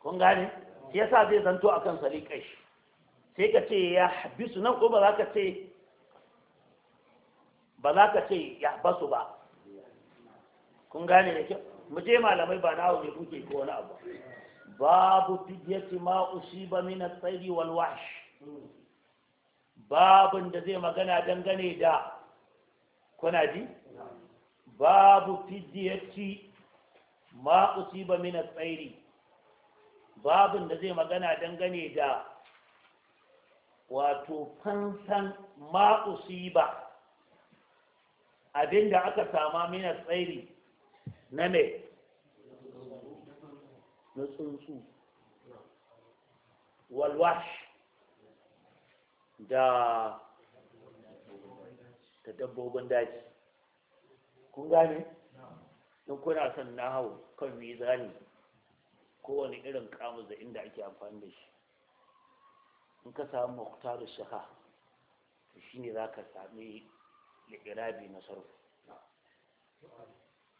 kun gane ya sa zai zanto a akan saliqai sai ka ce ya su nan ko ba za ka ce ba za ka ce ya basu ba kun gane da kyau mu je malamai ba nawo ne kuke ko wani abu babu fidyati ma usiba min at-tayri wal wahsh babun da zai magana dangane da kuna ji babu fidyati ma usiba min tsairi babin da zai magana dangane da wato fansan ma usiba abinda aka sama min tsairi na me na tsuntsu walwash da dabbobin daji kun gane in kuna son nahawu kan mizani kowane irin kamus da inda ake amfani da shi in ka samu muktaru shaha to ne za ka sami li'irabi na sarfu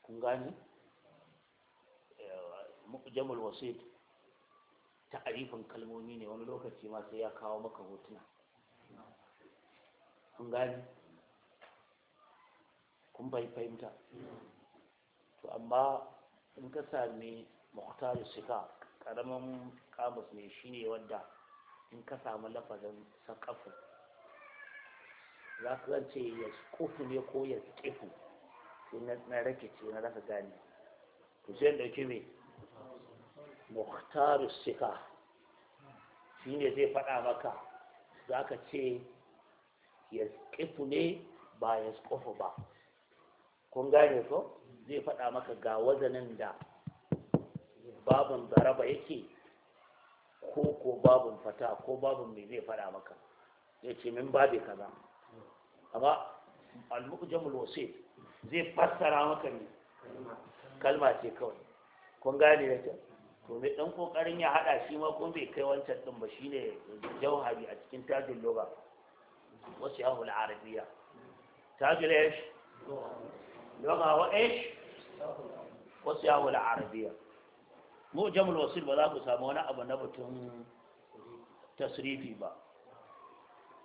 kun gani jamul ta arifin kalmomi ne wani lokaci ma ya kawo maka hotuna kun gani kun bai fahimta amma in ka sami muhtar sika karamin kamus ne shine wanda in ka samu lafazin sakafu za ka zance ya kufu ne ko ya kefu na rake ce na rasa gani to sai me muhtar sika shine zai faɗa maka za ka ce ya kifu ne ba ya kufu ba kun gane ko zai faɗa maka ga wazanin da babin zaraba yake ko ko babin fata ko babin mai zai faɗa maka ya ce min babi kaza amma al-mu'jamul wasif zai fassara maka ne kalma ce kawai kun gane da ta to mai dan kokarin ya hada shi ma kun bai kai wancan din ba shine jawhari a cikin tajul lugha wasu yahul arabiyya tajul ايش لغه وايش wasu yawon arabiya mu jamul wasil ba za ku samu wani abu na batun tasrifi ba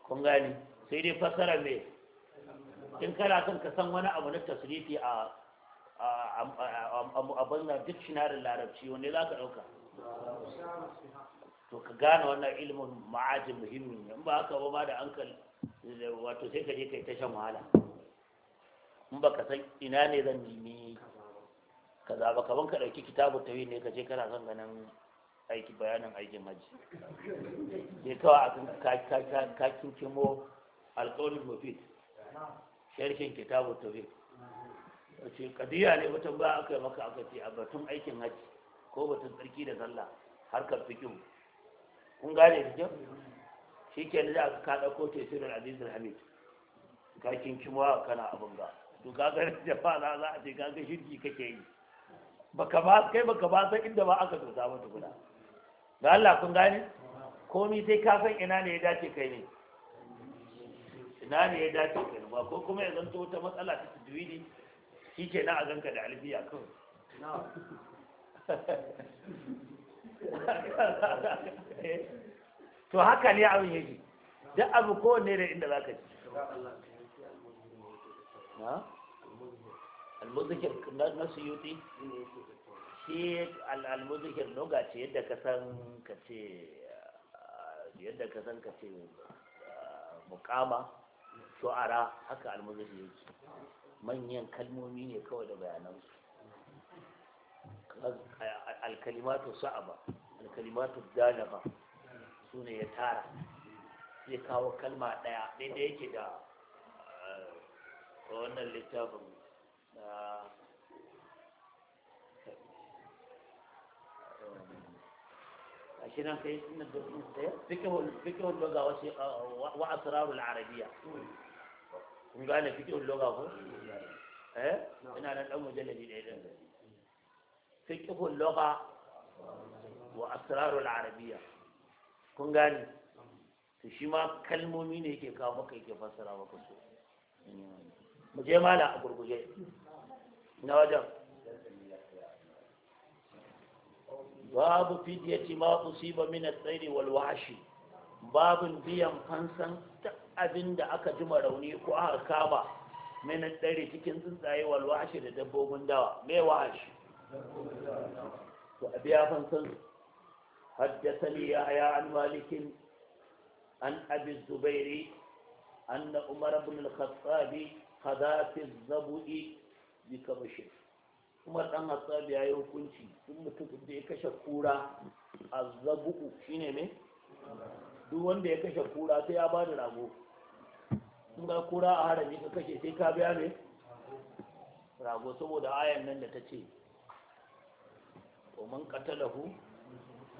kun gani sai dai fassara mai in kana son ka san wani abu na tasrifi a abin na dictionarin larabci wanda za ka ɗauka to ka gane wannan ilimin ma'ajin muhimmin in ba haka ba da ankal wato sai ka je kai yi tashan wahala in ba ka san ina ne zan nemi ka zaɓa kaman ka ɗauki kitabu ta ne ka ce kana son ganin aiki bayanin aikin hajji ne kawai a kakin kimo alƙawarin mafit sharhin kitabu tawi wace kadiyya ne wata ba aka yi maka aka ce a batun aikin hajji ko batun tsarki da sallah harkar fikin kun gane kyau shi ke da aka kaɗa ko tesirin azizul hamid ka kinkimo kana abin ga to ka ga *laughs* jama'a za a ce ka shirki kake yi baka ba kai baka ba san inda ba aka dosa ba tukuna da Allah kun gane komi sai ka san ina ne ya dace kai ne ina ne ya dace kai ne ba ko kuma ya zanto wata matsala ta tajwidi shi ke na a ganka da alfiya kawai *laughs* to haka ne abin yake duk abu kowanne da inda za ka ci almuzikir na suyuti shi almuzikir nuga ce yadda ka san ka ce yadda ka san ka ce mukama ara, haka almuzikir yake manyan kalmomi ne kawai da bayanan bayanansu alkalimatu sa'aba alkalimatu dalaba su ne ya tara Sai kawo kalma ɗaya daidai yake da wannan littafin na عشان هيك فكه فكه اللغه واسرار العربيه kun gane fiƙin loga ko ina nan dan mujalladi ɗaya ɗin fiƙin loga wa asrarul arabiyya kun gane shi ma kalmomi ne yake kawo maka mu je a gurguje نادى باب فدية ما أصيب من الطير والوحش باب بيان فانسان تأذن دا أكا جمرة ونيكو أركابة من الطير تكين تنسعي والوحش لدبو من دوا مي وحش وأبيا فانسان حدثني يا عن مالك أن أبي الزبير أن عمر بن الخطاب خذا في الزبوئي bi shi umar dan Asabi ya yi hukunci in mutum da ya kashe kura azzabu shine ne duk wanda ya kashe kura sai ya bada rago in ga kura a harami ka kashe sai ka biya ne rago saboda ayan nan da ta ce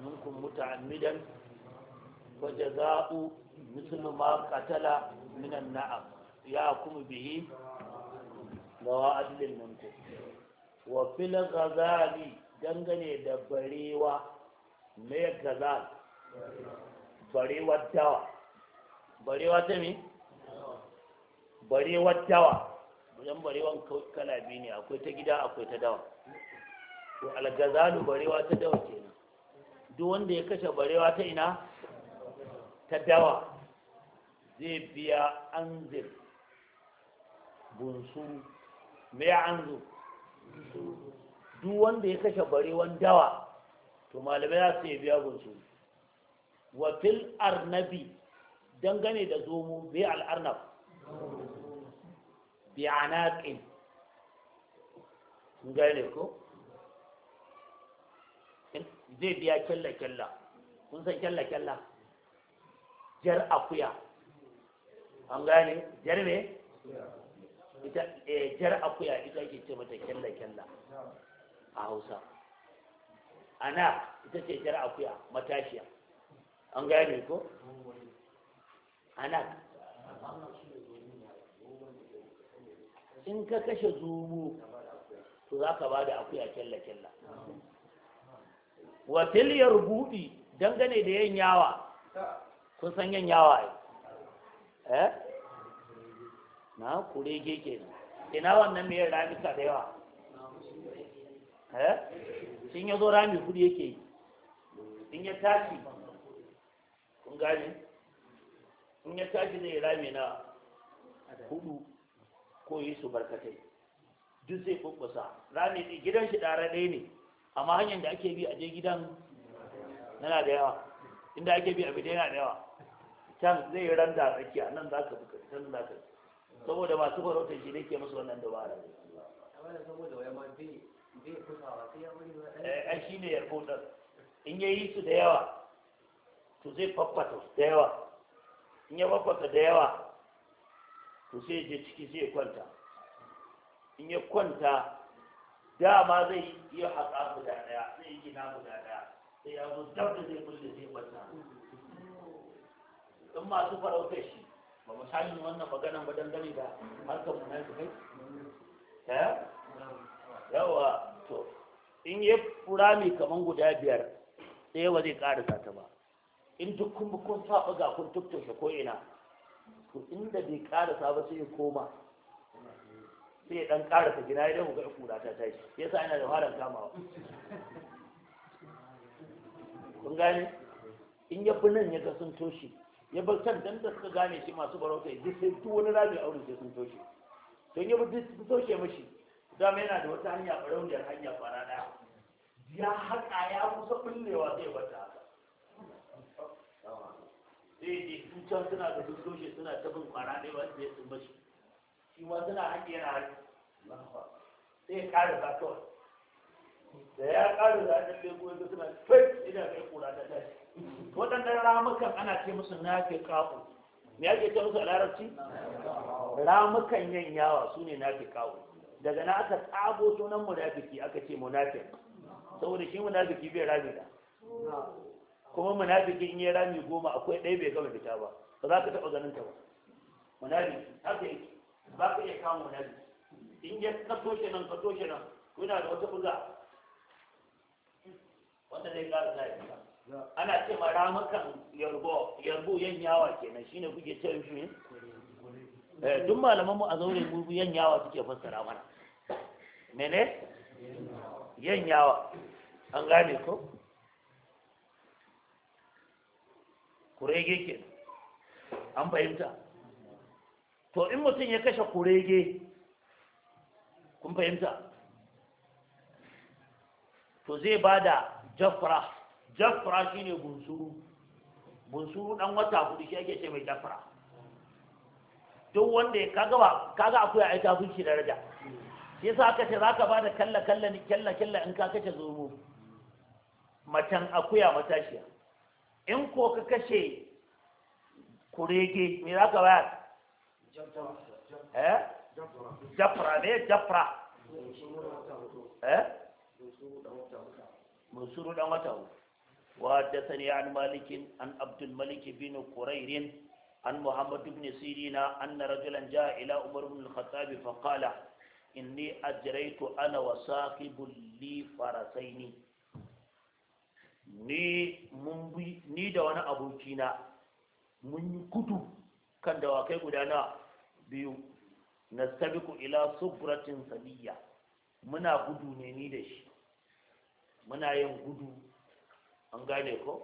minkum muta'ammidan wa jazaa'u mithlu ma qatala minan na'am ya يحكم bihi zawa nan ko wa fil ghazali dangane da barewa me ghazal barewar dawa barewa ta me barewar dawa don barewan kala biyu ne akwai ta gida akwai ta dawa to ghazalu barewa ta dawa kenan duk wanda ya kashe barewa ta ina ta dawa zai biya anzir bunsuru me ya an zo duk wanda ya kashe barewan dawa to malamai za su yi biya gunsu wa fil arnabi dangane da zomo bi al arnab bi anaqin gane ko zai biya kyalla kyalla kun san kyalla kyalla jar akuya an gane jar me ita eh, jar akuya ita ake ce mata kyalla kyalla a hausa ana ita ce jar akuya matashiya an gane ko ana in ka kashe zumu to za ka ba da akuya kyalla kyalla wa filiyar dangane da yanyawa, yawa kun san yanyawa yawa eh na kurege ke ina wannan mai ramisa da yawa eh? sun ya zo rami kudi yake yi sun ya tashi kun gane sun ya tashi zai rami na hudu ko yi su barkatai duk zai bubbusa rami ne gidan shi ɗara ɗaya ne amma hanyar da ake bi a je gidan yana da yawa inda ake bi a bi na da yawa can zai randa tsakiya nan za ka buka can za ka buka saboda masu farautar shi ne ke musu wannan dubara a eh, shi ne yarko ɗan in ya yi su da yawa to zai faffata su da yawa in ya faffata da yawa to sai je ciki sai kwanta in ya kwanta dama zai yi haƙa guda ɗaya zai yi gina guda ɗaya sai ya zo dab da zai kulle zai kwanta in masu farautar shi ba mu sani wannan magana ba dangane da harkar munafikai ta eh? yawa to in ya fura mai kaman guda biyar ɗaya ba zai ƙarasa ta ba in duk kun kun saba ga kun tuktushe ko ina to inda bai ƙarasa ba sai ya koma sai ya ɗan ƙarasa gina ya dai ga kura ta tashi ya sa ina da fara kamawa kun gane in ya fi nan ya ga sun toshi ya bar can dan da suka gane shi masu barauta ya sai duk wani rami auren sai sun toshe don ya duk sun toshe mashi dama yana da wata hanya barauniyar hanya fara ɗaya ya haƙa ya kusa ɓullewa zai bata haka sai dai su can suna da sun toshe suna ta bin kwara ɗaya wanda ya sun mashi shi ma suna haƙe yana haƙi sai ya ƙara ta kawai da ya ƙara za ta bai kuma suna fai idan kai kura ta tashi waɗannan ramukan ana ce musu nafi kawo me ake ce musu a larabci ramukan yanyawa su ne nafi kawo. daga na aka tsago sunan munafiki aka ce munafik saboda shi munafiki bai rami da kuma munafiki in yi rami goma akwai ɗaya bai gama fita ba ba za ka taɓa ganin ta ba munafiki haka yake ba ka iya kama munafiki in ya kaso shi nan kaso shi nan kuna da wata buga wanda zai ƙara sa ya ana ce ma ramukan yarbo yarbo yan yawa kenan shine kuke ce shi eh duk malaman mu a zaure mu yan yawa suke fassara mana mene yan yawa an gane ko kurege ke an fahimta to in mutum ya kashe kurege kun fahimta to zai ba da jafra jafra shi ne bunsuru bunsuru ɗan wata hudu shi ake ce mai jafra duk wanda ya kaga ba kaga akuya ai tafi shi daraja shi yasa aka ce zaka bada kalla kalla ni kalla kalla in ka kace zuru macen akuya matashiya in ko ka kashe kurege me zaka bayar eh jafra ne jafra eh bunsuru dan wata hudu وحدثني عن مالك عن عبد الملك بن قرير عن محمد بن سيرين أن رجلا جاء إلى عمر بن الخطاب فقال إني أجريت أنا وصاحب لي فرسين ni mun ni da wani abokina mun yi kudu kan dawakai guda na biyu na sabiku ila subratin saniya muna gudu ne ni da shi muna yin gudu an gane ko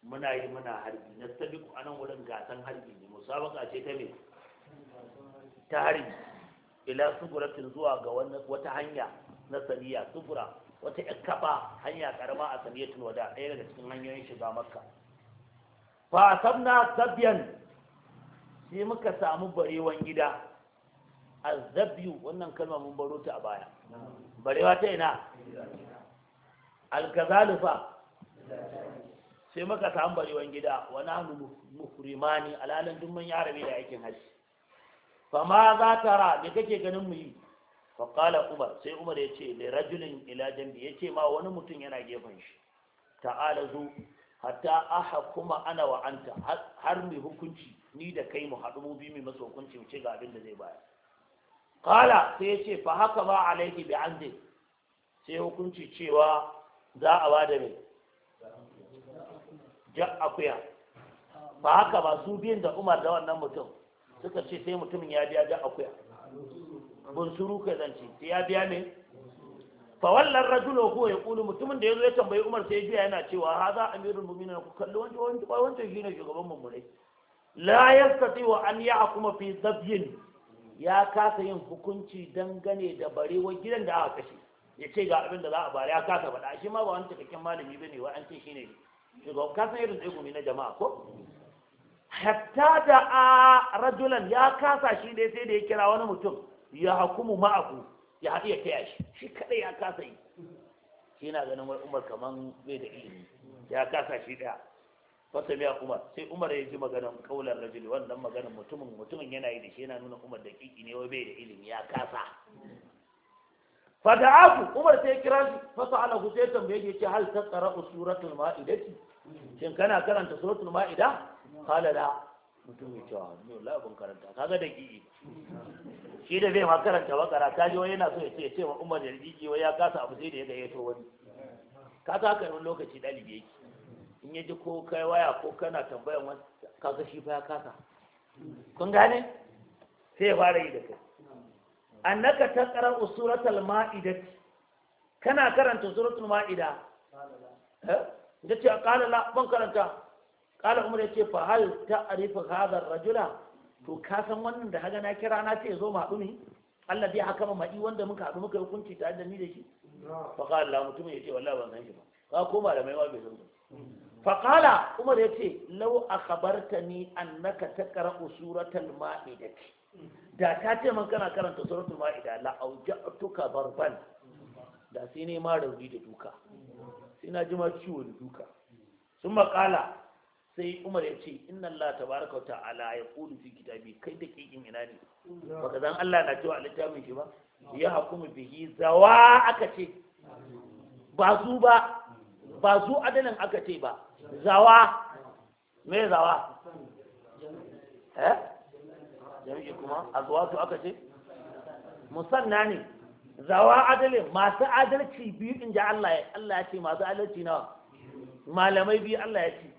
muna yi muna harbi na sabi ku anan wurin gasan harbi ne musabaka ce ta me ta harbi ila tun zuwa ga wata hanya na saniya sugura wata ikkaba hanya karama a tun wada ɗaya daga cikin hanyoyin shiga makka fa sabna sabyan sai muka samu barewan gida azzabiyu wannan kalma mun baro ta a baya barewa ta ina alkazalufa sai muka hambari wani gida wa hannu muhrimani alalin dun yara yarabe da aikin haji fa ma za tara me kake ganin mu yi fa kala umar sai umar ya ce mai rajulin ila bi ya ce ma wani mutum yana gefen shi ta'ala zo hatta aha kuma ana wa har mai hukunci ni da kai mu haɗu mu bi mai masa hukunci mu ce ga abin da zai baya. kala sai ya ce fa haka ba alaiki bi an sai hukunci cewa za a ba da mai ja akuya ba haka ba su biyan da umar da wannan mutum suka ce sai mutumin ya biya ja akuya suru ka zance sai ya biya ne fa wallan rajulu ko ya kulu mutumin da yazo ya tambayi umar sai biya yana cewa haza amirul mu'minin ku kalli wanda wanda wanda shine shugaban mu'minai la yastati wa an yahkuma fi zabyin ya kasa yin hukunci dangane da barewar gidan da aka kashe ya ce ga abin da za a bari ya kasa faɗa shi ma ba wani cikakken malami ba ne wa an ce shi ne shugaban kasan irin tsegumi na jama'a ko hatta da a rajulan ya kasa shi ne sai da ya kira wani mutum ya hakumu ma'aku ya haɗu ya kaya shi shi kaɗai ya kasa yi shi na ganin wani umar kaman bai da ilimi ya kasa shi ɗaya fata biya umar sai umar ya ji maganar kaular rajuli wannan maganar mutumin mutumin yana yi da shi yana nuna umar da kiki ne wai bai da ilimi ya kasa fada'ahu umar sai ya kira shi fasa ala sai tambaye ya ce hal ta tsara suratul ma'idati shin kana karanta suratul ma'ida kala da mutum ya cewa ah, ne la ban karanta kaga da gigi shi da bai ma karanta kara ta ji yana so ya ce ya ce wa umar da gigi wai ya kasa abu sai da ya gayyato wani ka ta haka wani lokaci dalibi yake in ya ji ko kai waya ko kana tambayan wani kaga shi fa ya kasa kun gane sai ya fara yi da kai annaka taqra suratul ma'ida kana karanta suratul ma'ida da ce a qala la ban karanta qala umar ce fa hal ta'rifu hadha ar-rajula to ka san wannan da haga na kira na ce zo ma ne? Allah bai haka ma'i wanda muka haɗu muka hukunci tare da ni da shi fa qala la mutum yace wallahi ban san shi ba ka ko malamai ma bai san fa qala umar yace law akhbartani annaka taqra suratul ma'ida da ka ce man kana karanta suratul ma'ida la auja'tuka barban da sai ne ma rauni da duka sai na ji ma ciwo da duka sun makala sai umar ya ce inna allah tabaraka ta'ala ya qulu fi kitabi kai da kikin ina ne baka zan allah na cewa littafin shi ba ya hukumu bihi zawa aka ce ba su ba ba su adalin aka ce ba zawa me zawa eh jami'i kuma azwatu aka ce musanna ne zawa adalin masu adalci biyu in ji Allah ya Allah ya ce masu adalci nawa malamai biyu Allah ya ce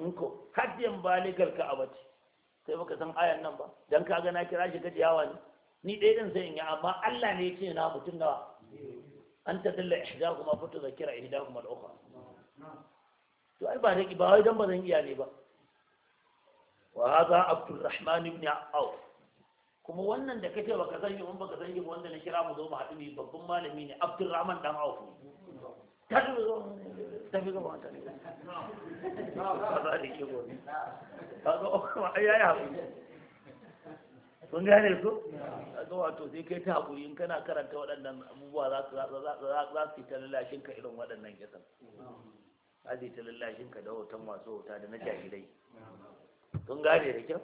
in ko hajjin baligal ka abaci sai baka san ayan nan ba dan kaga na kira shi yawa ne ni dai din sai in yi amma Allah ne ya ce na mutum nawa an ta dalla ihdahuma zakira ihdahu ma al-ukhra to ai ba dai ba wai dan ba zan iya ne ba wa hadha abdurrahman ibn auf kuma wannan da kace baka san shi baka san shi wanda na kira mu zo mu haɗu ne babban malami ne abdurrahman dan auf ne ta zo ta fi ga ta ne ba za da ke gobe ba ga kuma ai yayi hakuri kun gane ko ga wato sai kai ta hakuri in kana karanta waɗannan abubuwa za su za su yi ta lallashin ka irin waɗannan kisan za su yi ta lallashin ka da hoton masu hota da na jahilai kun gane da kyau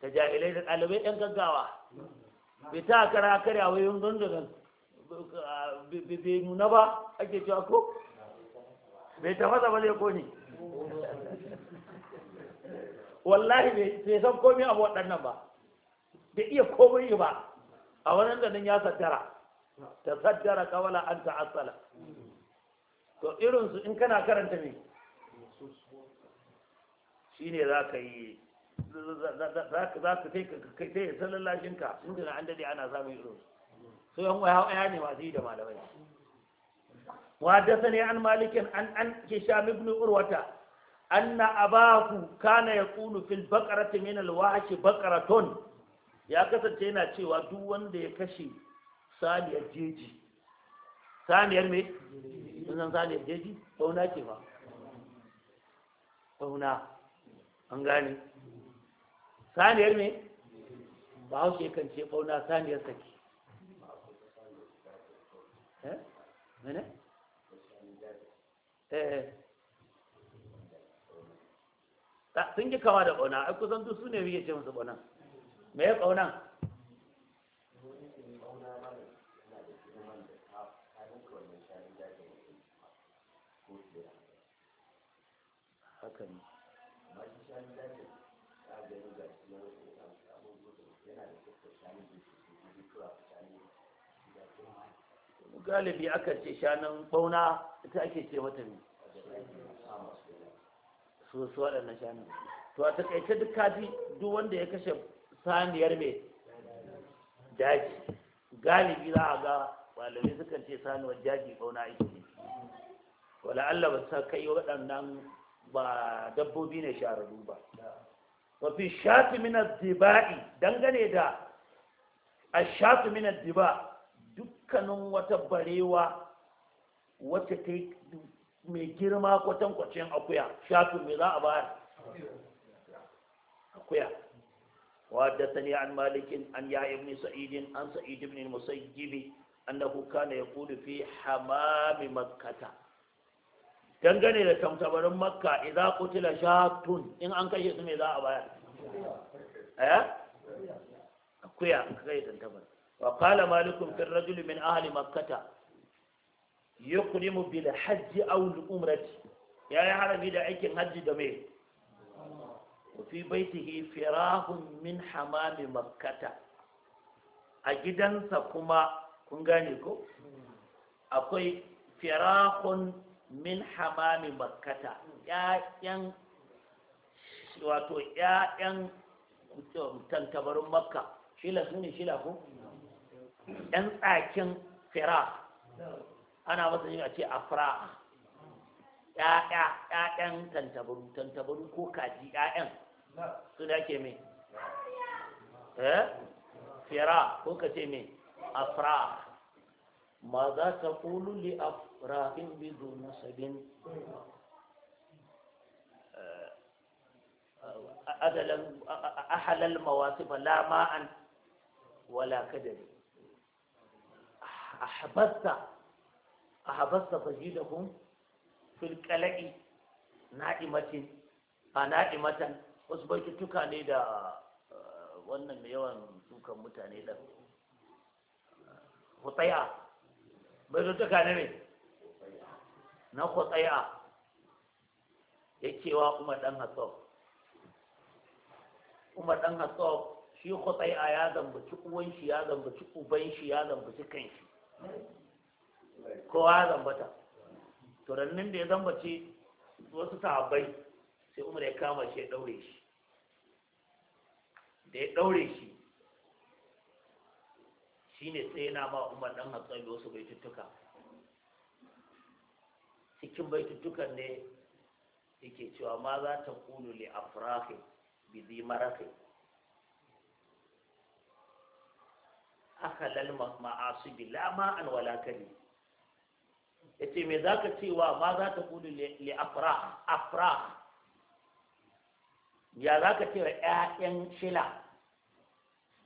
ta jahilai da ɗalibai ɗan gaggawa bai ta kara karya wayoyin gangan bai nuna ba ake cewa ko bai tafasa ba zai kone wallahi bai san komi abu waɗannan ba bai iya komai ba a wani da nan ya saddara ta saddara kawala an ta'assala to irinsu in kana karanta ne shine za ka yi za ka kai ka kai sai sallar lashinka sun tuna an dade ana samun irin su yan wai hawa ya ne masu yi da malamai وحدثني عن مالك عن عن هشام بن عروة أن أباه كان يقول في البقرة من الوحش بقرة ya kasance yana cewa duk wanda ya kashe saniyar jeji saniyar me? sunan saniyar jeji fauna ke ba fauna an gane saniyar me ba haushe kan ce fauna saniyar sake eh mene eh sun ji kama da ƙauna ai kusan duk su ne muke ce musu ƙauna me ya ƙauna haka ne galibi aka ce shanan bauna ita ake ce mata ne su su waɗannan shanun to a takaice duk kaji duk wanda ya kashe saniyar mai daji galibi za a ga malamai sukan ce sanuwar daji bauna ake ne wala Allah ba sa kai waɗannan ba dabbobi ne shararru ba wafi shafi minar diba'i dangane da a shafi minar diba'i dukkanin wata barewa wata ta mai girma kwatankwacin akuya shatu mai za a bayar akuya وحدثني عن مالك sa'idin يحيى بن سعيد an سعيد بن na انه كان يقول في hamami makata, dangane da tamtabarin makka idza qutila shatun in an kashe su me za a bayar eh akuya kai tantabar Fakala malikun fi min ahali makata, yi kuri mu bi hajji a wuli ya yi harami da aikin hajji da mai, ku fi bai ta yi firahun min hama mai a gidansa kuma kun gane akwai firahun min hama mai ‘ya’yan wato ‘ya’yan tantabarun makka, shila su ne shila ku? ɗan tsakin fira ana masa yin a ce afra ya'yan tantabaru tantabaru ko kaji ya'yan su da ke mai fira ko ka ce mai afra ma za ta kulu li afra in bi zo nasabin a halal mawasifa la ma'an wala kadari ahabasta ahabasta fajidakum fil qala'i na'imati a na'imatan wasu tuka ne da wannan mai yawan dukan mutane da hutsaya tuka ne ne na hutsaya ya cewa kuma dan hasau umar dan hassab shi kwatsai a ya zambaci uwan shi ya zambaci uban shi ya zambaci kan shi kowa ya zambata to da ya zambace wasu sahabbai sai umar ya kama shi ya daure shi da ya daure shi Shi ne sai yana ba umar dan Hatsari wasu baituttuka cikin baitutukan ne yake cewa ma za ta kulu li afrahi bizi zi akhalal ma'asibi la an wala kari yace me zaka cewa ma za ta kudu li afrah afrah ya zaka cewa ƴaƴan shila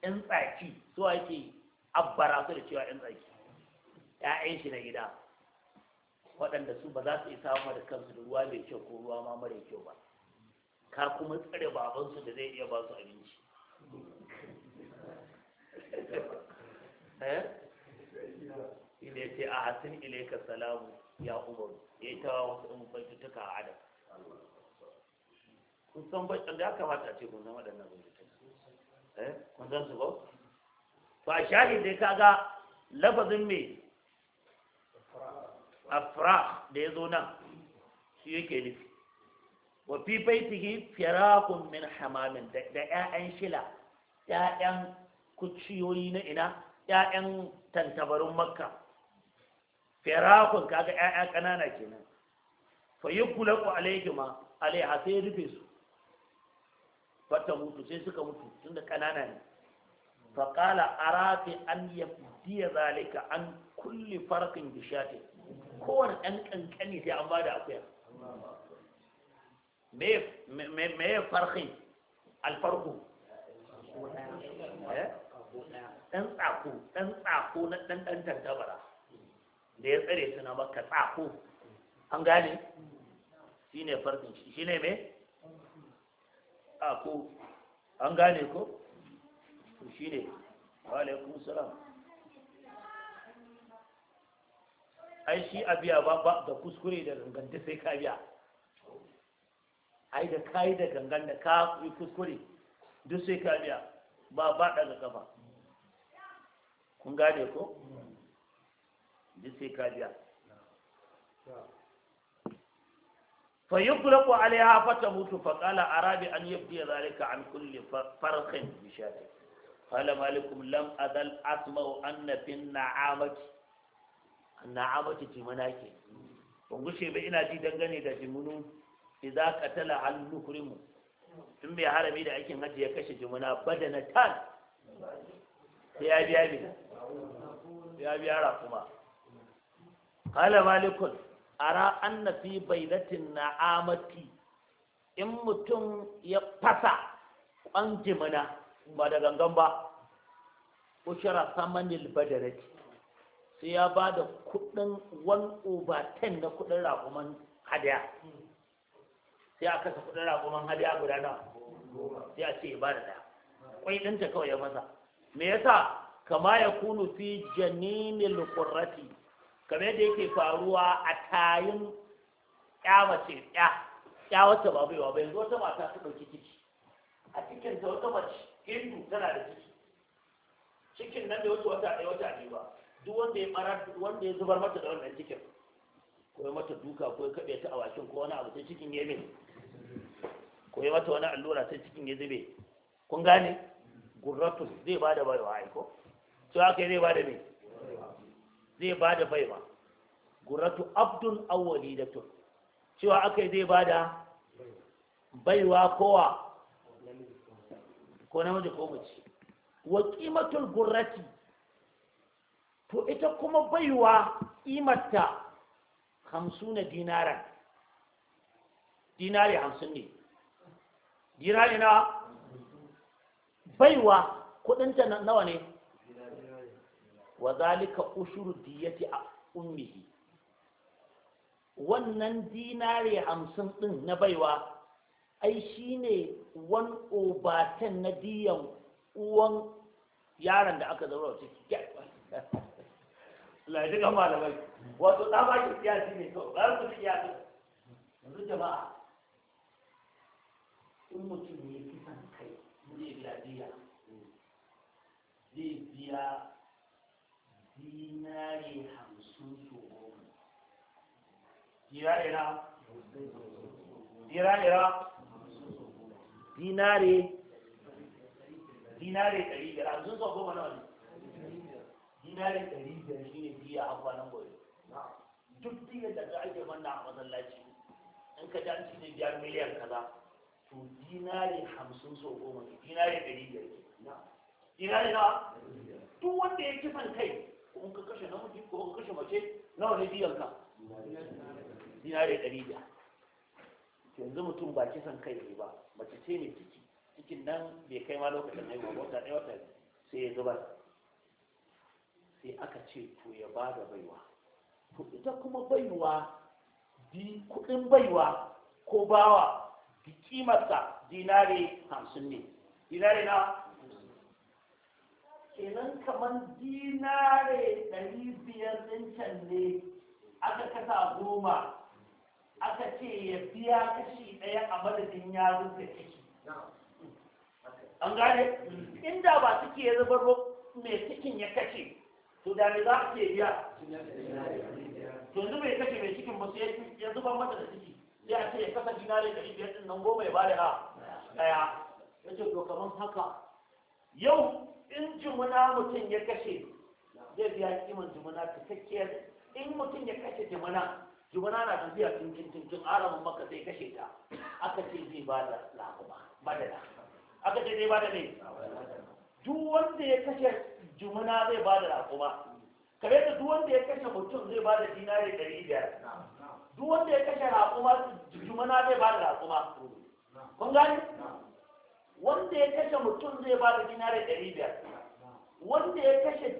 ƴan tsaki so ake abbara su da cewa ƴan tsaki ƴaƴan shi na gida waɗanda su ba za su isa ma da kansu da ruwa mai kyau ko ruwa ma mara kyau ba ka kuma tsare babansu da zai iya ba su abinci shi eh? ce a hasin ilaika salamu ya umaru ya yi ta wasu in baitutuka a adam kun san baitan da ya kamata ce kun san waɗannan baitutuka eh? kun san su ba Ba a shahi dai kaga lafazin a afra da ya zo nan shi yake nufi wa fi baitihi firakun min hamamin da 'ya'yan shila 'ya'yan kuciyoyi na ina 'ya'yan tantabarun makka firakun kaga 'ya'ya ƙanana kenan fa yukulaku alaihima alaiha sai ya rufe su fata mutu sai suka mutu tunda ƙanana ne fa qala arati an yabdiya zalika an kulle farqin bishati kowane ɗan ƙanƙani sai an bada akuya me me me farqin ɗan tsako ɗan tsako na ɗan ɗan tantabara da ya tsare su na maka tsako an gane shi ne farkin shi shi ne me tsako an gane ko shi ne alaikum salam ai shi abiya ba ba da kuskure da ganganta sai ka biya ai da kayi da gangan da ka yi kuskure duk sai ka biya ba ba daga kafa kun gane ko duk sai ka biya fa yuqlaqu alaiha mutu fa qala arabi an yabdi zalika an kulli farqin bi shati qala malikum lam adal asma'u anna bin na'amati na'amati ti manake kun gushe ba ina ji dangane da jimunu idza qatala al muhrimu tun bai harami da aikin hajji ya kashe jimuna badana tan sai ya biya biya ya biya kuma kala malikun ara anna fi baidatin na'amati in mutum ya fasa kwan jimina ba da gangan ba ushara samanil badarati sai ya ba da kudin wan over ten na kudin rakuman hadiya sai a kasa kudin rakuman hadiya guda na sai a ce ba da daya kwai ɗinta kawai ya masa me yasa kama ya kunu fi janinil qurrati kamar yadda yake faruwa a tayin ya mace ya ya wata ba baiwa ba yanzu wata mata ta dauki ciki a cikin ta wata mace hindu tana da ciki cikin nan da wasu wata ɗaya wata biyu ba duk wanda ya barar wanda ya zubar mata da wannan cikin ko ya mata duka ko ya kaɓe ta a wakin ko wani abu sai cikin ya min ko ya mata wani allura sai cikin ya zube kun gane gurratu zai ba da baiwa aiko to haka zai bada me zai bada baiwa Guratu abdun awwali da tun cewa aka zai bada baiwa kowa ko namiji ko mace wa kimatul gurrati to ita kuma baiwa kimarta hamsuna dinara dinari hamsin ne dinari na baiwa kudinta nawa ne wa zalika ushuru diyati a ummihi wannan dinari hamsin ɗin na baiwa ai shi ne one over na diyan uwan yaron da aka zaura ciki lai duka malamai wato ɗa ba siya shi ne kawai ba siya su yanzu jama'a in mutum ne kisan kai zai biya diya zai biya dinari hamsin su goma ira-ira ira dinari dinari ɗari biyar hamsin su goma na wani dinari ɗari biyar shi ne biya hawa nan goyi duk biyan da ka ake manna a matsalaci in ka ji an ci ne biyar miliyan kaza to dinari hamsin so goma dinari ɗari biyar dinari na duk wanda ya kisan kai in ka kashe namiji ko in kashe mace nawa ne biyan ka dinare ɗari da yanzu mutum ba kisan kai ne ba mace ce mai ciki cikin nan bai kai ma lokacin haihuwa ba wata ɗaya wata sai ya zubar sai aka ce to ya ba da baiwa to ita kuma baiwa di kuɗin baiwa ko bawa di kimarsa dinare hamsin ne dinare na kenan kamar dinare ɗari biyar ɗin can ne aka kasa goma aka ce ya biya kashi ɗaya a madadin ya rufe ciki an gane inda ba suke ya zubar mai cikin ya kashe to da ne za a ce biya to yanzu mai kashe mai cikin ba ya zubar mata da ciki sai a ce ya kasa dinare ɗari biyar ɗin nan goma ya bada ha ɗaya ya ce to kamar haka yau in jimuna mutum ya kashe zai biya kiman jimuna cikakkiyar in mutum ya kashe jimuna jimuna na tafiya tun cikin tun tun maka zai kashe ta aka ce zai ba da lahuma madada aka ce zai ba da ne duk wanda ya kashe jimuna zai ba da lahuma kare da duk wanda ya kashe mutum zai ba da dinari ɗari biyar duk wanda ya kashe raƙuma jimuna zai ba da raƙuma kun gani wanda ya kashe mutum zai ba da dinari ɗari biyar wanda ya kashe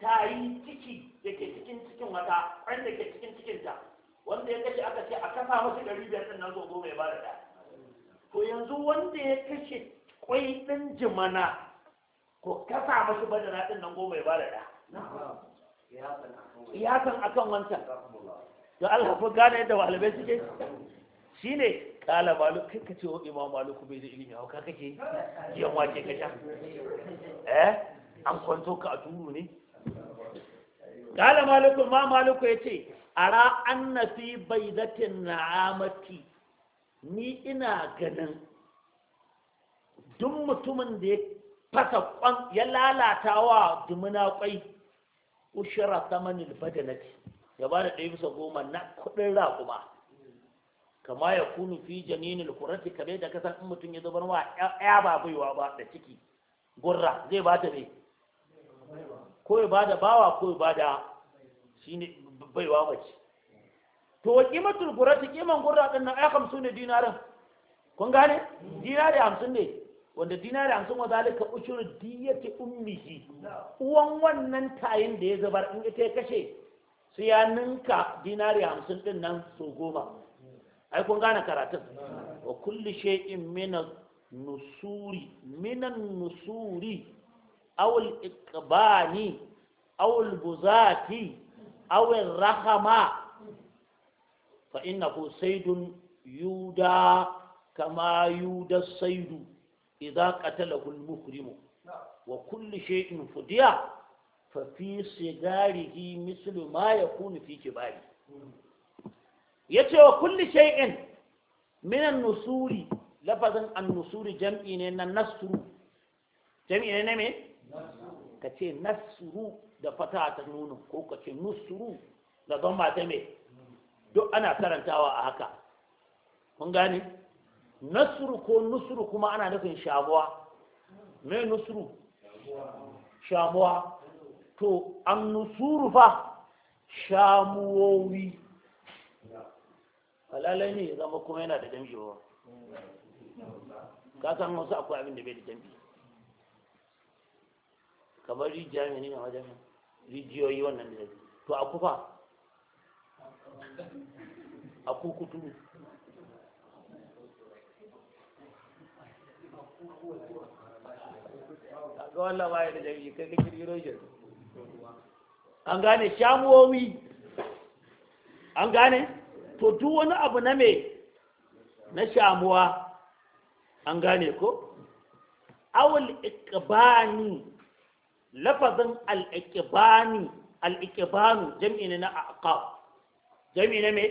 tayi ciki da ke cikin cikin wata ƙwan da ke cikin ta, wanda ya kashe aka ce a kafa masu ɗari biyar ɗin nan zogo mai ba da ɗaya to yanzu wanda ya kashe ƙwai ɗin jimana ko kafa masu badana ɗin nan goma ya ba da ɗaya ya san akan wancan to Allah ko gane yadda walibai suke shi ne kala malu kai ka ce wa imam maliku bai da ilimi hauka kake giyan wake ka sha eh an kwanto ka a turu ne kala maliku ma Ku ya ce ara na fi baidatin na'amati ni ina ganin duk mutumin da ya fasa kwan ya lalata wa dumuna kwai ushira samanil badanati ya ba da ɗaya bisa goma na kuɗin raƙuma kama ya kunu fi janinil kurati kabe da kasan in mutum ya zubar wa ya ba baiwa ba da ciki gurra zai ba ta ne ko ya ba da bawa ko ya ba da shi ne baiwa bace to wa kimatul kurati kiman gurra din nan ai hamsin ne dinarin kun gane dinari hamsin ne wanda dinari hamsin wa zalika ushur diyati ummihi uwan wannan tayin da ya zubar in ita ya kashe sai ya ninka dinari hamsin din nan so goma ai kun gane karatun wa kulli shay'in min nusuri minan nusuri aw al iqbani aw al buzati aw rahama fa innahu saydun yuda kama yuda saydu idza qatalahu al muhrimu wa kulli shay'in fudiya fa fi sigarihi mislu ma yakunu fi kibari ya ce wa kulli shay'in minan nusuri lafazin an nusuri jam'i ne na nasru jam'i ne me ka ce nasru da fata ta nuna ko ka ce nusru da zama ta me duk ana karantawa a haka kun gane nasru ko nusru kuma ana nufin shabuwa me nusru shamuwa to an nusuru fa shamuwowi halalai ne ya zama kuma yana da jam'i ba ka san wasu akwai abin da bai da jam'i kamar rijiya ne ne a wajen rijiyoyi wannan da to a kufa a kukutu ga wallah baya da jam'i kai ka kirkiro shi an gane shamuwowi an gane to duk wani abu na me na shamuwa an gane ko awul iqbani lafazin al-iqbani al-iqbanu jam'i ne na aqab jam'i ne me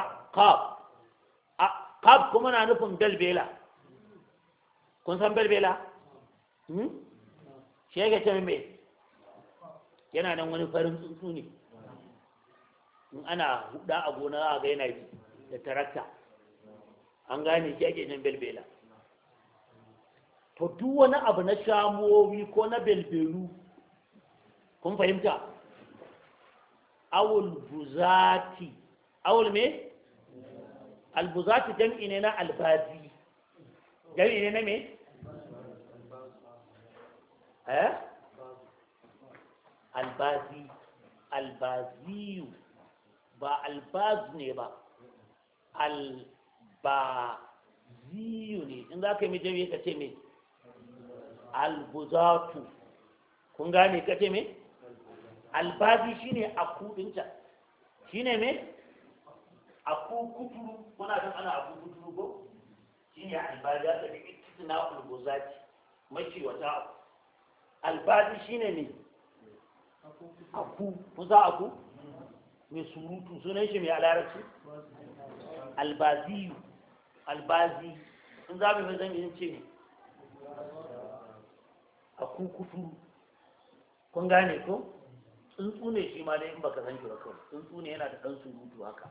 aqab aqab kuma na nufin belbela kun san belbela hmm shi yake ce me yana nan wani farin tsuntsu ne in ana huda a gona a ga yana bi da tarakta an gane shi ake jin belbela to duk wani abu na shamowi ko na belbelu kun fahimta awul buzati awul me albuzati jan'i ne na albazi jan'i ne na me eh albazi albaziyu ba albaz ne ba albaziyu ne in za ka yi mijami ya kace me albuzatu kun gane mai albazi me albazi a kudinta Shi ne me a kuturu kuna jin ana aku kuturu ko Shi ne albazi ya ikisi na albuzati mace wata albazi shi ne me aku ku za aku mai surutu sunan shi mai a albaziyu albazi sun zaɓi mai zan yin ce a kukutu kun gane ko tsuntsu ne shi ma dai in baka san shi ba kawai tsuntsu ne yana da ɗan surutu haka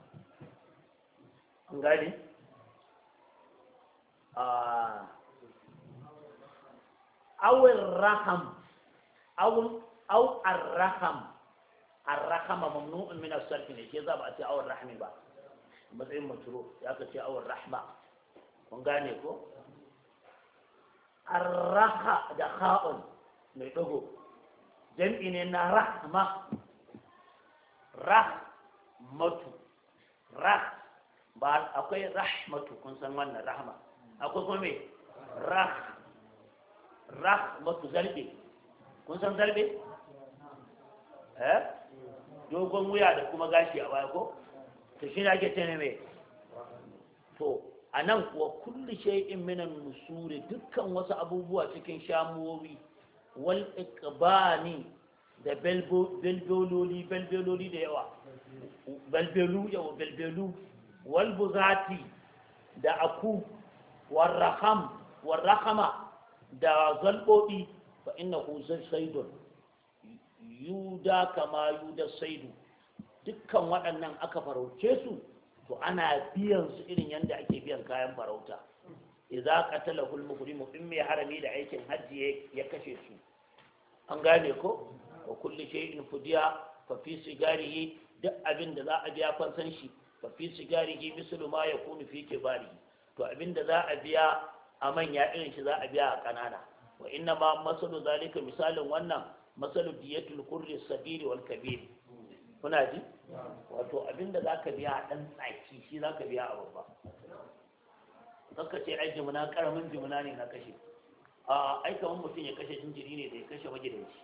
kun gane awon raham awon au arraham arrahama mamnu'un min as-sarf ne ke za ba a ce awar rahmi ba matsayin maturo ya ka ce awar rahma kun gane ko arraha da kha'un mai dogo jam'i ne na rahma rahmatu rah ba akwai rahmatu kun san wannan rahma akwai kuma mai rah rahmatu zalbe kun san zalbe eh dogon wuya da kuma gashi a baya ko to shi ake tana mai to a nan kuwa kulli shay'in minan musuri dukkan wasu abubuwa cikin shamuwowi wal iqbani da belbeloli belbeloli da yawa belbelu yawa belbelu wal buzati da aku war rahama da zalbobi fa innahu zaidun yuda kama yuda saidu dukkan waɗannan aka farauce su to ana biyan su irin yadda ake biyan kayan farauta idza qatala kul muhrimu in mai harami da aikin hajji ya kashe su an gane ko wa kulli shay'in fudiya fa fi sigarihi duk abin da za a biya fansan shi fa fi sigarihi mislu ma yakunu fi kibarihi to abin da za a biya a manya irin shi za a biya a kanana wa inna ma masalu zalika misalin wannan masalu diyatul tulkurri sabiri wal kabiri kuna ji wato abinda ka biya a ɗan tsaki shi ka biya a babba kaka ce ai jimina karamin jimina ne na kashe a aika kamar mutum ya kashe jinjiri ne da ya kashe magidanci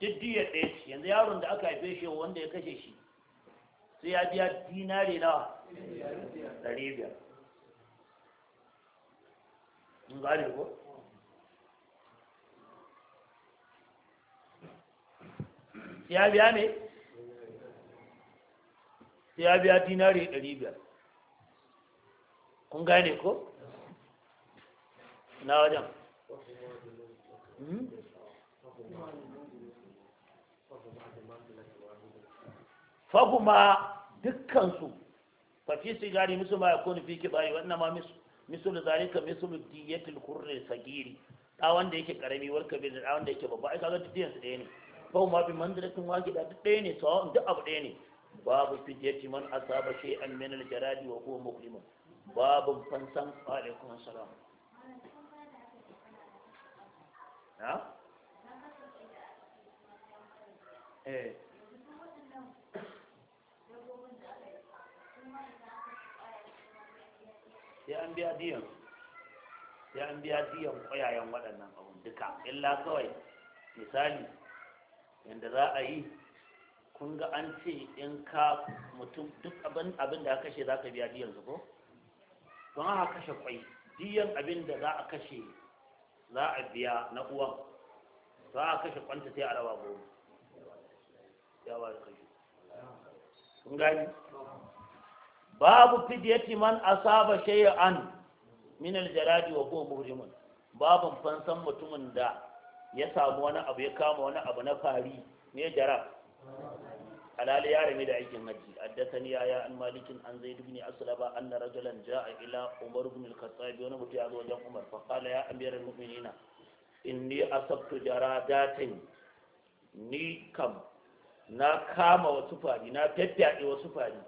duk diya ɗaya ce yanzu yaron da aka haife shi wanda ya kashe shi sai ya biya dinari nawa ɗari biyar in gane ko ya biya ne ya biya dinari ɗari biyar kun gane ko na wajen hmm? fahuma dukkansu fafi sigari misu ma ya kone fi bayi wannan ma misu misu da zalika misu da diyatul kurre sagiri ɗa wanda yake ƙarami warka bin da wanda yake babba ai kaga diyansu ɗaya ne fa ma bi manzilatin wahida duk ɗaya ne sawa'un duk abu ɗaya ne babu fidyati man asaba shi an al-jaradi wa kuma muqlimun babu fansan alaikum assalam na eh sai an biya diyan sai an biya diyan kwayayen waɗannan abun duka illa kawai misali yadda za a yi kun ga an ce in ka mutum duk abin da kashe za ka biya diyan ko don haka kashe kwai diyan abin da za a kashe za a biya na uwan za a kashe kwanta sai a rawa goma yawa da kashe kun gani babu fidiyati man asaba shay'an min jaradi wa huwa muhrimun babu fansan mutumin da ya samu wani abu ya kama wani abu na fari ne jara alali ya rame da aikin haji haddathani ya ya an malikin an zai zaid ibn aslaba anna rajulan jaa ila umar ibn al-khattab wani mutum ya zo wajen umar fa qala ya amiral mu'minina inni asabtu jaradatin ni kam na kama wasu fari na faffaɗe wasu fari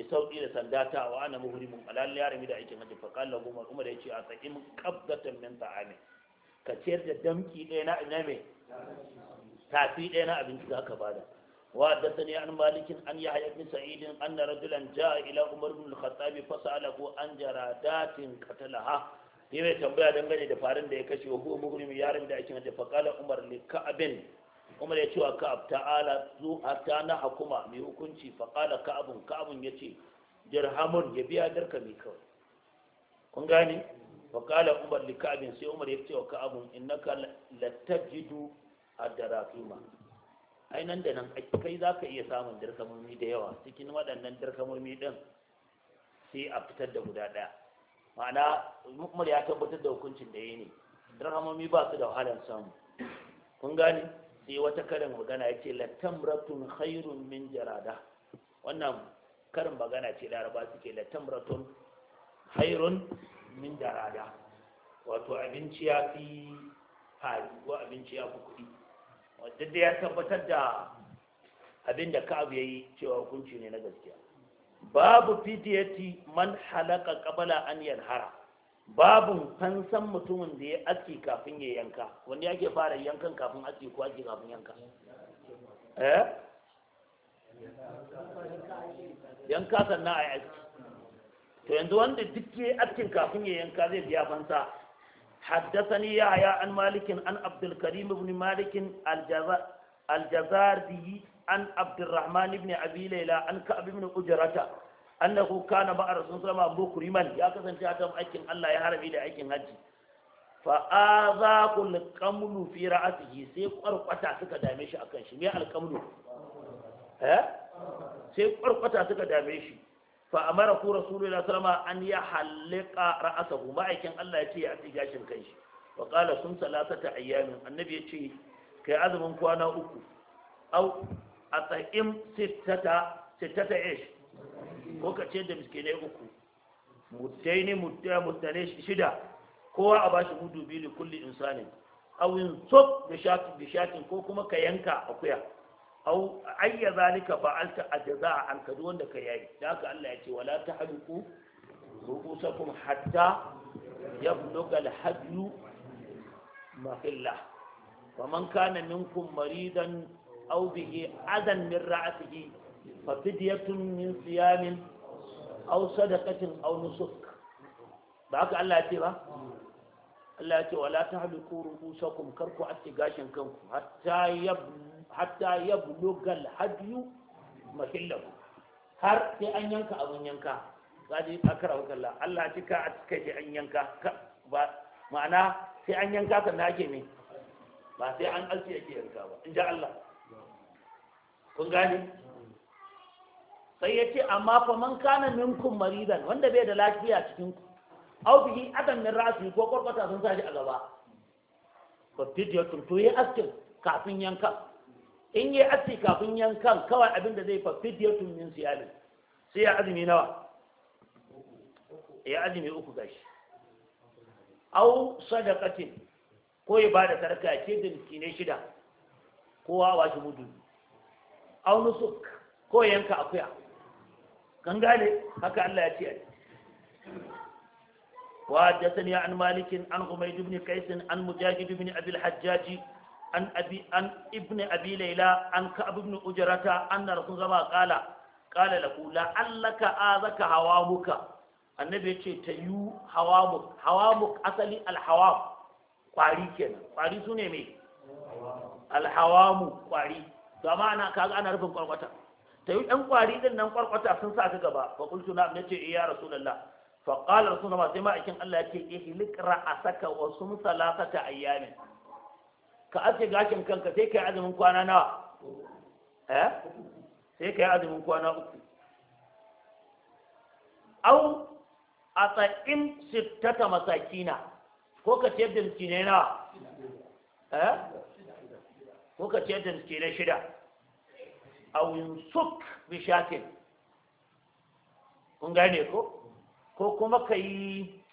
bi sauƙi da sanda ta wa ana muhrimun alal ya rami da aikin haji fa qala umar umar ya ce a tsakin qabdatan min ta'amin ka ciyar da damki ɗaya na ina mai tafi ɗaya na abinci za ka bada Wa an malikin an an na rajulan ja بن سعيد ان رجلا جاء الى عمر an jara datin katala ha قتلها mai tambaya dangane da farin da ya kashe wa kuma muhrim yaron da ake da faqala umar ka Abin umar ya ce wa ka'ab ta'ala zu hatta na hakuma mai hukunci faqala ka'abun ka'abun yace dirhamun ya biya darka mai kawai kun gane فقال عمر لكعب سي عمر يفتي وكعب إنك لتجد الدراكيما ai nan da nan kai za ka iya samun dirkamomi da yawa cikin waɗannan dirkamomi ɗin sai a fitar da guda ɗaya ma'ana umar ya tabbatar da hukuncin da ya ne dirkamomi ba su da wahalar samu kun gane sai wata karin magana ya ce latamratun khairun min jarada wannan karin magana ce laraba suke latamratun khairun min da rada wato abinci ya fi fari ko abinci ya fi kuɗi wadda da ya tabbatar da abin da abu ya yi cewa hukunci ne na gaskiya babu fidiyati man halaka kabala an yanhara babu fansan mutumin da ya aski kafin ya yanka wanda yake fara yankan kafin aski ko aski kafin yanka eh yanka sannan a yi aski to yanzu wanda duk ya askin kafin ya yanka zai biya fansa حدثني يحيى عن مالك عن عبد الكريم بن مالك الجزاردي عن عبد الرحمن بن ابي ليلى عن كعب بن اجرته انه كان مع رسول الله مكرما يا كسان تاتم aikin Allah ya حرمي da aikin haji fa aza kullu qamlu fi ra'atihi sai kwarkwata suka dame shi akan shi me alqamlu eh sai kwarkwata suka dame shi fa amara ku rasulullahi sallama an ya halika ku ma'aikin Allah ya ce ya ci gashin shi wa qala sun salasata ayyamin annabi ya ce kai azumin kwana uku au ata'im sittata sittata ish ko ka ce da miskinai uku mutaini mutaya mutane shida kowa a bashi gudu biyu kulli insanin awin tsof da shakin ko kuma ka yanka akuya au ayya zalika fa'alta ajza'a an kadu wanda ka yayi da haka Allah ya ce wala tahluku ru'usakum hatta yabluga al-hajju mahillah faman kana minkum maridan aw bihi adan min ra'atihi fa fidyatun min siyamin aw sadaqatin aw nusuk ba haka Allah ya ba Allah ya karku atti gashin kanku hatta ya gal hadiyu mahillahu har sai an yanka abun yanka gadi ji akara wakalla Allah cika a cika sai an yanka ba ma'ana sai an yanka ka na ake ne ba sai an alci yake yanka ba in ja Allah kun gane sai ya ce amma fa man kana minkum maridan wanda bai da lafiya cikin ku au bihi adam min ra'si ko kwarkwata sun sa shi a gaba fa fidiyatun to askin kafin yankan in yi aski kafin yankan kawai abin da zai fa fidyatun min siyamin sai ya azumi nawa ya azumi uku gashi au sadaqatin ko ya bada sadaka ya ce da miskinai shida kowa wa shi mudu au nusuk ko yanka akuya kan gane haka Allah ya ce وحدثني عن مالك عن حميد بن قيس عن مجاهد بن ابي الحجاج an abi an ibn abi layla an ka'ab ibn ujrata anna rasulullah qala qala lahu la allaka azaka hawamuka annabi yace tayu Hawamu hawamuk asali alhawam kwari kenan kwari sune me alhawamu kwari to amma kaga ana rufin kwarkwata tayu ɗan kwari din nan kwarkwata sun sa ka gaba fa qultu na nace ya rasulullah fa qala rasulullah sai ma akin Allah yake ihliqra asaka wa sum salasata ayyamin ka ake gashin kanka sai ka yi azumin kwana nawa eh sai ka yi azumin kwana uku au a tsa'in sittata masakina ko ka ce da mutune nawa eh ko ka ce da mutune shida au yunsuk bishatin kun gane ko ko kuma ka yi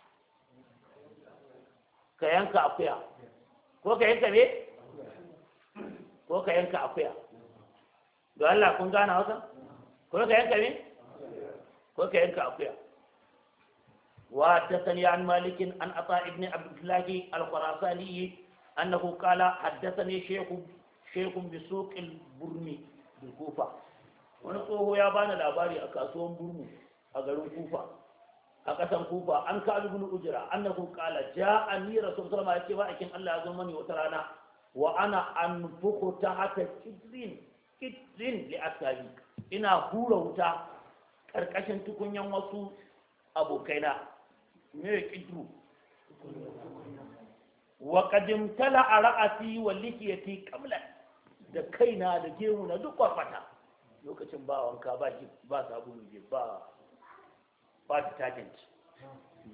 ka yanka akuya ko ka yanka me ko ka yanka akuya ga Allah kun gana hausa ko ka yanka ne ko ka yanka akuya Wa an malikin وحدثني عن مالك عن عطاء بن عبد الله الخراساني انه قال bi شيخ شيخ بسوق bi بالكوفه wani tsoho ya bani labari a kasuwan burmu a garin kufa a ƙasan kufa an kalu bin ujira annahu qala ja'a ni rasul sallama yace ba akin Allah ya zo mani wata rana wa ana anfuku ta haka kitrin kitrin li ina hura wuta karkashin tukunyan wasu abokaina me kitru wa qadim tala ra'asi wa likiyati qabla da kaina da gemu na duk kwafata lokacin ba wanka ba ba sabulu ba ba detergent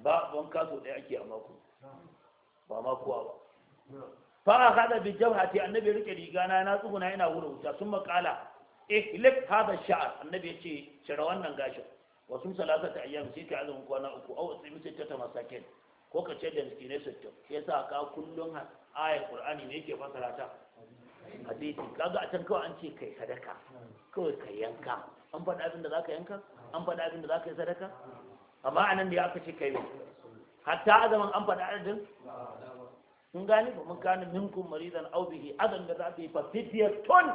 ba wanka so ɗaya ake a mako ba mako ba fa hada bi jabhati annabi rike riga na na tsuguna ina wura wuta sun makala ihlib hada sha'r annabi yace shara wannan gashin wasu salatata ayyam sai ka azumin kwana uku aw asimi sittata masakin ko ka ce da miskinai sittin sa ka kullun ayar qur'ani ne yake fasara ta hadisi kaga a can kawai an ce kai sadaka kawai kai yanka an faɗa abin da zaka yanka an faɗa abin da zaka yi sadaka amma anan da ya aka ce kai hatta azaman an faɗa adadin mun gani ba mun gani minkum maridan aw bihi adan da zabi fa fidyatun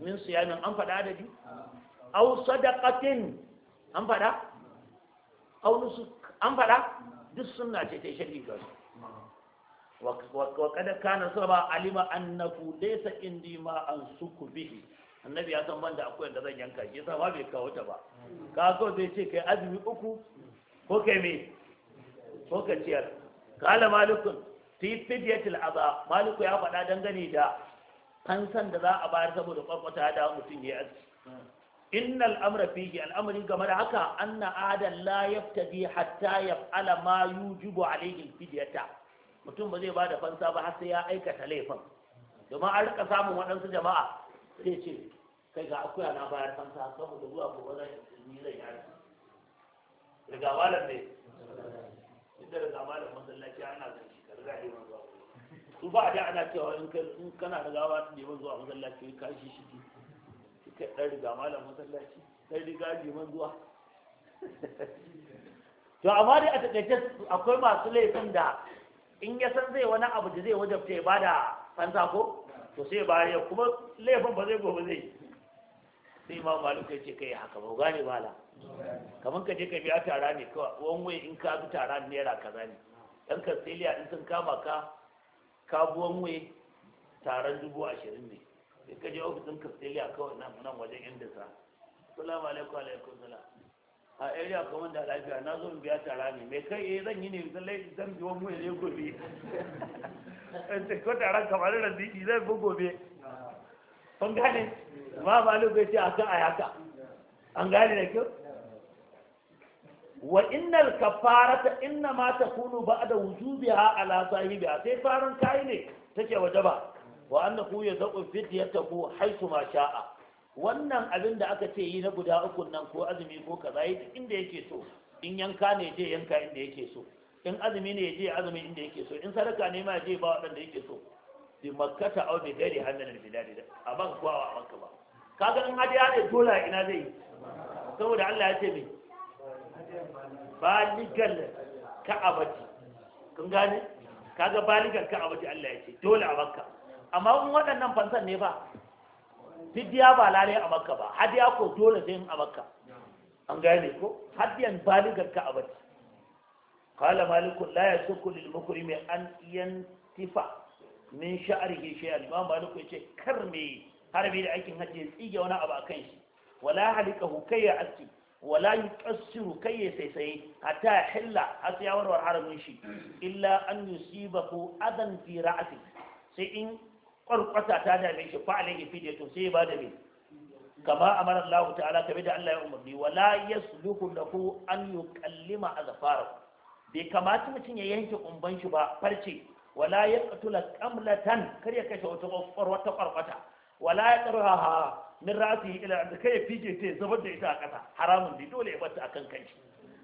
min siyamin an fada adadi aw sadaqatin an fada aw nusuk an fada duk sunna ce ta shirki ga wa kada kana saba alima annahu laysa indi ma an suku bihi annabi ya san banda akwai da zan yanka shi sa ba bai kawo ta ba ka so zai ce kai azumi uku ko kai me ko ka ciyar kala malikun fi fidyatil aza maliku ya faɗa dangane da fansan da za a bayar saboda kwakwata da mutum ya aski inna al'amra fihi al'amari game da haka anna adan la yaftadi hatta yaf'ala ma yujibu alayhi fidyata mutum ba zai bada fansa ba har sai ya aikata laifin domin an rika samun waɗansu jama'a sai ce kai ga akuya na bayar fansa saboda zuwa gobe zai yi zai yare riga malam ne inda riga malam masallaci ana zai su ba da ana cewa in kana da gawa ta yawan zuwa masallaci ka shi shi shi ka ɗan riga malam masallaci ɗan riga liman zuwa *laughs* to amma dai a taƙaice akwai masu laifin da in ya san zai wani abu da zai wajabta ya bada fansa ko to sai baya kuma laifin ba zai gobe zai sai ma malu kai ce kai haka ba gane bala kamar ka je ka biya tara ne kawai wani in ka bi tara naira kaza ne yan kastiliya in sun kama ka kabuwan wai taron dubu ashirin ne sai ka je ofisin kastiliya kawai nan nan wajen yan dasa salamu alaikum alaikum salam a area kuma da lafiya na zo biya tara ne mai kai eh zan yi ne zan zan biyo mu ne gobe in ce ko taron kamar da ziki zan bi gobe An gane ba malu bai a kan a yaka an gane da kyau wa innal kafarata inna ma takunu ba'da wujubiha ala sahibiha sai faran kai ne take wajaba wa annahu yadau fidyatahu haythu ma sha'a wannan abin da aka ce yi na guda uku nan ko azumi ko kaza yi inda yake so in yanka ne je yanka inda yake so in azumi ne je azumi inda yake so in sadaka ne ma je ba wadanda yake so bi makkata aw bi ghairi hannal biladi da a ban ko a makka ba kaga in hadiya ne dole ina zai saboda Allah ya ce mai baligal ka'abati kun gane kaga baligal ka'abati Allah ya ce dole a makka amma in waɗannan fansan ne ba fidiya ba lalai a makka ba hadiya ko dole sai a makka an gane ko hadiyan baligal ka'abati qala malikun la yasukku lil mukrimi an yantifa min sha'rihi shay'an imam malik ya ce kar me harbi da aikin hajji ya tsige wani abu akan shi wala halikahu kai ya aski wala yuqassiru kai ya saisaye hatta ya hilla har ya warware shi illa an yusibahu adan fi ra'si sai in ƙwarƙwata ta dame shi fa alayhi fidyatu sai ba da mai kama amara Allah ta'ala kabe da Allah ya umarni wala da ko an a zafara bai kamata mutum ya yanke kumban shi ba farce wala yaqtula qamlatan kar ya kashe wata ƙwarƙwata. wala yaqruha min ra'sihi ila da kai ya fije ta zubar da ita a ƙasa haramun ne dole ya bata akan kai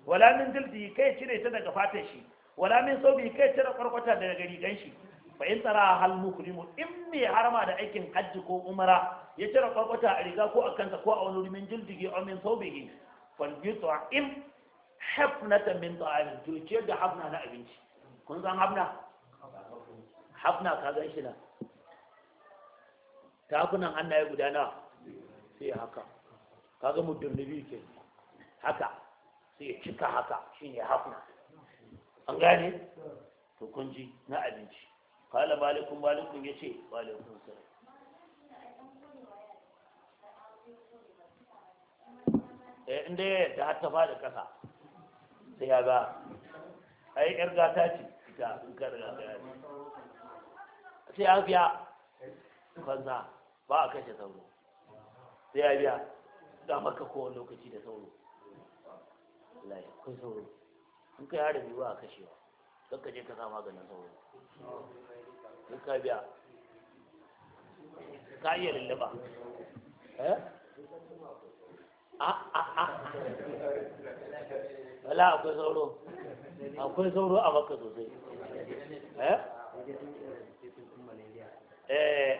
wala min dildi kai cire ta daga fatar shi wala min saubi kai cire kwarkwata daga rigan shi fa in tsara hal mukrimu in me harama da aikin hajji ko umara ya cire kwarkwata a riga ko a kansa ko a wani min dildihi aw min saubihi fal yut'im hafnata min ta'am tuce da hafna na abinci kun san hafna hafna ka gan shi na Takunan hannaye guda nawa sai ya haka kaga muddin na biyu ke haka sai ya cika haka shine hafna an gane to kunji na abinci kala malikun malikun ya ce malikun sarai eh inda ya da har ta fada kasa sai ya ga ai yar gata ce ita in ka riga ga sai ya fiya banza ba a kashe sauro sai ya biya da maka kowa lokaci da sauro lai kun sauro in ka yare biyu a kashewa kan ka je ka sa maganin sauro in ka biya ka iya lullaba eh wala akwai sauro akwai sauro a maka sosai eh, eh.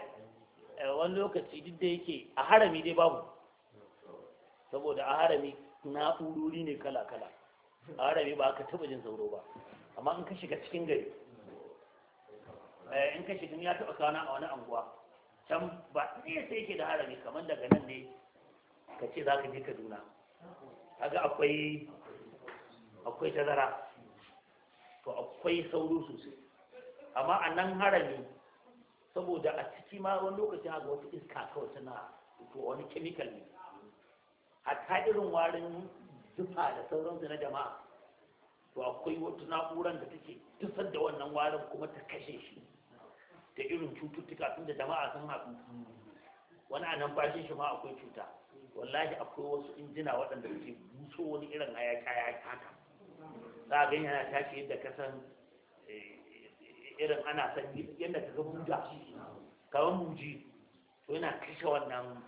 Eh, wani lokaci duk da yake a harami dai babu saboda a harami na'urori ne kala-kala a harami ba ka taba jin sauro ba amma in ka shiga cikin gari eh, in ka shiga ya taba kana a wani anguwa can ba ne sai yake da harami kamar daga nan ne ka ce za ka je kaduna kaga akwai akwai tazara to akwai sauro sosai amma a nan harami saboda a ciki ma wani lokacin haka wata iska kawai tana to wani chemical ne hatta irin warin zufa da sauransu na jama'a to akwai wata na'uran da take tusar da wannan warin kuma ta kashe shi da irin cututtuka tun da jama'a sun haɗu wani anan bashin shi ma akwai cuta wallahi akwai wasu injina waɗanda suke buso wani irin hayaka ya haka za a gani yana tashi yadda kasan eh, irin ana sanyi yadda ka ga buja kawo muji to yana kashe wannan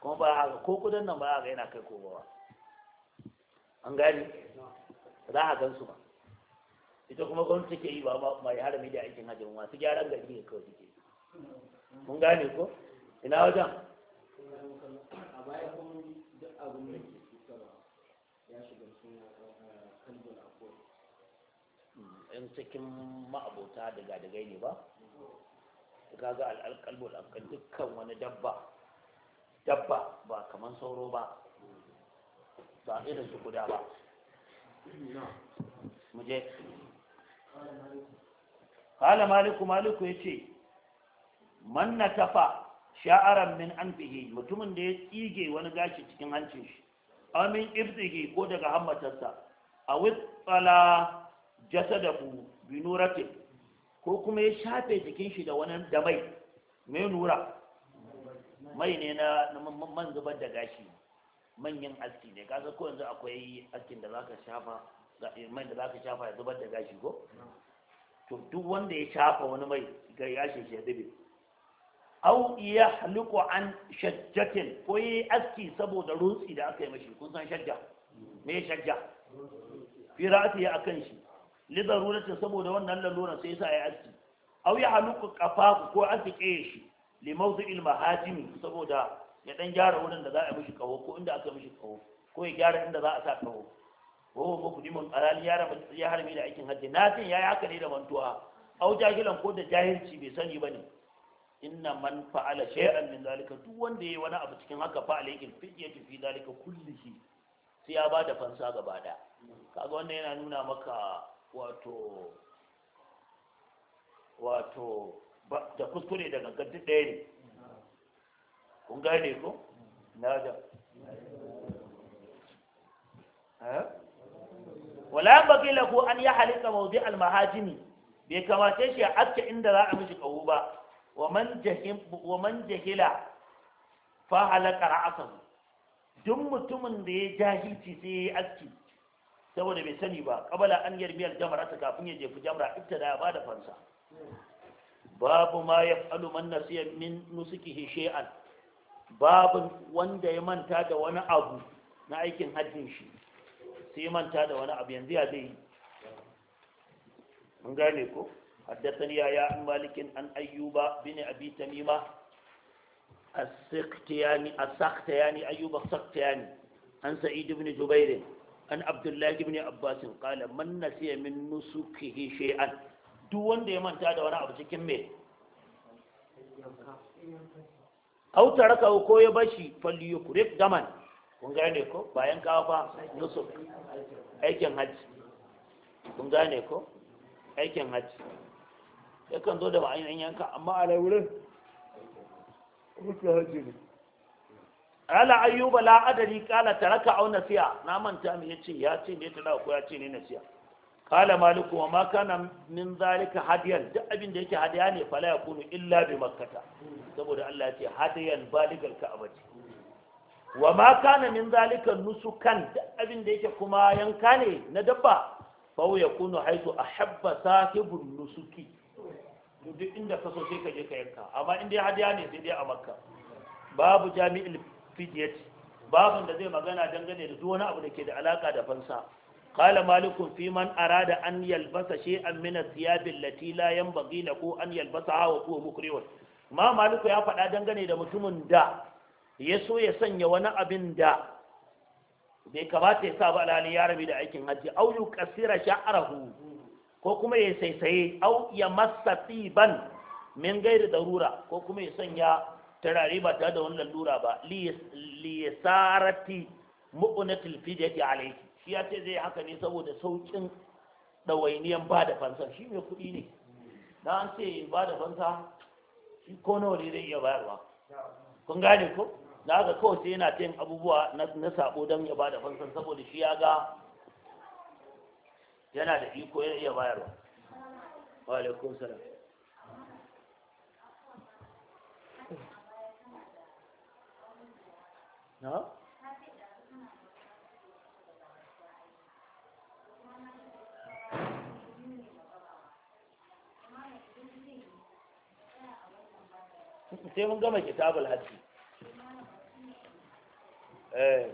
kuma ba a ko kudan nan ba a ga yana kai kowa an gani za a gan su ba ita kuma kwan suke yi ba mai harami da aikin hajji masu gyaran gari ne kawai suke mun gane ko ina wajen a baya kuma duk abin da ke in cikin ma'abota daga dagai ne ba ga al'alƙalbul alƙal dukkan wani dabba dabba ba kaman sauro ba ba irin su guda ba muje kala maliku maliku ya ce man na tafa sha'aran min an mutumin da ya tsige wani gashi cikin hancin shi amin ibtihi ko daga hammatarsa a witsala jasadahu bi nurati ko kuma ya shafe jikin shi da wani da mai mai nura mai ne na man zubar da gashi manyan aski ne kaga ko yanzu akwai askin da zaka shafa ga eh, mai da zaka shafa ya zubar da gashi ko to duk wanda ya shafa wani mai ga ya shi ya dube au iya haluku an shajjatin ko yi aski saboda rutsi da aka yi mashi kun san shajja me shajja firati ya akan shi lidaruratin saboda wannan lalura sai sa ya aski aw ya haluku kafafu ko an tike shi li mawdi'il mahajim saboda ya dan gyara wurin da za a mishi kaho ko inda aka mishi kaho ko ya gyara inda za a sa kaho ko ko kudimin alali ya rabu ya harbi da aikin hajji na tin yayi haka ne da mantuwa aw jahilan ko da jahilci bai sani bane inna man fa'ala shay'an min zalika duk wanda yayi wani abu cikin haka fa alayhi fidyatu fi zalika kullihi sai ya bada fansa gaba daya kaga wannan yana nuna maka wato wato da kuskure da gangantar ɗaya ne kun gane ko na da eh? wala baki lafu an yi halitta mawuzi al bai kamata shi a aske inda za a mishi kawo ba wa man jahila fa halaka asan duk mutumin da ya jahilci sai ya yi aski saboda bai sani ba kabala an yarmiyar jamarata kafin ya jefi jamara, ita da ya ba da fansa babu ma ya falu man nasiya min nusukihi shay'an babu wanda ya manta da wani abu na aikin hajjin shi sai ya manta da wani abu yanzu ya zai yi mun gane ko حدثني an عن مالك عن أيوب بن أبي تميمة السختياني السختياني أيوب السختياني عن سعيد بن جبير an abdullahi ibn abbas qala man nasiya min nusukihi shay'an duk wanda ya manta da wani abu cikin me au taraka ko ya bashi falyukrib daman kun gane ko bayan kawo fa nusuk aikin hajji kun gane ko aikin hajji yakan zo da ma'ayin yanka amma a wurin wuce hajji ne ala ayyuba la adari kala taraka aw nasiya na manta me yace ya ce ne tana ko ya ce ne nasiya kala maliku wa ma kana min zalika hadiyan duk abin da yake hadiya ne fala yakunu illa bi makkata saboda Allah ya ce hadiyan baligal ka'abati wa ma kana min zalika nusukan duk abin da yake kuma yanka ne na dabba fa kunu haitu ahabba sahibun nusuki duk inda ka so sai ka je ka yanka amma in dai hadiya ne sai dai a makka babu jami'il fidiyat babun da zai magana dangane da duk wani abu da ke da alaka da fansa qala malikun fi man arada an yalbasa shay'an min athiyab allati la yanbaghi lahu an yalbasaha wa huwa mukrihun ma maliku ya faɗa dangane da mutumin da ya so ya sanya wani abin da bai kamata ya sa ba alhali ya rabi da aikin hajji au yu kasira sha'arahu ko kuma ya saisaye au ya masa tiban min gairi darura ko kuma ya sanya turare ba tare da wani lura ba liyasarati mu'unatul fidyati alayhi shi ya ce zai haka ne saboda saukin ɗawainiyar ba da fansa shi mai kuɗi ne na an ce ba da fansa shi ko nawa ne zai iya bayarwa kun gane ko da haka kawai sai yana tayin abubuwa na sabo don ya ba da fansa saboda shi ya ga yana da iko ya iya bayarwa wa alaikum salam na sai mun gama kitabul hajji eh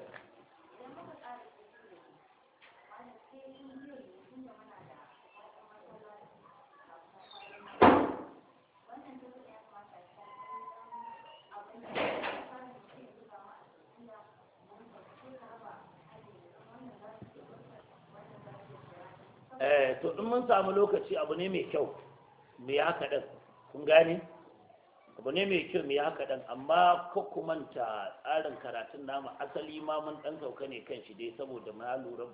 Eh, to in mun samu lokaci abu ne mai kyau mu ya kaɗan kun gane abu ne mai kyau mu ya kaɗan amma ko manta tsarin karatun namu asali ma mun ɗan sauka ne kan shi dai saboda na lura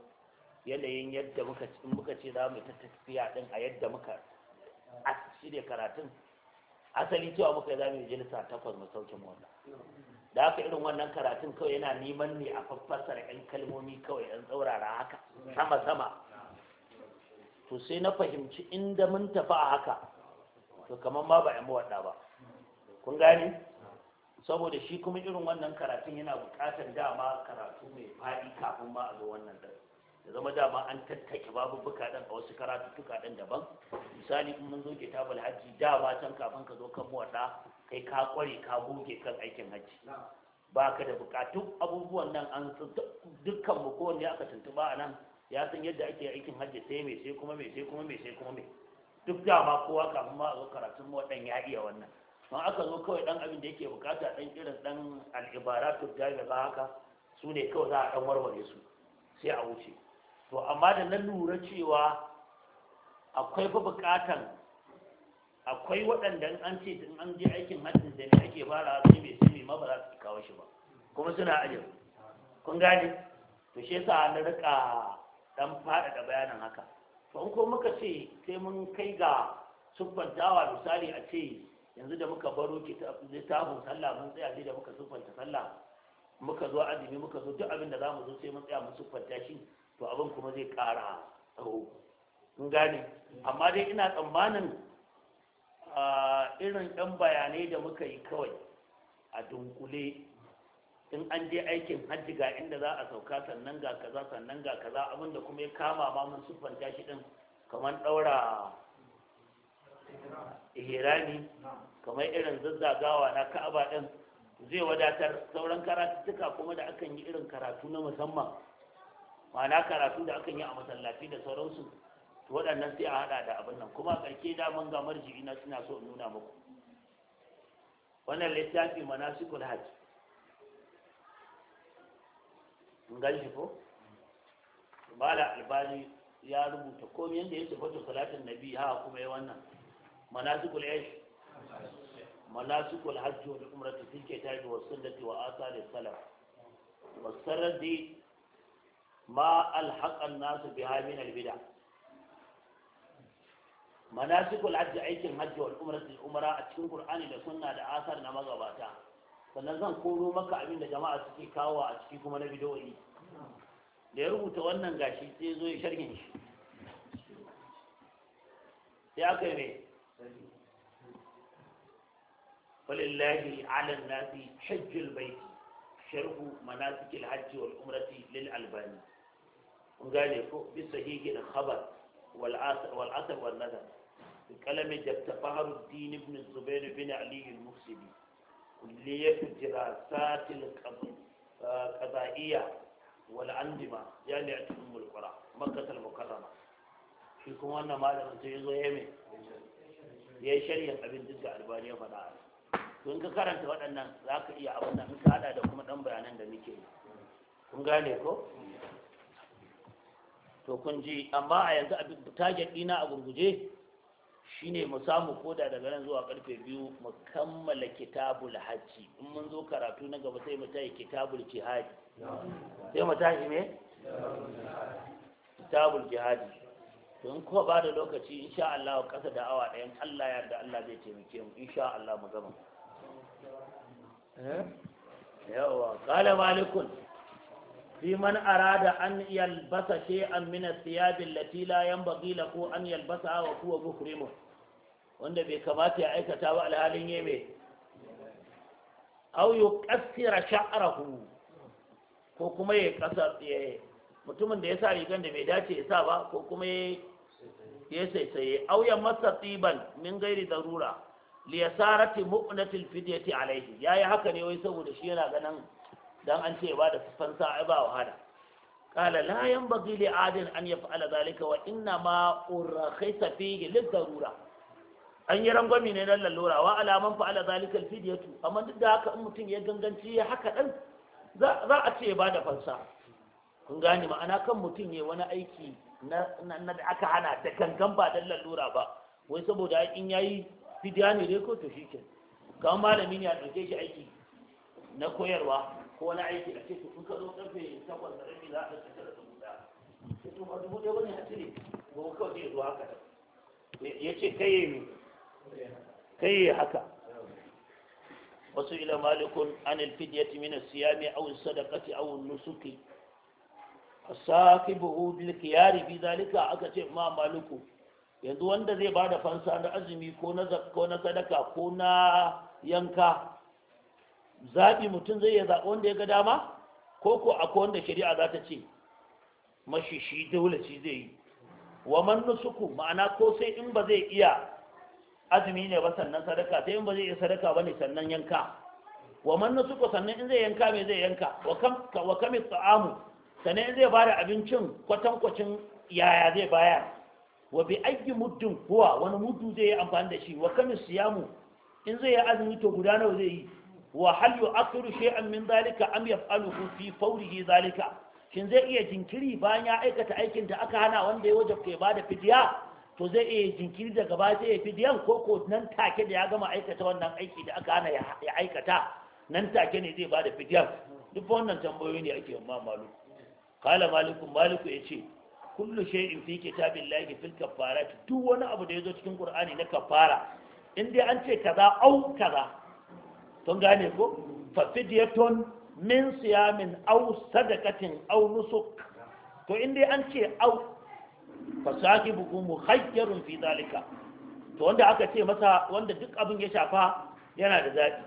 yanayin yadda muka in muka ce za mu ta tafiya ɗin a yadda muka shirya karatun asali cewa muka za mu yi jilisa takwas mu sauke wannan da haka irin wannan karatun kawai yana neman ne a fafasar 'yan kalmomi kawai 'yan tsaurara haka sama sama to sai na fahimci inda mun tafi a haka to kamar ma ba yamma wadda ba kun gani saboda shi kuma irin wannan karatun yana bukatar dama karatu mai faɗi kafin ma a zo wannan da da zama dama an tattake buka ɗin a wasu karatuttuka ɗin daban misali in mun zo ke tabal hajji dama can kafin ka zo kan wadda kai ka ƙware ka goge kan aikin hajji ba ka da buƙatun abubuwan nan an dukkan mu kowanne aka tuntuɓa a nan ya san yadda ake aikin hajji sai mai sai kuma mai sai kuma mai sai kuma mai duk da ma kowa kafin ma a zo karatun wadan ya iya wannan ma aka zo kawai dan abin da yake bukata dan irin dan al'ibaratu jami'a haka su ne kawai za a dan warware su sai a wuce to amma da na lura cewa akwai fa bukatan akwai waɗanda an ce in an je aikin hajjin da ne ake fara sai mai sai mai ma ba za su kawo shi ba kuma suna ajin kun gane to shi yasa na rika dan da bayanin haka to in ko muka ce sai mun kai ga siffantawa misali a ce yanzu da muka baro littafin sallah mun tsaya da muka siffanta sallah muka zo azumi muka zo duk abin da za mu zo sai mun tsaya mu siffanta shi to abin kuma zai ƙara tsawo kun gane amma dai ina tsammanin ah, irin ɗan bayanai da muka yi kawai a dunkule in an je aikin hajji ga inda za a sauka sannan ga kaza sannan ga kaza abinda kuma ya kama ma mun siffanta shi din kamar daura ihrami kamar irin zazzagawa na ka'aba din zai wadatar sauran karatuttuka kuma da akan yi irin karatu na musamman ma'ana karatu da akan yi a masallaci da sauransu to waɗannan sai a haɗa da abin nan kuma ƙarke daman ga marji'i na suna so in nuna muku wannan littafi manasikul hajji gan Mala ko bala albani ya rubuta komai yadda ya sifatu salatin nabi ha kuma ya wannan manasikul aish manasikul hajji wal ta tilke ta wa sunnati wa da salaf wasarar da ma alhaƙan nasu biha min albida manasikul hajji aikin hajji wal ta umra a cikin qur'ani da sunna da asar na magabata sannan zan koro maka abin da jama'a suke kawo a ciki kuma na bidoyi da ya rubuta wannan gashi sai zo ya sharhin shi sai aka yi mai falillahi alan nasi hajjul baiti sharhu manasikil hajji wal umrati lil albani kun gane ko bi sahihi al khabar wal asr wal asr wal nazar kalame jabta faharuddin ibn zubair bin ali al muhsibi kulliyatu dirasatil qada'iyya wal andima jami'atul ummul qura makkatul mukarrama shi kuma wannan malamin sai yazo ya mai? ya sharhin abin duk da albani ya faɗa don ka karanta waɗannan za ka iya abin da muka haɗa da kuma ɗan bayanan da muke yi kun gane ko to kun ji amma a yanzu abin target ɗina a gurguje shine mu samu koda daga nan zuwa karfe biyu mu kammala kitabul hajji in mun zo karatu na gaba sai mu tayi kitabul jihadi sai mu tashi me kitabul jihadi don ko ba da lokaci insha Allah kasa da awa ɗayan Allah ya yarda Allah zai taimake mu insha Allah mu gama eh? yawa qala malikun في من أراد أن يلبس شيئا من الثياب التي لا ينبغي له أن يلبسها وهو مكرمه wanda bai kamata ya aikata ba alhalin mai. au yi sha'ara ku ko kuma ya kasar mutumin da ya sa rigan da bai dace ya sa ba ko kuma ya saisaye au masa tsiban min gairi da darura liyasarati mu'natil fidyati alaihi yi haka ne wai saboda shi yana ganin dan an ce ba da fansa ai ba wahala قال لا ينبغي لعاد أن يفعل ذلك وإنما أرخص فيه للضرورة an yi rangwami ne na lallura. wa alaman fa'ala zalikal fidiyatu amma duk da haka in mutum ya ganganci ya haka dan? za a ce ba da fansa kun gane ma'ana kan mutum ya wani aiki na da aka hana da gangan ba don lallura ba wai saboda in ya yi fidiya ne dai ko to shi ke kawai malami ne a ɗauke shi aiki na koyarwa ko wani aiki a ce to kun ka zo karfe takwas da rabi za a ɗauke da dubu ɗaya to ba dubu ɗaya wani hatsi ne gobe kawai zai zo haka ya ce kai ne kai eh, haka wasu ila malikun an alfidiyati min as-siyami aw as-sadaqati aw an-nusuki asakibuhu bil khiyari bi zalika aka ce ma maliku yanzu wanda zai bada fansa na azumi ko na zakka na sadaka ko na yanka zabi mutum zai ya zaɓi wanda ya ga dama ko ko akwai wanda shari'a za ta ce mashi shi dole shi zai yi wa man nusuku ma'ana ko sai in ba zai iya azumi ne ba sannan sadaka sai in ba zai iya sadaka ba ne sannan yanka wa man suka sannan in zai yanka me zai yanka wa kam wa kam ta'amu sannan in zai bada abincin kwatankwacin yaya zai baya wa bi ayyi muddin huwa wani muddu zai yi amfani da shi wa kam siyamu in zai yi azumi to guda nawa zai yi wa hal yu'akhiru shay'an min zalika am yaf'aluhu fi fawrihi zalika shin zai iya jinkiri bayan ya aikata aikin da aka hana wanda ya wajabta ya bada fidiya to zai iya jinkiri daga ba zai fi diyan koko nan take da ya gama aikata wannan aiki da aka hana ya aikata nan take ne zai bada fidiyan duk wannan tambayoyi ne ake yamma maluku kala maluku maluku ya ce kullu shay'in fi kitabillahi fil kafarati duk wani abu da ya zo cikin qur'ani na kafara in dai an ce kaza au kaza to gane ko fa fidiyaton min siyamin au sadaqatin au nusuk to in dai an ce au fasaki fasahibuhu mukhayyarun fi zalika to wanda aka ce masa wanda duk abin ya shafa yana da zaɓi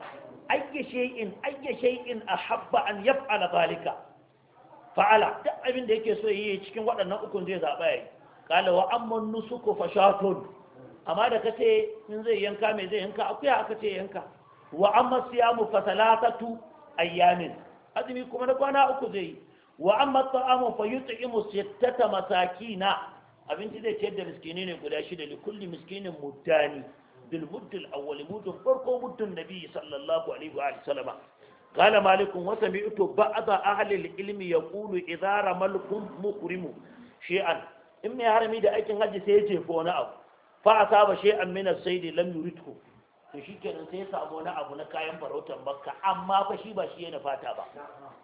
ayya shay'in ayya shay'in ahabba an yaf'ala zalika fa'ala duk abin da yake so yi cikin waɗannan uku zai zaɓa yi. qala wa amma nusuku fashatun amma da kace in zai yanka me zai yanka akuya aka ce yanka wa amma siyamu salatatu ayyamin azumi kuma na kwana uku zai yi wa amma ta'amu fa yut'imu sittata masakina abinci zai ciyar da miskini ne guda shida da kulli miskinin mutane bil muddil awwal mudun farko muddun nabi sallallahu alaihi wa sallama قال مالك وسمعت بعض ilmi ya kulu idara malikun المقرم shi'an in mai harami da aikin hajji sai ya ce ko wani abu fa a saba Shi'an an sai da lam yuridku to shi kenan sai ya samu wani abu na kayan farautar bakka amma fa shi ba shi yana fata ba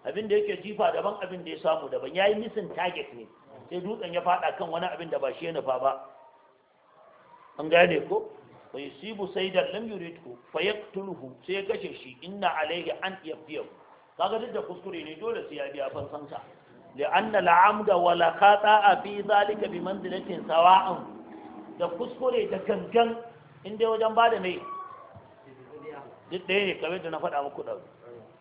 abin da yake jifa daban abin da ya samu daban ya yi misin target ne sai dutsen ya fada kan wani abin da ba shi ya nufa ba an gane ko fa yusibu saydan lam yuridhu fa yaqtuluhu sai ya kashe shi inna alayhi an yafiyu kaga duk da kuskure ne dole sai ya biya fansansa لأن العمد qata fi zalika bi manzilatin sawa'an da kuskure da gangan inda wajen ba da mai duk ɗaya ne kamar da na faɗa muku ɗau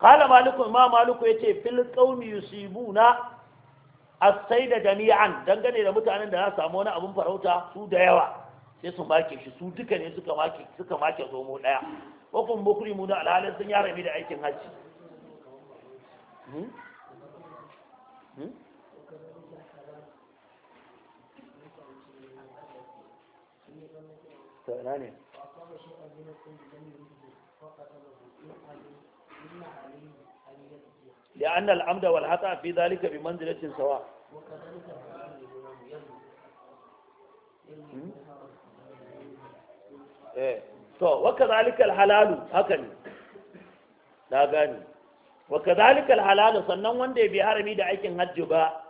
kala maliku ma maliku ya ce fil ƙaumi yusibuna na asai da jami'an dangane da mutanen da za samu wani abin farauta su da yawa sai su make shi su duka ne suka make suka make zomo daya ko kun bukuri mu da alhalin sun yara da aikin hajji hmm? Hmm? ina لأن العمد والخطأ في ذلك بمنزلة سواء to wakazalika alhalalu haka ne na gani sannan wanda bai harami da aikin hajji ba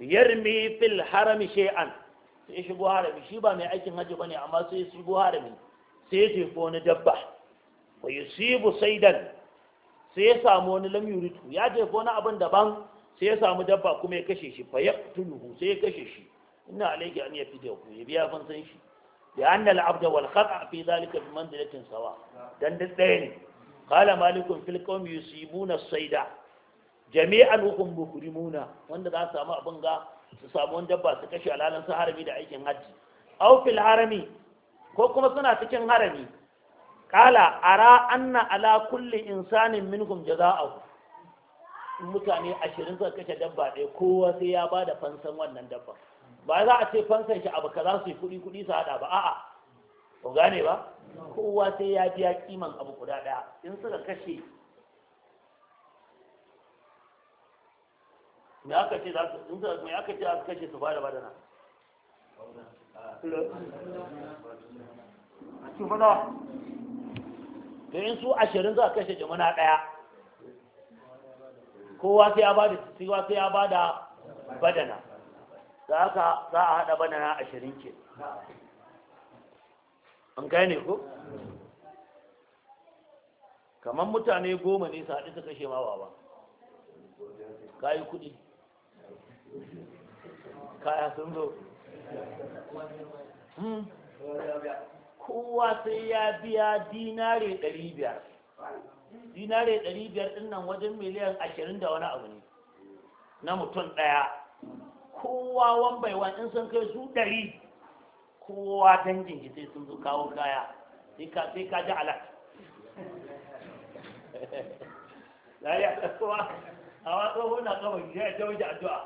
yarmi fil harami shay'an sai shigo harami shi ba mai aikin hajji bane amma sai shigo harami sai ya tefi wani dabba wa yusibu saidan sai ya samu wani lam ya jefa wani abin daban sai ya samu dabba kuma ya kashe shi fa yaqtuluhu sai ya kashe shi inna alayhi an yafidahu ya biya fan san shi da anna al-abd wal khata fi zalika bi manzilatin sawa dan da tsaye ne qala malikun fil qawm yusibuna sayda jami'an hukum wanda za su samu abin ga su samu wani dabba su kashe alalan su harami da aikin hajji aw fil harami ko kuma suna cikin harami kala ara anna ala kulli insanin minhum jaza'ahu mutane ashirin suka kashe dabba ɗaya kowa sai ya ba da fansan wannan dabba ba za a ce fansan shi abu kaza su yi kuɗi kuɗi su haɗa ba a'a ko gane ba kowa sai ya biya kiman abu guda ɗaya in suka kashe me aka ce za su in suka me aka ce za su kashe su bada badana su bada da in su ashirin za a kashe jimina ɗaya kowa sai ya bada siwa sai ya bada badana za a haɗa badana ashirin ke an kai ne ku kamar mutane goma ne su haɗu su kashe ma baba ka yi kuɗi kaya sun zo hmm. kowa sai ya biya dinare ɗari biyar dinare ɗari biyar ɗin nan wajen miliyan ashirin da wani abu ne na mutum ɗaya kowa wan bai wan in sun kai su ɗari kowa dangin shi sai sun zo kawo kaya sai ka ji alat zai *laughs* kasuwa a wasu hona kawai ya ta wuce addu'a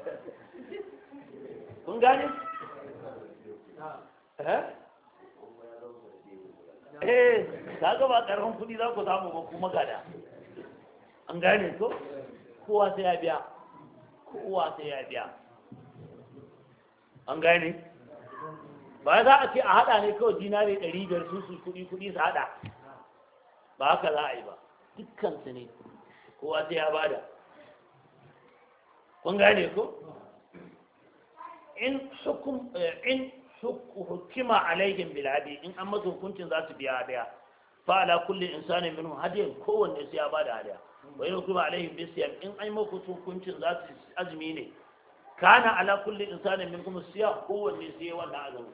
*laughs* kun gane eh ta eh, gaba ƙarfin kuɗi za ku samu ba kuma gada an gane ko kowa sai ya biya kowa sai ya biya an gane ba za a ce a haɗa ne kawai dinari ɗari biyar su su kuɗi kuɗi su haɗa ba haka za a yi ba dukkansu ne kowa sai ya bada kun gane ko in hukum eh, in hukuma alaihim bil hadi in an masa hukuncin za su biya daya. fa ala kulli insani minhu hadiyan kowanne sai ya bada hadiya wa in hukuma alaihim bis siyam in an masa hukuncin za su azumi ne kana ala kulli insani minkum siyam kowanne sai wanda azumi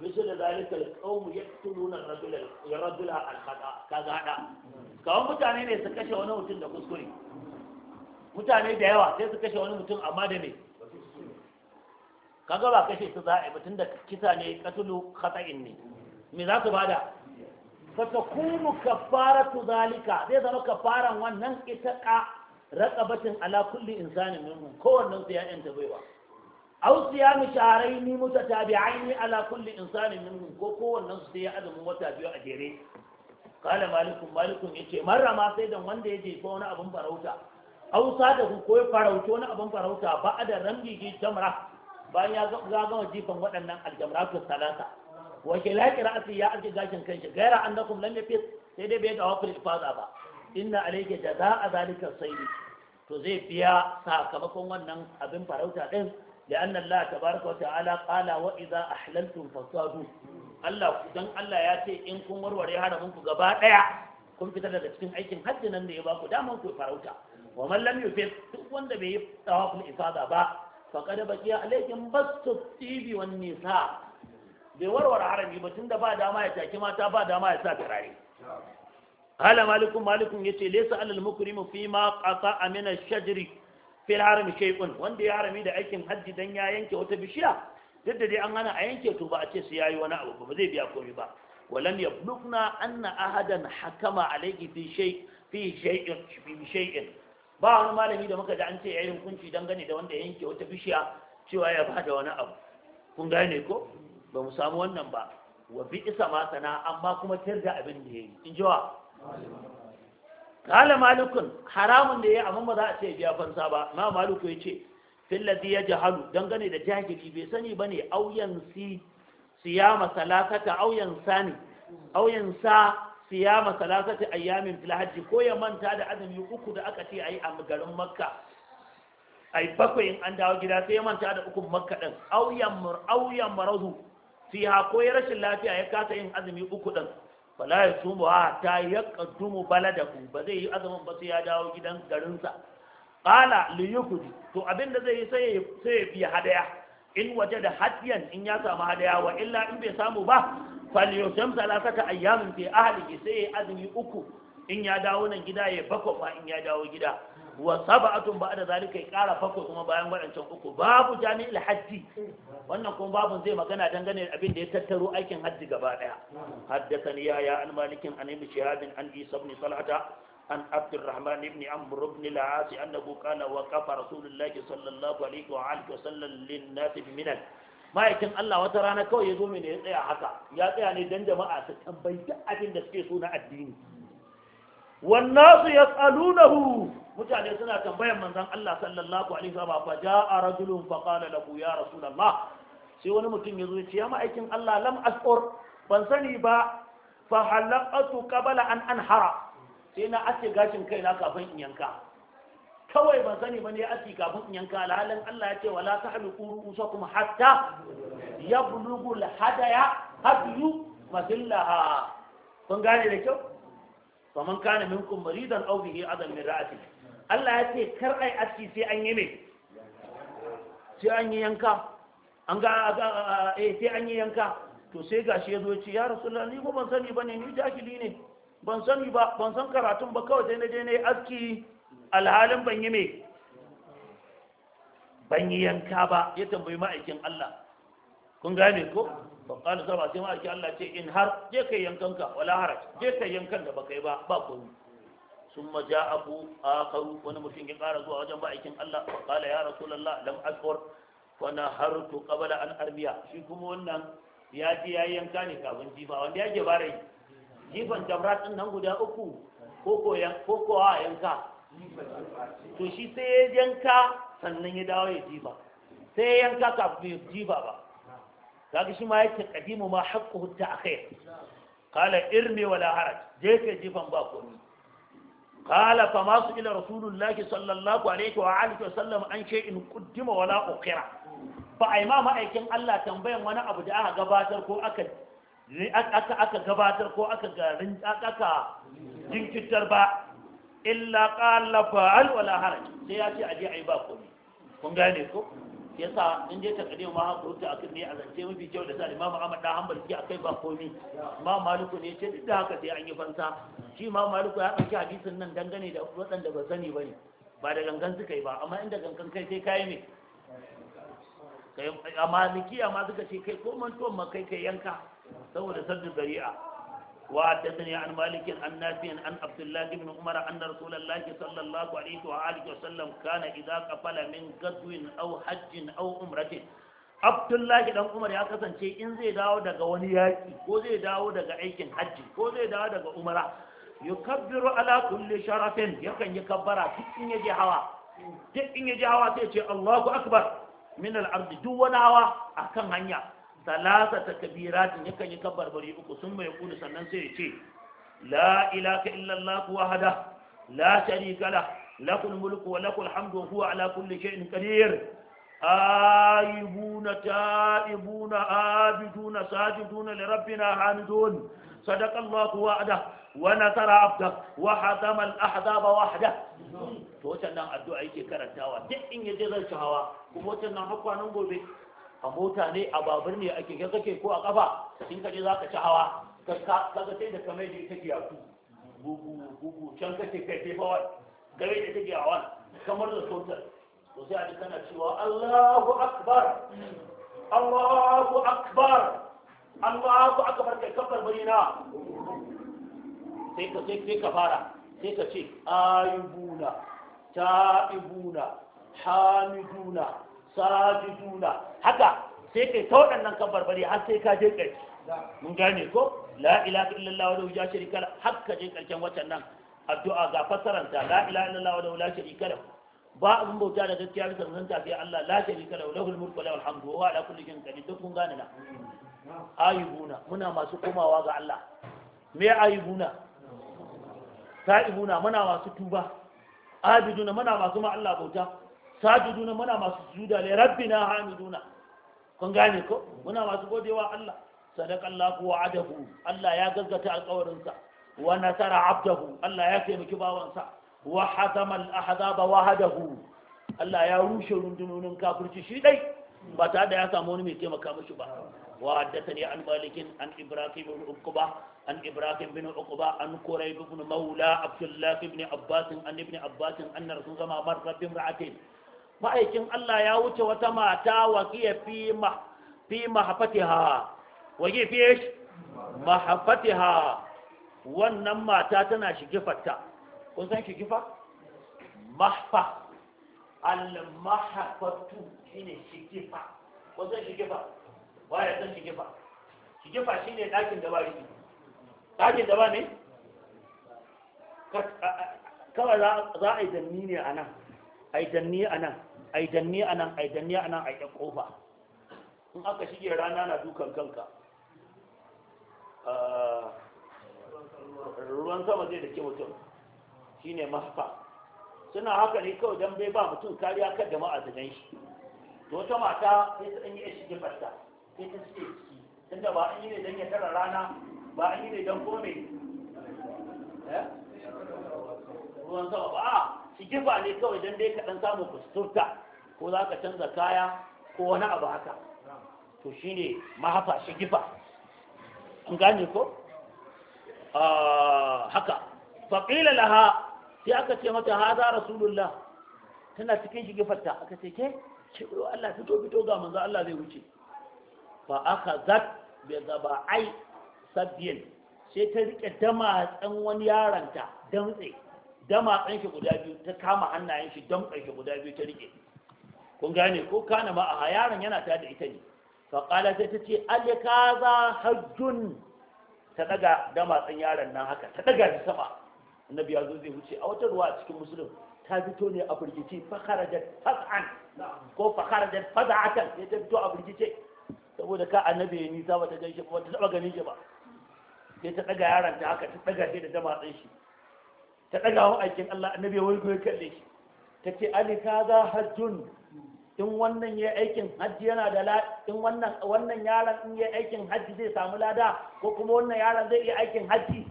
misal zalika alqawm yaqtuluna ar-rajula yarajula al-khata kaga hada kawai mutane ne su kashe wani mutum da kuskure mutane da yawa sai su kashe wani mutum amma da me kaga ba kashe su za a yi da kisa ne katulu khata'in ne me za su bada fara kafaratu zalika zai zama kafaran wannan ita ka raqabatin ala kulli insanin minhum Kowanne su ya yanta baiwa aw siyamu shahrayn mutatabi'ain ala kulli insanin minhum ko kowannen su sai ya azumin wata biyu a jere kala malikun malikun yace marra ma sai dan wanda ya jefa wani abin farauta aw sadahu ko ya farauta wani abin farauta ba da ramji ji tamra bayan ya gama jifan waɗannan aljamratu salata wa shilaki ra'asi ya aske gashin kanshi gaira annakum lam yafis sai dai bai da wafil ifaza ba inna za jazaa'a zalika sayyid to zai biya sakamakon wannan abin farauta din لأن الله تبارك وتعالى قال وإذا أحللتم فصادوا الله دان الله ياتي إن كن وروري هذا منكم غبا ديا kun fitar daga cikin aikin hajji nan da ya ku daman ku farauta wa man lam yufid duk wanda bai yi tawaful ifaza ba faƙada baƙiya alaikin basu tibi wani nisa bai warware harami ba tun da ba dama ya taki mata ba dama ya sa turare hala malikun malikun ya ce lesa alal mu fi ma ƙasa amina shajiri fil harami shaikun wanda ya harami da aikin hajji dan ya yanke wata bishiya duk da dai an hana a yanke to ba a ce su yayi wani abu ba zai biya komai ba walam yablugna anna ahadan hakama alayhi fi shay fi shay'in ba wani malami da muka ji an ce yayin hukunci dangane da wanda ya yanke wata bishiya cewa ya ba da wani abu kun gane ko ba mu samu wannan ba wa bi isa ma sana amma kuma tirda abin da yayi in ji wa kala malikun haramun da yayi amma ba za a ce biya fansa ba ma maluku ya ce fil ladhi yajhalu dangane da jahili bai sani bane auyan si siyama salatata auyan sani auyan sa siyama salasati ayyamin fil hajji ko ya manta da azumi uku da aka ce ayi a garin makka A bakwai in an dawo gida sai ya manta da ukun makka din auyan mur auyan marazu fiha ko ya rashin lafiya ya kasa yin azumi uku din fala ya sumu ha ta yaqdumu baladahu ba zai yi azumin ba sai ya dawo gidan garinsa qala liyukudi to abinda zai yi sai sai ya biya hadaya in waje da hadiyan in ya samu hadaya wa illa in bai samu ba falyusam salasata ayyamin fi ahlihi sai ya azumi uku in ya dawo nan gida ya bako ba in ya dawo gida wa sab'atun ba'da zalika ya kara bako kuma bayan wadancan uku babu jami'il haddi wannan kuma babu zai magana dangane da abin da ya tattaro aikin haddi gaba daya haddathani ya ya almalikin anabi shihabin an isa salata عن عبد الرحمن بن عمرو بن العاص أنه قال وقف رسول الله صلى الله عليه وآله وسلم للناس بمنن ما يكن الله وترانا كو يزو من يتيا حكا يا تيا ني دن جماعة تتنبي أبين دسكي سونا الدين والناس يسألونه mutane suna tambayan manzon Allah sallallahu alaihi wasallam fa jaa rajulun fa qala lahu ya rasulullah sai wani mutum ya zo ya ce ya ma'aikin Allah lam asqur ban sani ba fa halaqatu qabla an anhara sai na aske gashin kaina kafin in yanka kawai ban sani ba ne aski kafin in yanka alhalin Allah ya ce wala tahliqu kuma hatta yablughu al-hadaya hadiyu masillaha kun gane da kyau faman kana minkum maridan aw bihi adam min ra'ati Allah ya ce kar ai aski sai an yi me sai an yi yanka an ga eh sai an yi yanka to sai gashi ya zo ya ce ya rasulullahi ni ko ban sani bane ni jahili ne ban sani ba ban san karatun ba kawai daina na ya yi aski alhalin ban yi me ban yi yanka ba ya tambayi ma'aikin Allah kun gane ko ba kana saba sai ma'aikin Allah ce in har je kai ka wala har je kai yankan da ba kai ba ba komai sun maja abu a karu wani mutum ya kara zuwa wajen ma'aikin Allah ba kala ya rasulallah lam wani har to kabala an arbiya shi kuma wannan ya ji ya yanka ne kafin jifa wanda ya ke bara yi jifan jamrat ɗin nan guda uku ko kowa a yanka to shi sai ya yanka sannan ya dawo ya jifa sai ya yanka kafin ya jifa ba kaga shi ma yake kadimu ma haƙƙu hutta a kai kala irme wala haraj je ka jifan ba komi kala fa ma su ila rasulullahi sallallahu alaihi wa alihi wa sallam an shay'in quddima wala ukhira ba ai ma ma'aikin Allah tambayan wani abu da aka gabatar ko aka aka aka gabatar ko aka garin aka jinkitar ba illa qala fa'al wala haraj sai ya ce aje ai ba komai kun gane ko yasa in ta kade ma haka rubuta akan ne a zance mafi kyau da sa Imam Ahmad dan Hanbal ki akai ba komai ma Maliku ne ce duk da haka sai an yi fansa shi ma Maliku ya dauki hadisin nan dangane da waɗanda ba sani bane ba da gangan suka yi ba amma inda gangan kai sai kai ne kai amma nikiya ma suka ce kai ko tuwon ma kai kai yanka saboda sabbin dari'a wa ne an malik an nafi an abdullah ibn umar anna rasulullah sallallahu alaihi wa alihi wa sallam kana idza kafala min gadwin aw hajjin au umratin Abdullahi dan umar ya kasance in zai dawo daga wani yaki ko zai dawo daga aikin hajji ko zai dawo daga umara yukabbiru ala kulli sharafin yakan yi kabbara duk in yaje hawa duk in yaje hawa sai ce allahu akbar min al-ardi duk wani hawa akan hanya salasa ta kabiratin yakan yi kabarbari uku sun mai kunu sannan sai ya ce la ilaka illallah wahada la sharika la lakul mulku wa lakul hamdu wa huwa ala kulli shay'in qadir aibuna taibuna abiduna sajiduna li rabbina hamidun صدق الله وعده ونصر عبده وحزم الاحزاب وحده to wannan addu'a yake karantawa duk in ya yaje zai hawa kuma wannan hakwanin gobe a mota ne a babur ne a keke kake ko a kafa in ka je za ka ci hawa ka ga sai da kamar da ita ke yaku gugu gugu can kake kai sai fa gare da take a wani kamar da sautar to sai a ji kana cewa Allahu akbar Allahu akbar Allahu akbar kai kafar bari na sai ka sai sai ka fara sai ka ce ayubuna ta'ibuna hamiduna sajiduna haka sai kai ta waɗannan kan barbari har sai ka je ƙarshe mun gane ko la ilaha illallah wa la sharika la har ka je ƙarshen watan nan addu'a ga fassaranta la ilaha illallah wa la sharika la ba abun bauta da gaskiya bisa zanta sai Allah la sharika la lahul mulku lahul hamdu wa ala kulli shay'in qadir duk mun gane na ayibuna muna masu komawa ga Allah me ayibuna ta'ibuna muna masu tuba abiduna muna masu ma Allah bauta sajiduna muna masu sujuda ne rabbina hamiduna kun gane ko muna masu godewa Allah sadaqallahu wa'adahu Allah ya gaggata alƙawarinsa wa nasara abdahu Allah ya taimaki bawansa wa hazama al-ahzaba wahadahu Allah ya rushe rundunonin kafirci shi dai ba ta da ya samu wani mai taimaka mashi ba wa haddathani an malikin an ibrahim ibn uqba an ibrahim ibn uqba an qurayb ibn mawla abdullah ibn abbas an ibn abbas anna rasulullah marra bi imra'atin ma'aikin Allah ya wuce wata mata waƙiya fi fi mahafatiha fi mahafatiha wannan mata tana shigifarta kun san shigifa mahfa al-mahafatu shine shigifa kun san shigifa waye san shigifa shigifa shine dakin da ba dakin da ba ne kawai za a yi danni ne a nan a yi danni a nan ai danne anan ai danne anan ai kofa in aka shige rana na dukan kanka eh, ruwan sama zai ke mutum shi ne mahfa suna haka ne kawai don bai ba mutum kariya kan jama'a da gan shi to wata mata sai ta danyi shi gifarta sai ta ce ciki tunda ba an yi ne don ya tara rana ba an yi ne don kome eh? ruwan sama ba igiba ne kawai don dai kaɗan samun kusurta kusturta ko za ka canza kaya ko wani abu haka to shi ne mahafa shigifa an gane ko ah, haka faƙila laha sai aka ce mata haza rasulullah tana cikin shigifarta aka ce ke ce Allah fito fito ga manzo Allah zai wuce fa aka zat bi ai sabiyin sai ta rike damatsan wani yaranta damtse damatsan shi guda biyu ta kama hannayen shi don shi guda biyu ta rike kun gane ko kana ma a yaron yana ta da ita ne faƙala sai ta ce alkaza hajjun ta daga damatsan yaron nan haka ta daga shi sama annabi ya zo zai wuce a wata ruwa a cikin musulun ta fito ne a firgice fakharajat fas'an ko fakharajat faz'atan sai ta fito a firgice saboda ka annabi ya nisa ba ta gan shi ba ta taba ganin shi ba sai ta daga yaron ta haka ta daga shi da damatsan shi ta ɗaga wa aikin Allah annabi ya waigo ya kalle shi ta ce ali ka za hajjun in wannan ya aikin hajji yana da la in wannan wannan yaron in ya aikin hajji zai samu lada ko kuma wannan yaron zai iya aikin hajji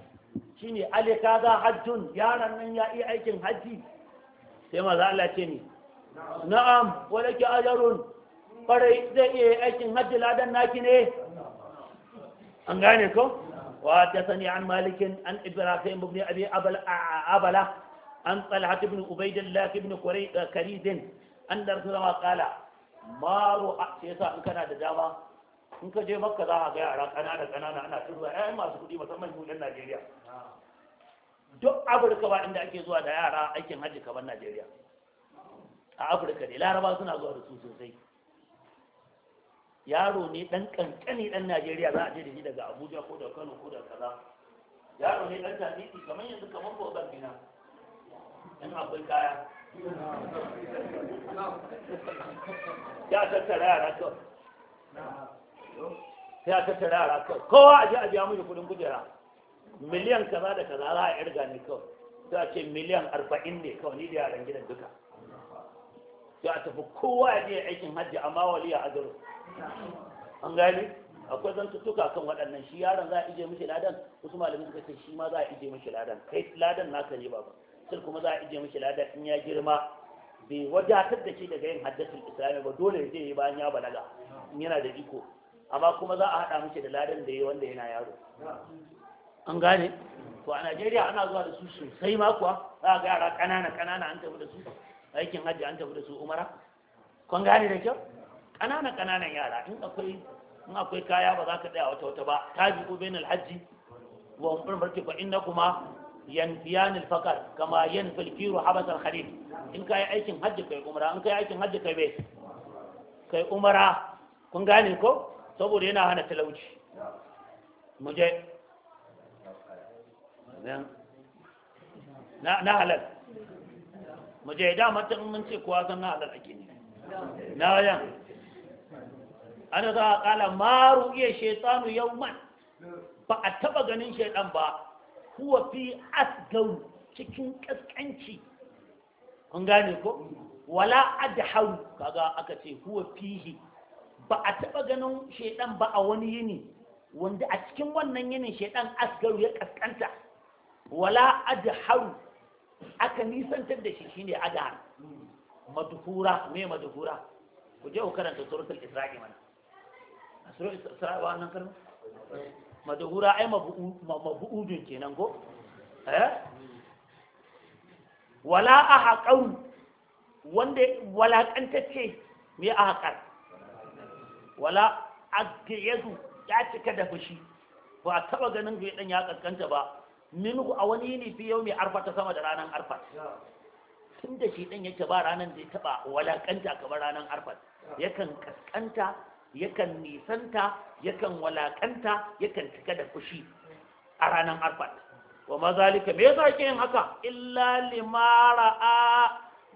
shine ali ka za hajjun yaron nan ya iya aikin hajji sai maza Allah ce ni na'am walaki ajarun kwarai zai iya aikin hajji ladan naki ne an gane ko وحدثني عن مالك عن إبراهيم بن أبي أبلة عن طلحة بن عبيد الله بن كريز أن رسول الله قال ما رؤى سيسا إن كان دجاما إن كجي مكة ذا غير أنا أنا أنا تروى أي ما سكودي مثلا من نيجيريا duk afirka ba inda ake zuwa da yara aikin hajji kamar najeriya a afirka ne laraba suna zuwa da su sosai yaro ne dan kankani dan Najeriya za a je da shi daga Abuja ko da Kano ko da kaza yaro ne dan tafiti kamar yanzu kamar ko ban bina in akwai kaya ya tattara yara kawai ya tattara yara kawai kowa a je a biya mishi kudin kujera miliyan kaza da kaza za a yarga ne kawai za a ce miliyan arba'in ne kawai ni da yaran gidan duka ya tafi kowa ya je aikin hajji amma waliya azuru an gane akwai zantuttuka kan waɗannan shi yaron za a ije mishi ladan wasu malamin suka ce shi ma za a ije mishi ladan kai ladan naka ne ba sai kuma za a ije mishi ladan in ya girma bai wadatar da shi daga yin haddasul islami ba dole zai yi bayan ya balaga in yana da iko amma kuma za a haɗa mishi da ladan da ya wanda yana yaro an gane to a najeriya ana zuwa da su sosai ma kuwa za a ga yara ƙanana ƙanana an tafi da su aikin hajji an tafi da su umara kun gane da kyau ƙananan ƙananan yara in akwai in akwai kaya ba za ka tsaya wata wata ba ta bi tabi'u bainal hajji wa umrati fa innakuma yanfiyan al-faqr kama yanfi al-kiru habas al-khalil in kai aikin hajji kai umara in kai aikin hajji kai bai kai umra kun gane ko saboda yana hana talauci mu je na na halal mu je da matan mun ce kowa san na halal ake ne na yan ana za a kala maru iya shaitanu man, ba a taba ganin shaitan ba kuwa fi asgaru cikin kaskanci kun gane ko wala adharu kaga aka ce kuwa fihi ba a taba ganin shaitan ba a wani yini wanda a cikin wannan yinin shaitan asgaru ya kaskanta wala adharu aka nisantar da shi shine adhar madhura me madhura ku je ku karanta suratul isra'i mana asiru isra'i wa annan kalma madahura ai mabu'udun kenan ko eh wala ahaqau wanda walakantacce me ahaqar wala yadu ya cika da fushi ba a taba ganin ga dan ya kankanta ba minhu a wani ne fi yau mai arfa ta sama da ranar arfa tun da shi dan yake ba ranar da ya taba walakanta kamar ranar arfa yakan kaskanta yakan nisanta yakan walakanta yakan cika da fushi a ranar arfat wa mazalika me yasa ke yin haka illa limara a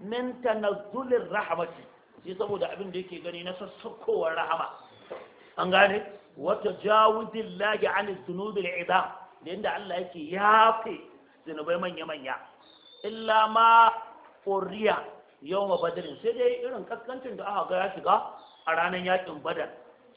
min tanazzulin rahamati shi saboda abin da yake gani na sassaukowar rahama an gane wata jawudin lagi an zunubin idan da yadda Allah yake yafe zunubai manya-manya illa ma ƙoriya yau badirin. sai dai irin kaskancin da aka ga ya shiga a ranar yakin badar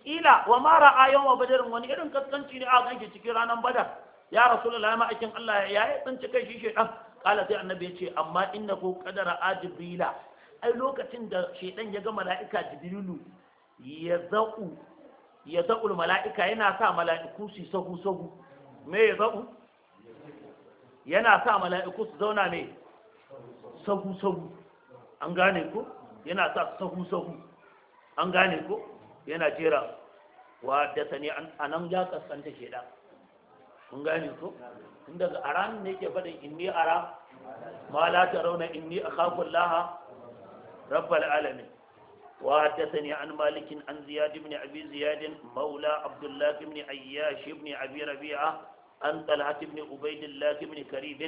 ila wa mara a yawan badarin wani irin kaskanci ne a ganke cikin ranar badar ya da ma akin Allah ya yi tsinci kai shi ɗan. kala sai annabi ya ce amma ko kadara a jibrila ai lokacin da ɗan ya ga mala'ika jibrilu ya za'u ya mala'ika yana sa mala'iku su sahu sahu me ya za'u yana sa mala'iku su zauna mai sahu sahu an gane ko yana sa sahu sahu an gane ko yana jera wa da sani a nan ya kaskanta ke da an gane ko inda ga aran ne ke faɗin inni ara ma la ta rauna inni a kakun laha rabbal wa da sani an malikin an ziyad ibn abi ziyad maula abdullah ibn ayyash ibn abi rabi'a an talhat ibn ubaidillah ibn karib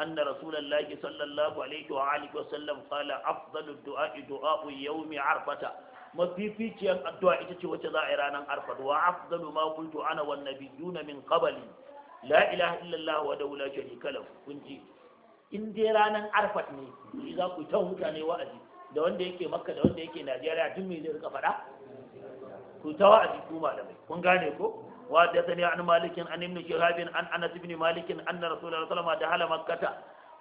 أن رسول الله صلى الله عليه وآله وسلم قال أفضل الدعاء دعاء يوم عرفة mafificiyar addu'a ita ce wacce za a yi ranar arfa wa afdalu ma qultu ana wan nabiyuna min qabli la ilaha illallah wa daula sharika lahu kun ji in dai ranar arfat ne ni za ku ta mutane wa'azi da wanda yake makka da wanda yake najeriya duk me zai rika faɗa ku ta wa'azi ku malamai kun gane ko وحدثني عن مالك عن ابن شهاب عن انس بن مالك ان رسول الله صلى الله عليه وسلم دخل مكه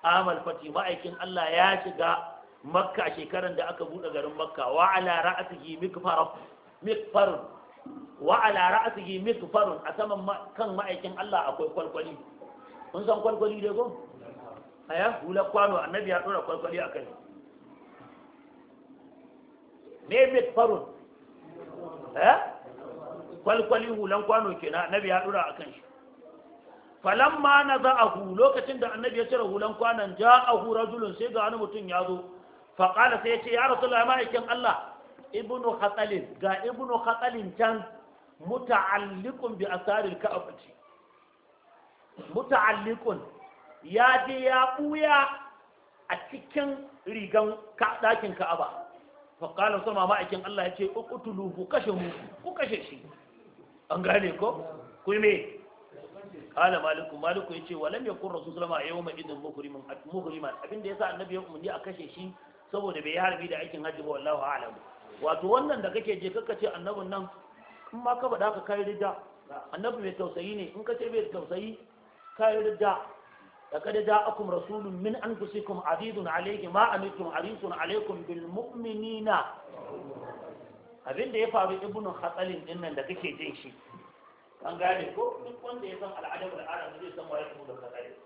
عام الفتح ما يكن الله يا شيغا makka shekaran da aka buɗe garin makka wa ala ra'atihi mikfar wa ala ra'atihi mikfar a saman kan ma'aikin Allah akwai kwalkwali kun san kwalkwali dai ko aya hula kwano annabi ya dora kwalkwali akan me mikfar eh kwalkwali hulan kwano kenan annabi ya dora akan shi falamma naza'ahu lokacin da annabi ya cire hulan kwanan ja'ahu rajulun sai ga wani mutum ya zo faƙala sai ya ce ya rasulullah ma'aikin Allah ibnu khatalin ga ibnu khatalin can muta'allikun bi asarin ka'abati muta'allikun ya je ya buya a cikin rigan ɗakin Ka'aba faƙala sama ma'aikin Allah ya ce ƙuƙutulu ku kashe mu ku kashe shi an gane ko ku me kala maliku maliku yace walam yakun yau yawma idin muhriman muhriman abinda yasa annabi ya umarni a kashe shi saboda bai yi harbi da aikin hajji ba wallahu a'lam wato wannan da kake je kaka ce annabin nan in ma ka faɗa ka kai rida annabi mai tausayi ne in ka ce bai tausayi kai rida لقد جاءكم رسول من أنفسكم عزيز عليه ما أنتم حريص عليكم بالمؤمنين abin Abinda ya faru ibnu hatsalin din nan da kake jin shi Kan gane ko duk wanda ya san al'adar al'adar zai san waye ibnu hatsalin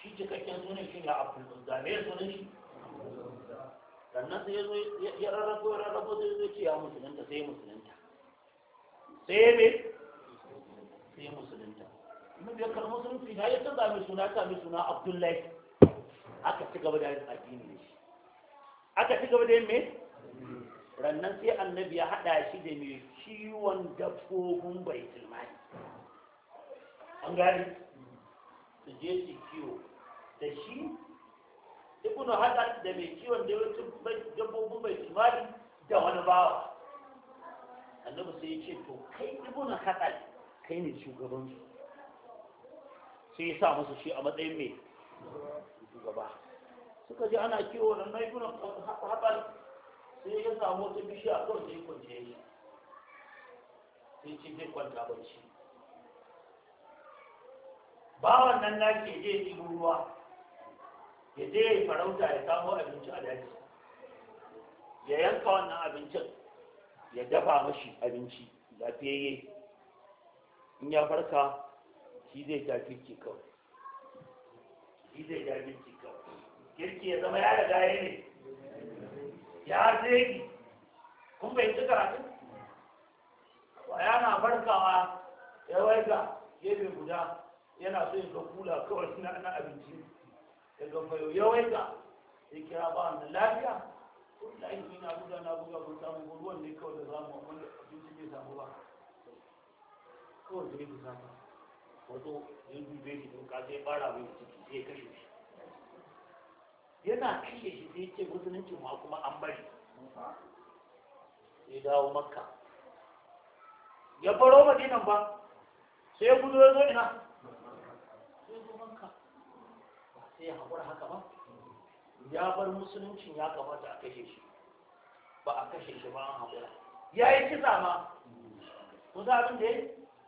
shi cikakken sunan shi ne abdul uzza me sunan shi sannan sai zo ya rarrabo ya rarrabo sai zo ce ya musulunta sai musulunta sai me sai musulunta annabi ya karɓi musulunci na ya canza mai suna ta mai suna abdullahi aka ci gaba da yin addini da shi aka ci gaba da yin me rannan sai annabi ya hada shi da mai ciwon dabbobin baitul mali an gani su je su kiwo da shi ibnu hada da mai kiwon da yawancin dabbobin bai jimali da wani bawa annabi sai ya ce to kai ibnu hada kai ne shugaban su sai ya sa musu shi a matsayin mai shugaba suka ji ana kiwo da na ibnu hadar sai ya samu wata bishiya kawai sai kwance shi sai ce zai kwanta bacci bawan nan na ke je ɗigo ruwa ya je ya yi farauta ya samo abinci a daji ya yanka wannan abincin ya dafa mashi abinci yi. in ya farka shi zai ta kirki kawai shi zai ta kirki kawai kirki ya zama ya daga ya ne ya zai kun bai ci karatu na farkawa ya waiga gefe guda yana so yin kula kawai na abinci ya gaba yau yawaita ya kira ba wanda lafiya kun da aiki na buga na buga kun samu ruwan ne kawai da za mu wanda abinci bai samu ba kawai da ya fi samu wato ya dube shi don kaje ya bara mai ciki sai ya kashe shi yana kashe shi sai ce musulunci ma kuma an bari Sai dawo makka ya faro madinan ba sai ya gudu ya zo ina sai zo makka sai ya haƙura haka ba ya bar musuluncin ya kamata a kashe shi ba a kashe shi ba an haƙura ya yi kisa ma ku za abin da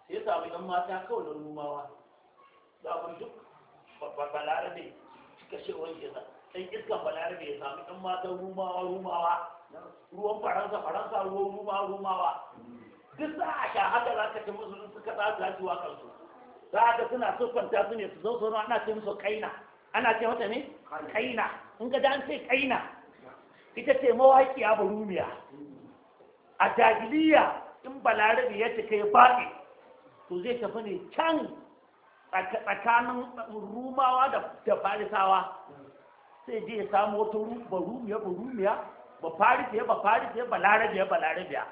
ya sami ɗan mata kawai da rumawa za ku duk balarabe kashe wani ya sa ɗan iskan balarabe ya sami ɗan mata rumawa rumawa ruwan faransa faransa ruwan rumawa rumawa duk za a sha haka za ka ci musulun suka za su yi waƙarsu za ka suna sufanta su ne su zo su ana ce musu kaina ana ce wata ne kaina in ga an ce kaina ita ce mawaƙiya barumiya a jahiliya in balarabe ya cika ya faɗi to zai tafi ne can tsakanin rumawa da farisawa sai je ya samu wata barumiya barumiya ba farisiya ba farisiya ba larabiya ba larabiya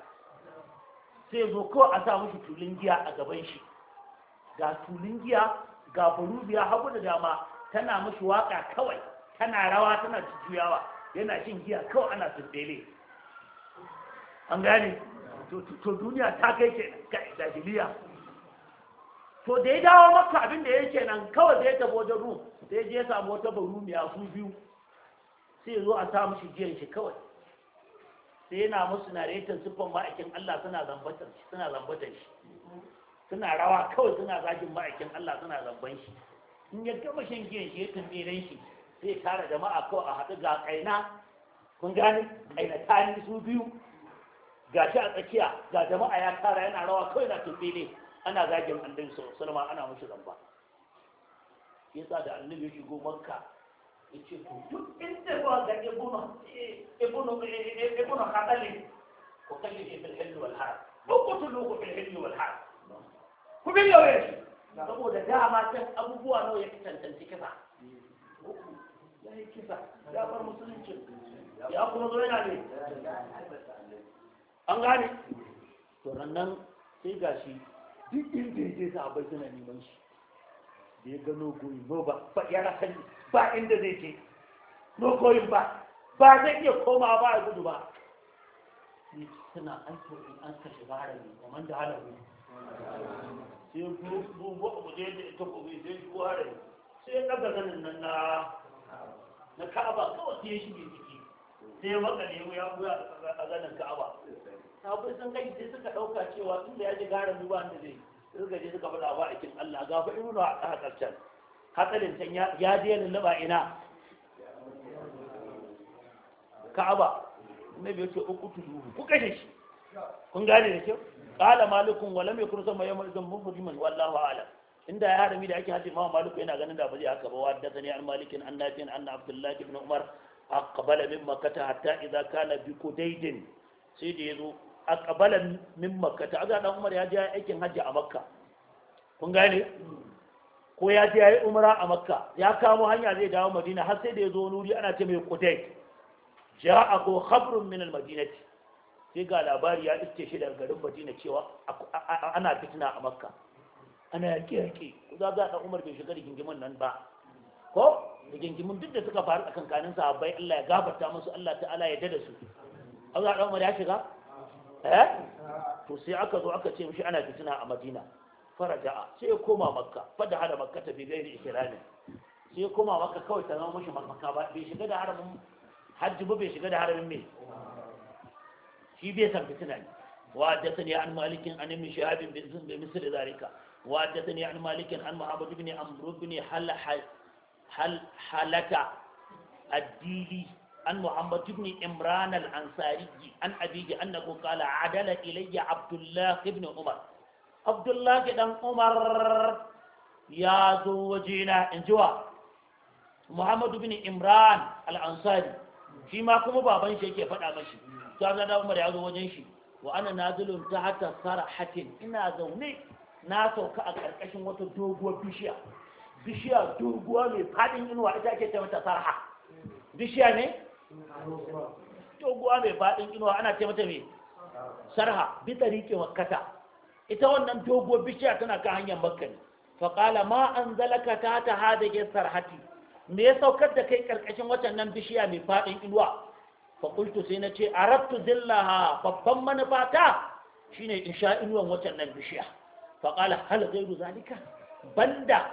sai zo kawai a sa mushi tulun giya a gaban shi ga tulun giya ga barumiya hagu da dama tana musu waka kawai tana rawa tana juyawa yana shin giya kawai ana tumbele an gane to duniya ta kai ke jahiliya to da ya dawo maka abin da ya ke nan kawai zai ta wajen rum sai je samu wata miya su biyu sai zo a sa mushi jiyan shi kawai sai yana musu na retin siffan ma'aikin Allah suna zambatar shi suna rawa kawai suna zagin ma'aikin Allah suna zamban shi in ya gama shan giyan shi ya tambaye ran shi sai tara jama'a kawai a haɗu ga kaina kun gane kaina tani su biyu ga shi a tsakiya ga jama'a ya tara yana rawa kawai na tumbe ne ana zagin annabi ma ana mushi zamba sa da annabi ya shigo makka ya ce to duk inda ba ga ibnu ibnu ibnu khadali ko kalli fil hilli wal haram ko qutluhu fil hilli wal haram ku bi yawe saboda dama can abubuwa nawa ya fi kisa ya yi kisa ya bar musulunci ya kuma zo yana ne an gane to nan sai gashi duk inda ya je sahabbai suna neman shi da ya gano goyi no ba ba ya rasa ba inda zai ke. no goyin ba ba zai iya koma ba a gudu ba suna an to in an kashe bara ne kamar da halabu sai buwa ku je da ita ku sai shi ware sai ya ɗaga ganin nan na na ka'aba kawai sai ya shige ciki sai ya maka nemo ya buya a ganin ka'aba Ta sabu sun kai sai suka ɗauka cewa tun da ya ji gara mu ba da zai suka je suka faɗa ba akin Allah ga fa ibnu a ƙarƙashin hatsarin can ya je ni laba ina ka'aba Na ya ce uku tudu ku kashe shi kun gane da kyau qala malikun wa lam yakun sama yawma idan mufriman wallahu a'lam inda ya harami da ake hadin ma maliku yana ganin da ba zai haka ba wadda sani an malikin an nafiyan an abdullahi ibn umar aqbala min makkata hatta idza kana bi kudaydin sai da yazo aqbala min makkata aga dan umar ya je aikin hajji a makka kun gane ko ya je yayi umra a makka ya kamo hanya zai dawo madina har sai da yazo nuri ana ce mai kudayd ja'ahu khabrun min al-madinati sai ga labari ya iske shi daga garin madina cewa ana fitina a makka ana yaƙe yaƙe ku za ga ɗan umar bai shiga rigingimin nan ba ko rigingimin duk da suka faru a kankanin sahabbai allah ya gafarta musu allah ta'ala ya dada su an za ɗan umar ya shiga eh to sai aka zo aka ce mishi ana fitina a madina faraja'a sai ya koma makka fada hada makka ta bi gairi ikramin sai ya koma makka kawai ta zama mishi makka ba bai shiga da haramin hajji ba bai shiga da haramin mai shi bai san fitina ne wa haddathani an malikin an ibn shahab bin zun wa haddathani an malikin an muhammad ibn amr ibn hal hal halaka an muhammad ibn imran al ansari an abiji annahu qala adala ilayya abdullah ibn umar abdullah dan umar ya zo wajena in jiwa muhammad imran al ansari shi kuma baban shi yake faɗa mashi kaga da Umar ya zo wajen shi wa ana nazilun ta hatta sarahatin ina zaune na sauka a karkashin wata doguwar bishiya bishiya doguwa mai fadin inuwa ita ake ce mata sarha bishiya ne doguwa mai fadin inuwa ana ce mata mai sarha bi tarike makkata ita wannan doguwar bishiya tana kan hanyar makka ne fa qala ma anzalaka ta ta hada sarhati me ya saukar da kai karkashin waccan nan bishiya mai fadin inuwa faƙultu sai na ce arabtu zillaha babban manufata shine in sha inuwan watan nan bishiya faƙala hal gairu zalika banda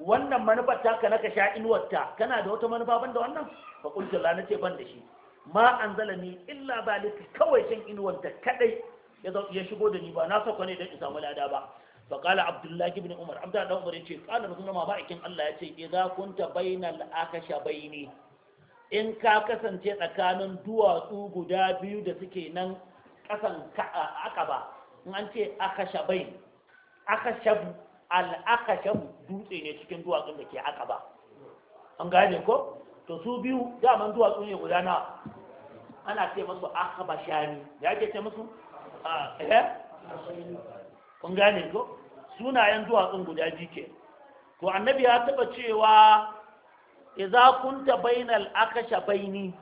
wannan manufar taka na ka sha inuwarta kana da wata manufa banda wannan faƙultu la na ce banda shi ma an zalami illa zalika kawai shan inuwarta kaɗai ya shigo da ni ba na sauka ne don in samu lada ba فقال عبد الله بن عمر عبد الله بن عمر قال رسول الله ما بايكن الله يتي اذا كنت بين الاكش in ka kasance tsakanin duwatsu guda biyu da suke nan ƙasan akaba in an ce akashabai akashabu al'akashabu dutse ne cikin duwatsun da ke akaba an gane ko to su biyu daman duwatsu ne guda na ana ce masu akaba shani da ake ce masu eh kun gane ko sunayen duwatsun guda jike to annabi ya taba cewa iza kunta bainal akasha baini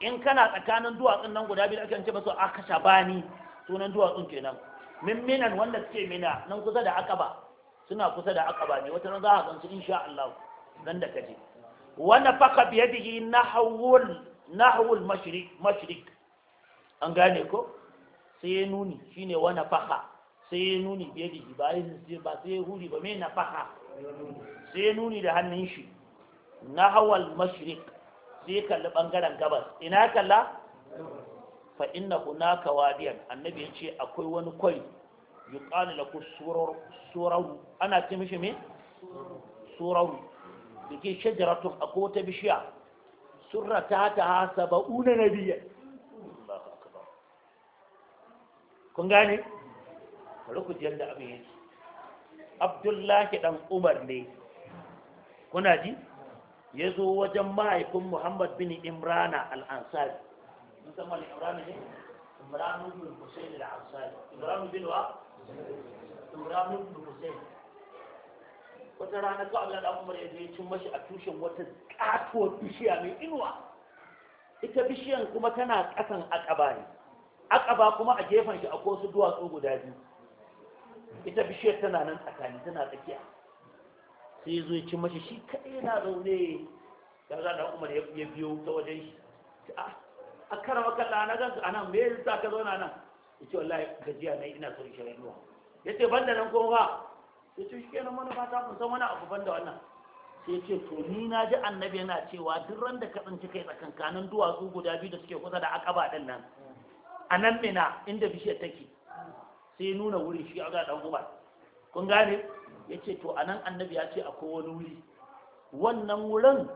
in kana tsakanin duwatsun nan guda biyu ake ce masu akasha bani sunan duwatsun kenan min minan wanda suke mina nan kusa da akaba suna kusa da akaba ne wata nan za a san su insha Allah nan da kaje wanda faka biyadihi nahwul nahwul mashriq mashriq an gane ko sai ya nuni shine wanda faka sai ya nuni biyadihi ba sai ba sai huri ba me na faka sai ya nuni da hannun shi na hawal mashrik sai kalli bangaren gabas ina kalla fa inna hunaka wadiyan annabi ya ce akwai wani kwari yuqalu lahu surar suraru ana ce mishi me suraru dake shajaratun akwai wata bishiya surrata ta Una na nabiyya kun gane bari ku ji yadda abin yake abdullahi dan umar ne kuna ji ya zo wajen mahaifin muhammad bin imrana al'ansari ne Imran ne? bin wata rana ko da Umar ya je cin mashi a tushen wata katuwar bishiya mai inuwa ita bishiyan kuma tana kasan akaba ne akaba kuma a gefen shi a su duwatsu guda biyu ita bishiyar tana nan tsakani tana tsakiya sai zo ya ci mashi shi kaɗai na zaune Da za da umar ya biyo ta wajen shi ah, a kara kalla na gansu ana nan me yasa ka zauna nan ya ce wallahi gajiya ne ina son shirin ruwa ya ce banda nan ko ba ya ce shi kenan mana fata kun san wani abu banda wannan sai ce to ni na ji annabi yana cewa duk ran da ka tsinci kai tsakankanin duwatsu guda biyu da suke kusa da akaba din nan a nan mina inda bishiyar take sai nuna wurin shi a ga dan umar kun gane ya ce to anan annabi ya ce a wani wuri wannan wurin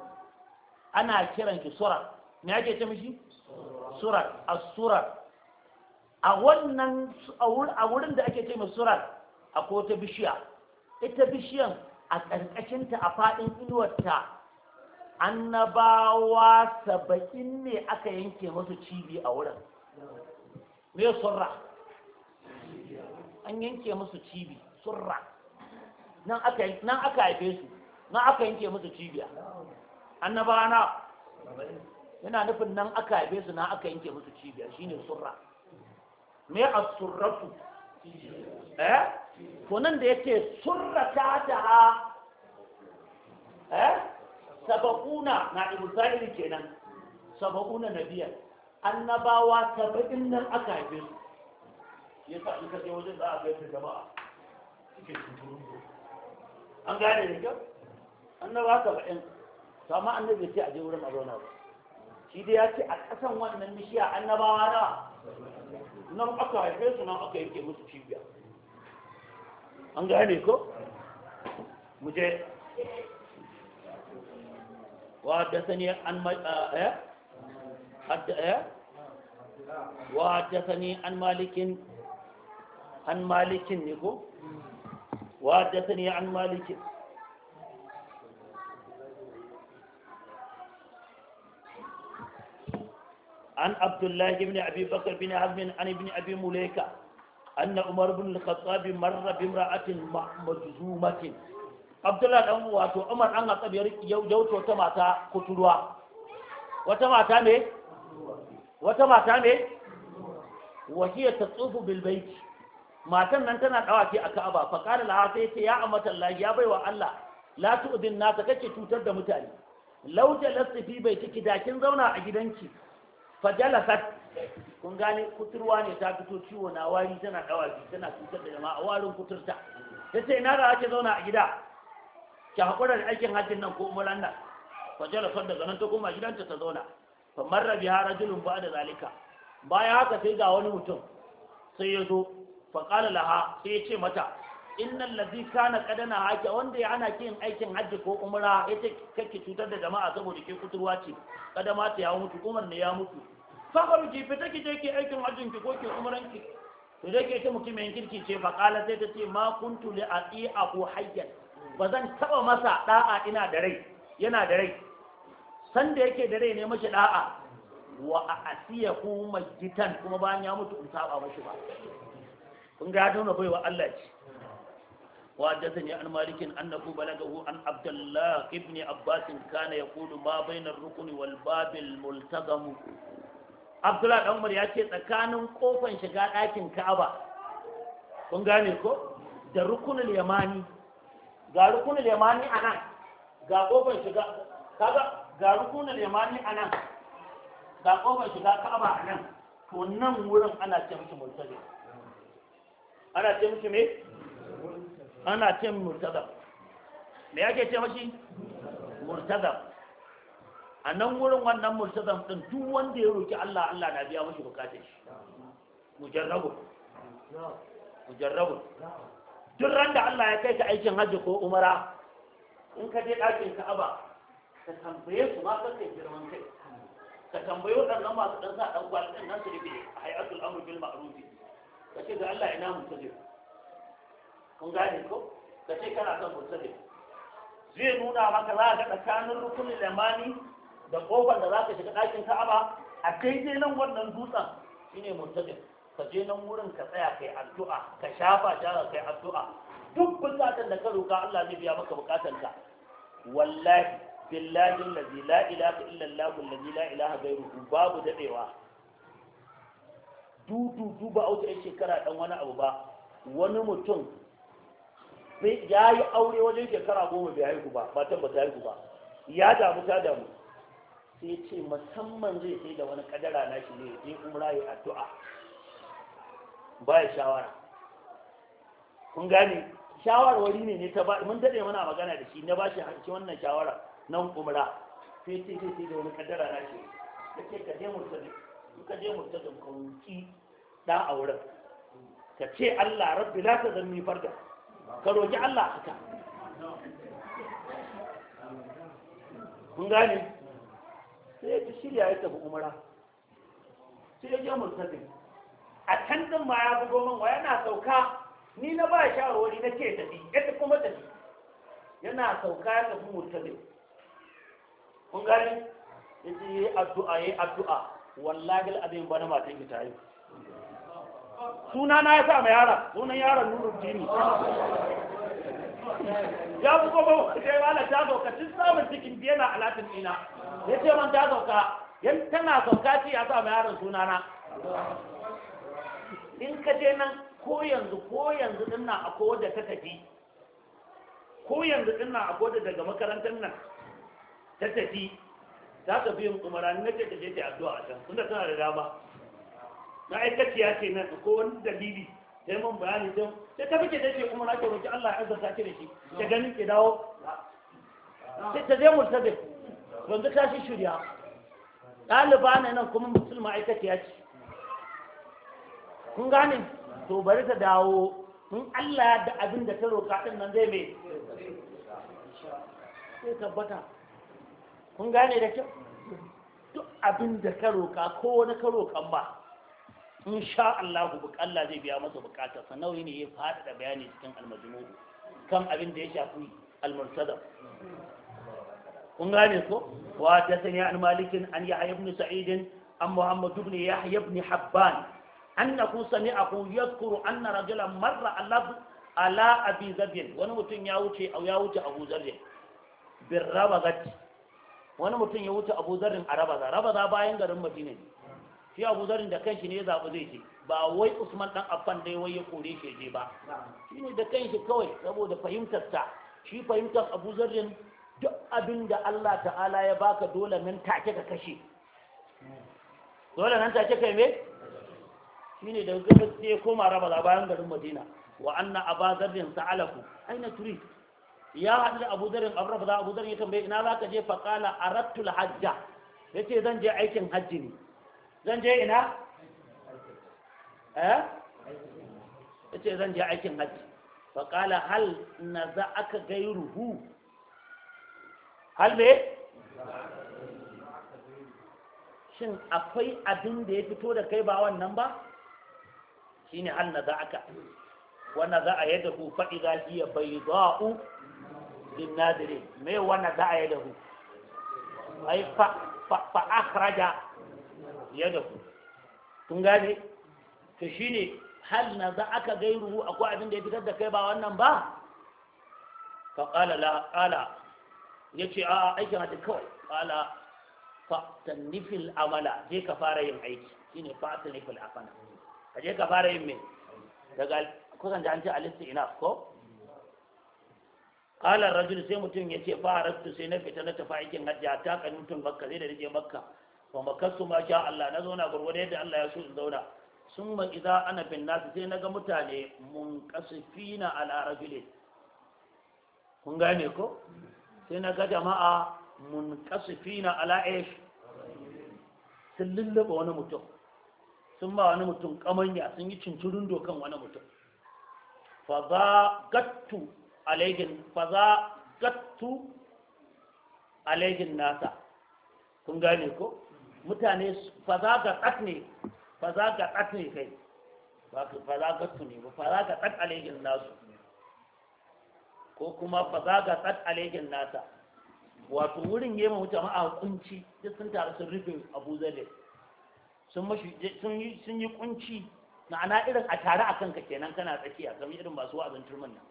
ana kiran ki sura me ake ce mishi sura a sura a wannan a wurin da ake ce mai sura ko wata bishiya ita bishiyan a ƙarƙashinta a faɗin inuwarta annabawa saba'in ne aka yanke musu cibi a wurin me surra an yanke musu cibi surra nan aka haife su nan aka yanke musu cibiya annabawa na yana nufin nan aka haife su nan aka yanke musu cibiya shine surra me as-surratu eh ko nan da yake surra ta ha eh sabaquna na ibsair kenan sabaquna nabiya annabawa saba'in nan aka haife su yasa in ka je wajen za a ga jama'a an gane da kyau annaba ka faɗin to amma annabi ce a je wurin a zauna ba shi dai ya ce a ƙasan wannan bishiya annabawa na nan aka haife su nan aka yake musu cibiya an gane ko mu je وحدثني عن حد وحدثني عن مالك عن مالك نيكو وحدثني عن مالك عن عبد الله بن أبي بكر بن عزم عن ابن أبي مليكة أن عمر بن الخطاب مر بامرأة مجزومة عبد الله بن واتو عمر أن خطاب يوجوت وتماتا قتلوا وتماتا مي وتماتا مي وهي تطوف بالبيت matan nan tana dawaki a Ka'aba fa qala laha sai ce ya amatan lahi ya baiwa Allah la tu'din ta kace cutar da mutane law jalasta fi baitiki da kin zauna a gidanki fa jalasat kun gane kuturwa ne ta fito ciwo na wari tana dawaki tana cutar da jama'a warin kuturta tace ina da ake zauna a gida ki hakura da aikin hajjin nan ko umran nan fa jalasat da zanan ta koma gidanta ta zauna fa marra biha rajulun ba'da zalika baya haka sai ga wani mutum sai ya zo faƙala laha sai ya ce mata innan lazi kana kadana a wanda ya hana kiyin yin aikin hajji ko umra ya ce kake cutar da jama'a saboda ke kuturwa ce kadama ta ya mutu umar ne ya mutu fakar ki fita ki je ki aikin hajjin ki ko ki umran ki to dai ke ta mai kirki ce faƙala sai ta ce ma kuntu li abu hayyan ba zan taɓa masa ɗa'a ina da rai yana da rai san da yake da rai ne mashi ɗa'a wa a asiyahu majitan kuma bayan ya mutu in saba mashi ba kun ga dauna baiwa Allah ce wa jaza ne an malikin annabu balagahu an abdullah ibn abbas kana kudu ma bainar rukuni wal babil multazam abdullah dan umar yace tsakanin kofan shiga dakin ka'aba kun gane ko da rukunul yamani ga rukunul yamani anan ga kofan shiga kaga ga rukunul yamani anan ga kofan shiga ka'aba anan to nan wurin ana ce miki ana ce musu me ana ce murtazab me yake ce mashi murtazab a nan wurin wannan murtazab din duk wanda ya roƙi Allah Allah na biya mashi bukatar shi mujarrabu mujarrabu duk ran da Allah ya kai ka aikin hajji ko umara in ka je ɗakin ka'aba ka tambaye su ma ka kai girman kai ka tambaye waɗannan masu ɗan sa ɗan gwal ɗin nan su rufe a hayatul amr bil ma'ruf ka ce ga Allah ina mutadir kun gane ko ka ce kana son mutadir zai nuna maka za ga tsakanin rukunin lamani da kofar da za ka shiga ɗakin ka'aba a kai je nan wannan dutsen shine mutadir ka je nan wurin ka tsaya kai addu'a ka shafa shara kai addu'a duk bukatan da ka roka Allah zai biya maka ka. wallahi billahi allazi la ilaha illa allah allazi la ilaha ghayruhu babu dadewa Dudu ba auta ya shekara ɗan wani abu ba wani mutum ya yi aure wajen shekara goma bai haihu ba ba tabbata haihu ba ya damu ta damu sai ce musamman zai sai da wani kadara na shi ne je umra ya addu'a baya shawara kun gane shawarwari ne ne ta ba mun dade muna magana da shi na ba shi hanci wannan shawara nan umra sai ce sai da wani kadara na shi ne. ka je murtadin ka je murtadin kawai da a wurin ka ce Allah rabbi la ta zanni farga, ka roki Allah haka kun gane sai ya shirya ya tafi umara sai ya je multazim a can din ma ya bugo min wa yana sauka ni na ba shawarwari na ke tafi yadda kuma tafi yana sauka ya tafi multazim kun gane ya ce addu'a yi addu'a wallahi al'adun bana matan ki tayi suna na ya sa ma yara sunan yaron nuruddini ya fi kuma wata ya wala ta zauka tun samun cikin biya na alatin ina ya ce man ta zauka yan tana zauka ce ya sa ma yaran suna na in ka je nan ko yanzu ko yanzu din nan a kowace ta tafi ko yanzu din nan a da daga makarantar nan ta tafi za ta yin umarani na ce ta je ta addu'a a can tunda tana da dama ma'aikaciya ce na ko wani dalili sai mun bayani sai sai ta fice da kuma na ke roki Allah ya azurta ki da shi ta ganin ki dawo sai ta zai murtabe yanzu ta shi shirya ɗaliba ne nan kuma musulma aikaciya ce kun gane to bari ta dawo in Allah da abin da ta roƙa ɗin nan zai mai sai tabbata kun gane da kyau duk abin da ka roƙa ko wani ka roƙan ba in sha Allah Allah zai biya masa bukata sanawi ne ya faɗa da bayani cikin almajmu kan abin da ya shafi almursada kun gane ko wa ta sanya an malikin an yahya ibn sa'id an muhammad ibn yahya ibn habban annahu sami'ahu yadhkuru anna rajulan marra ala ala abi zabin wani mutum ya wuce ya wuce abu zabin bin rabagat wani mutum ya wuce abu zarin a rabaza rabaza bayan garin madina ne shi abu zarin da kanshi ne ya zaɓi zai ce ba wai usman ɗan affan dai wai ya kore shi je ba shi ne da kanshi kawai saboda ta shi fahimtar abu zarin duk abin da allah ta'ala ya baka dole nan take ka kashe dole nan take ka me shi ne da gaba sai koma raba za bayan garin madina wa anna aba zarin sa'alaku aina turi ya haɗu da abu zarin abu raba abu zarin ya tambaye ina za ka je faƙala arattul hajja ya ce zan je aikin hajji ne zan je ina eh yace zan je aikin hajji fa qala hal gai gairuhu hal me shin akwai abin da ya fito da kai ba wannan ba shine hal na za aka. wannan za a yadda ku faɗi za shi ya bai za'u din nadire me wannan za a yadda ku ai fa fa akhraja fiye da ku kun gane to shine hal na za aka ruhu akwai abin da ya fitar da kai ba wannan ba fa qala la qala yace a aikin hadin kawai qala fa tanifil amala je ka fara yin aiki shine fa tanifil afana ka je ka fara yin me daga kusan da an ce alisti ina ko Ƙalar rajul sai mutum yace fa arabtu sai na fita na tafa aikin hajji ta mutum makka sai da rike makka wa makasu ma sha Allah na zauna gurgurda yadda Allah ya so in zauna sun ma idza ana bin nasu sai na ga mutane kasifina ala rajulin kun gane ko sai na ga jama'a kasifina ala aish sun lullaba wani mutum sun ma wani mutum kamanya sun yi cincirin dokan wani mutum fa za gattu alaigin fa za gattu alaigin nasa kun gane ko mutane fazaga tsat ne fazaga tsat ne kai ba za tu ne ba fazaga tsat alegin nasu ko kuma fazaga tsat alegin nasa wato wurin yi ma mutane a kunci duk sun taru sun rufe abu zale sun yi kunci ana irin a tare a kanka kenan kana tsakiya kamar irin masu wa'azin turmin nan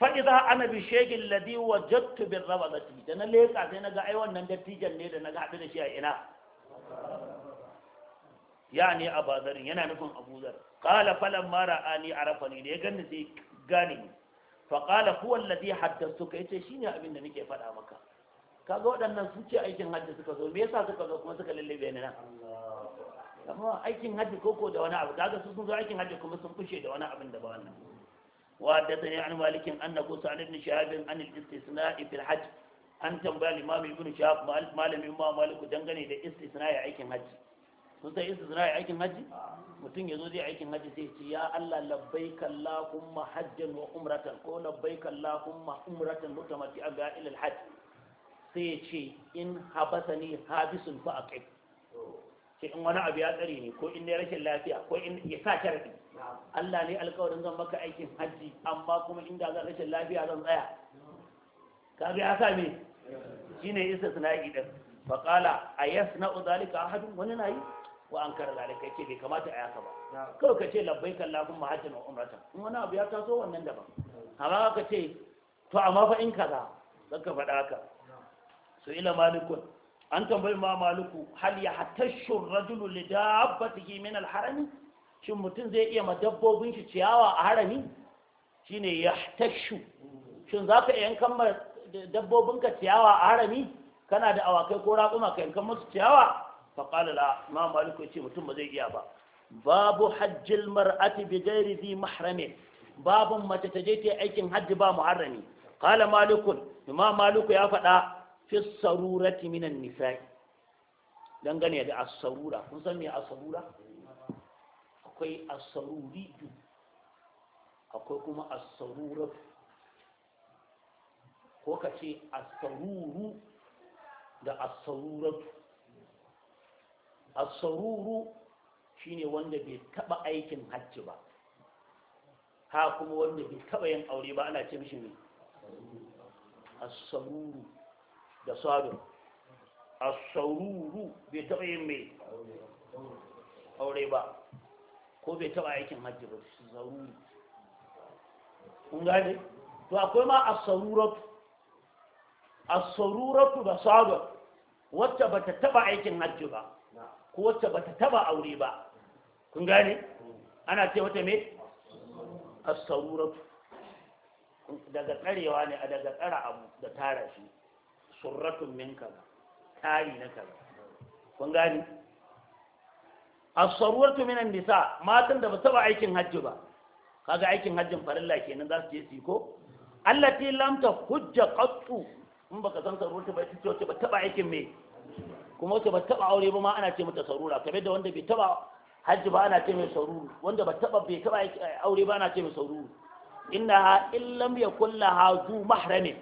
fa'iza ana bi shegin ladi wa jattu bin raba zati da na leƙa sai na ga ai wannan dattijan ne da na ga haɗu da shi a ina ya ne a bazarin yana nufin abuzar kala falan mara ani a rafani da ya gani sai gane ni fa kala kuwan ladi haddasta ka yace ne abin da nake faɗa maka kaga waɗannan su ce aikin hajji suka zo me yasa suka zo kuma suka lallabe ni nan amma aikin hajji koko da wani abu kaga su sun zo aikin hajji kuma sun fushe da wani abin da ba wannan وحدثني عن مالك أنه سأل ابن شهاب عن الاستثناء في الحج an tambaya limamin ibn shahab malamin ma maliku dangane da istisna'i aikin haji sun sai istisna'i aikin haji mutum ya zo zai aikin haji sai ce ya Allah labbaika Allahumma hajjan wa umratan ko labbaika Allahumma umratan mutamatti'a ga ila sai ya ce in sai in wani abu ya tsare ne ko in ne rashin lafiya ko in ya sa sharadi Allah ne alkawarin zan maka aikin hajji amma kuma inda zan rashin lafiya zan tsaya ka bi aka me shine istisna'i din fa qala ayasna'u zalika ahadun wani nayi wa an kar zalika yake bai kamata a yaka ba kawai ka ce labbaika allahumma hajjan wa umarta. in wani abu ya taso wannan daban amma ka ce to amma fa in kaza ka faɗa haka su ila malikun an tambayi ma maliku hal ya hatashu rajulu li dabbatihi min al-harami shin mutum zai iya ma dabbobin shi ciyawa a harami Shi ne ya tashu shin za ka yankan ma ka ciyawa a harami kana da awakai ko raƙuma ka yankan musu ciyawa fa qala la ma maliku ce mutum ba zai iya ba babu hajjil mar'ati bi ghairi zi mahrami babun mace ta je ta aikin hajji ba muharrami qala malikun ma maliku ya faɗa fi sarurati minan nisa'i dangane da as-sarura kun san me as-sarura akwai asaruriyu akwai kuma asaruratu ko ka ce asaruru da asaruratu asaruru shi ne wanda bai taba aikin hajji ba ha kuma wanda bai taba yin aure ba ana ce mishi ne asaruru da sabon asaruru bai taba yin mai aure ba ko bai taba aikin hajji ba su zaruri kun gane to akwai ma asaruratu asaruratu da sabar wacce ba ta taba aikin hajji ba ko wacce ba ta taba aure ba kun gane ana ce wata me asaruratu daga tsarewa ne a daga tsara abu da tara shi surratun min kaza tari na kaza kun gane as tu minan nisa matan da ba ba aikin hajji ba kaga aikin hajjin farilla kenan za su je su ko allati lam ta hujja qattu in baka san sarwatu ba ita ce ba ba aikin me kuma ce ba ba aure ba ma ana ce mata sarura kamar da wanda bai ba hajji ba ana ce mai saruru wanda ba ba bai ba eh, aure ba ana ce mai saruru ha illam yakul laha zu mahrami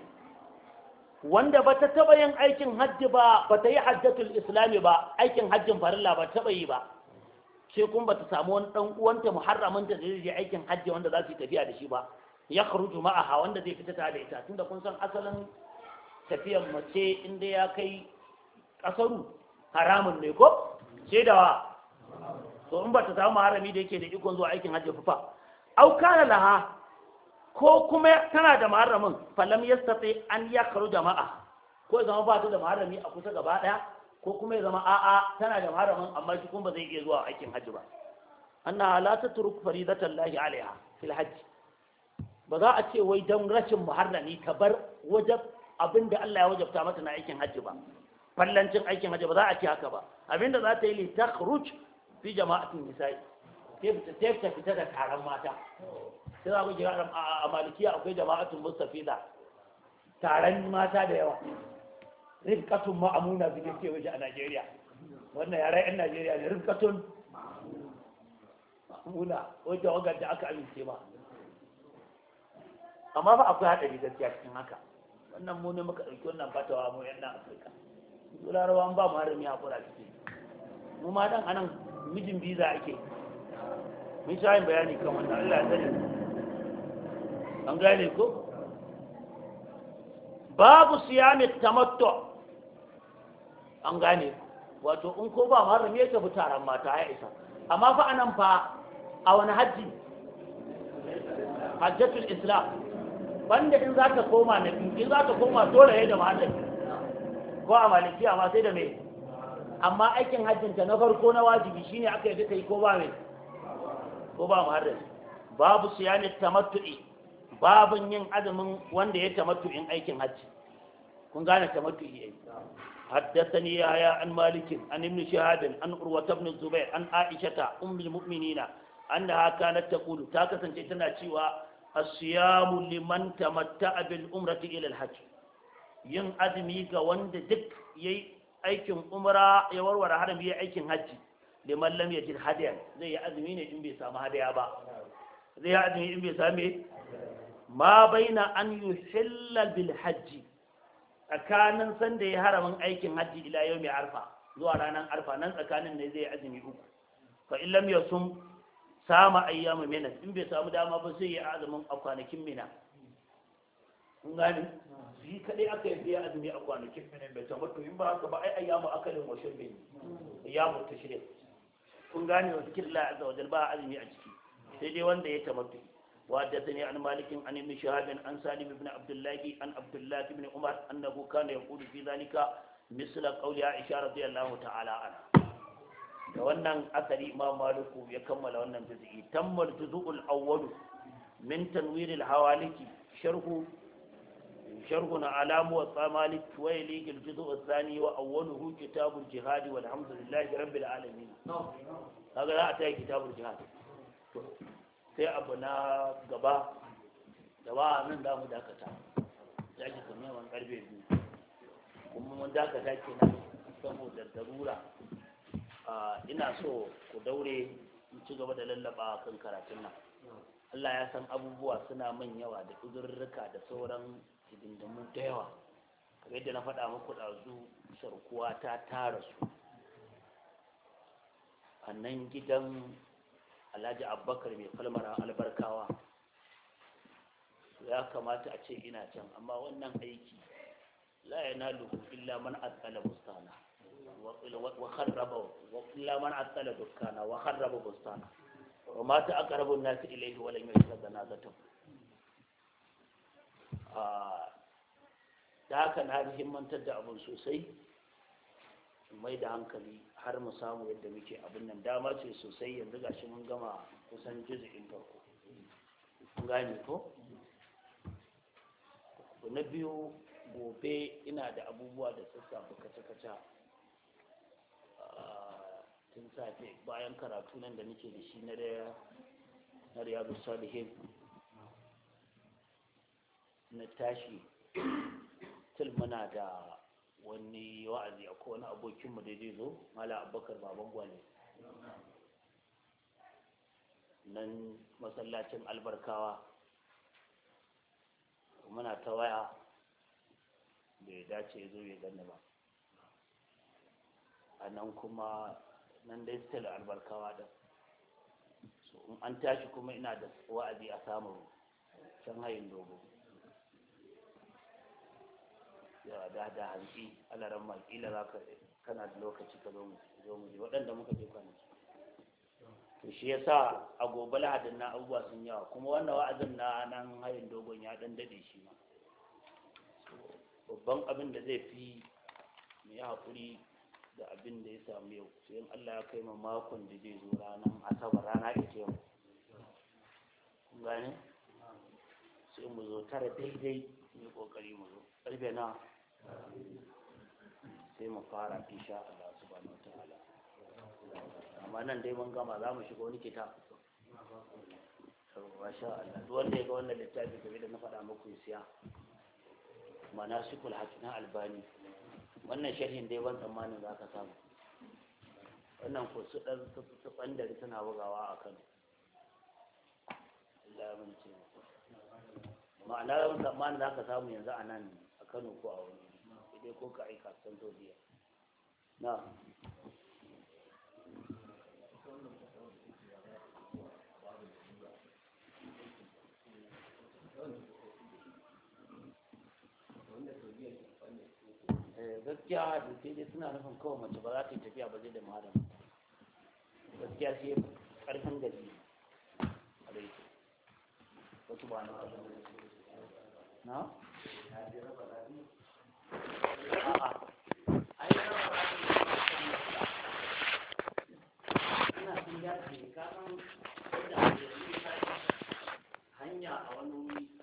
wanda ba ta taba yin aikin hajji ba ba ta yi hajjatul islami ba aikin hajjin farilla ba ta yi ba sai kun bata samu wani dan uwanta muharramin ta zai je aikin hajji wanda za su tafiya da shi ba ya kharuju ma'aha wanda zai fita tare da ita tunda kun san asalin tafiyar mace inda ya kai kasaru haramun ne ko sai da wa to in bata samu harami da yake da ikon zuwa aikin hajji fa au kana laha ko kuma tana da muharramin falam yastati an ya jama'a. ma'a ko zama ba ta da muharrami a kusa gaba daya ko kuma ya zama a'a tana da maharamin amma shi kuma ba zai iya zuwa aikin hajji ba anna la tatruk faridatan lahi alaiha fil hajji ba za a ce wai don rashin muharrami ka bar wajab abin da Allah ya wajabta mata na aikin hajji ba fallancin aikin hajji ba za a ce haka ba abin da za ta yi li takhruj fi jama'atin nisa'i ta fita da taron mata sai za ku jira a malikiya akwai jama'atun mustafida taron mata da yawa rifkatun ma'amuna suke ce waje a Najeriya wannan yara yan Najeriya ne rifkatun ma'amuna wajen wagar da aka amince ba amma ba akwai haɗari gaskiya cikin haka wannan mu ne muka ɗauki wannan fatawa mu yan nan Afirka larabawan ba mu harami kura suke mu ma dan anan mijin biza ake mun sha yin bayani kan wannan Allah ya sani an gane ko babu siyamit tamattu an gane wato in ko ba maharami ya tafi taron mata ya isa amma fa anan fa a wani hajji hajjatul islam wanda in za ka koma na in za ka koma dole ya da mahallin ko a maliki amma sai da me. amma aikin hajjinta na farko na wajibi shine aka yi kai ko ba mai ko ba muharrami babu siyanin tamattu'i babun yin azumin wanda ya tamattu'in aikin hajji kun gane tamattu'i ai حدثني يحيى عن مالك عن ابن شهاب عن عروة بن الزبير عن عائشة أم المؤمنين أنها كانت تقول تاكسن تنا تشيوا الصيام لمن تمتع بالعمرة إلى الحج yin azumi ga wanda duk ya yi aikin umra ya warware haram ya aikin hajji liman lam yajid hadiyan zai yi azumi ne in bai samu hadaya ba zai yi azumi in bai ma baina an yuhilla bil hajji tsakanin sanda ya haramin aikin hajji ila yau mai arfa zuwa ranar arfa nan tsakanin ne zai azumi uku fa illam ya sun sama ayyamu minas in bai samu dama ba sai ya azumin a kwanakin mina kun gani shi kadai aka yi ya azumi a kwanakin mina bai tabbata in ba haka ba ai ayyamu akalin washin bin ayyamu ne. kun gani wa zikir la azza wajal ba azumi a ciki sai dai wanda ya tabbata وحدثني عن مالك عن ابن شهاب عن سالم بن عبد الله عن عبد الله بن عمر انه كان يقول في ذلك مثل قول عائشه رضي الله تعالى عنها da wannan asali imam maliku ya kammala wannan juz'i tammal juz'ul awwal min tanwir al hawaliki sharhu sharhu na alamu wa malik wa yaliqi al juz'u al thani wa awwaluhu kitab al jihad walhamdulillahi rabbil alamin kaga za a tayi kitab jihad sai abu na gaba da a nan damu mu dakata ya ji kamar karfe biyu kuma mun dakata ke nan saboda darura ina so ku daure in ci gaba da lallaba kan karatun nan Allah ya san abubuwa suna man yawa da uzurruka da sauran hidindimu da yawa kamar yadda na faɗa muku ɗazu sarkuwa ta tara su a nan gidan alhaji abubakar mai kalmara albarkawa ya kamata a ce ina can amma wannan aiki la yanaluhu illa man atala bustana wa kharraba wa illa man atala dukkana wa kharraba bustana wa ma ta aqrabu an ilayhi wa lam yashhad janazatan ah da haka na himmantar da abun sosai mai da hankali har mu samu yadda muke abin nan dama ce sosai yanzu gashi mun gama kusan juzu'in farko gane ko na biyu gobe ina da abubuwa da sassafe kaca-kaca ah, tun safe bayan karatu nan da nake da shi na riyadu salihin na tashi *coughs* til muna da wani wa'azi a kowane abokinmu da zai zo mala abubakar baban gwale nan masallacin albarkawa muna ta waya bai dace ya zo ya gani ba a nan kuma nan da ya albarkawa da in an tashi kuma ina da wa'azi a samun can hayin dogo da da da hanci alaran ma kila za ka kana da lokaci ka zo mu zo mu waɗanda muka je kwanaki to shi yasa a gobe lahadin na abubuwa sun yawa kuma wannan wa'azin na nan hayin dogon ya dan dade shi ma babban abin da zai fi mu yi hakuri da abin da ya samu yau sai in Allah ya kai mu makon da zai zo ranar asabar rana ya ce kun gane sai mu zo tara daidai mu yi ƙoƙari mu zo ƙarfe na sai mu fara insha Allah subhanahu wataala amma nan dai mun gama za mu shiga wani kita. sha Allah duk wanda ya ga wannan littafi game da na faɗa muku siya Mana hajji na albani wannan sharhin dai ban tsammanin za ka samu wannan ko su ɗan su ɓandari suna bugawa a kano ma'ana ban tsammanin za ka samu yanzu a nan a kano ko a wani देखो गाय का चल दो दिया ना gaskiya da sai dai suna nufin kawai mace ba za ta yi tafiya ba zai da maharam gaskiya sai karfin gari a rai wasu ba na na? hanya a wani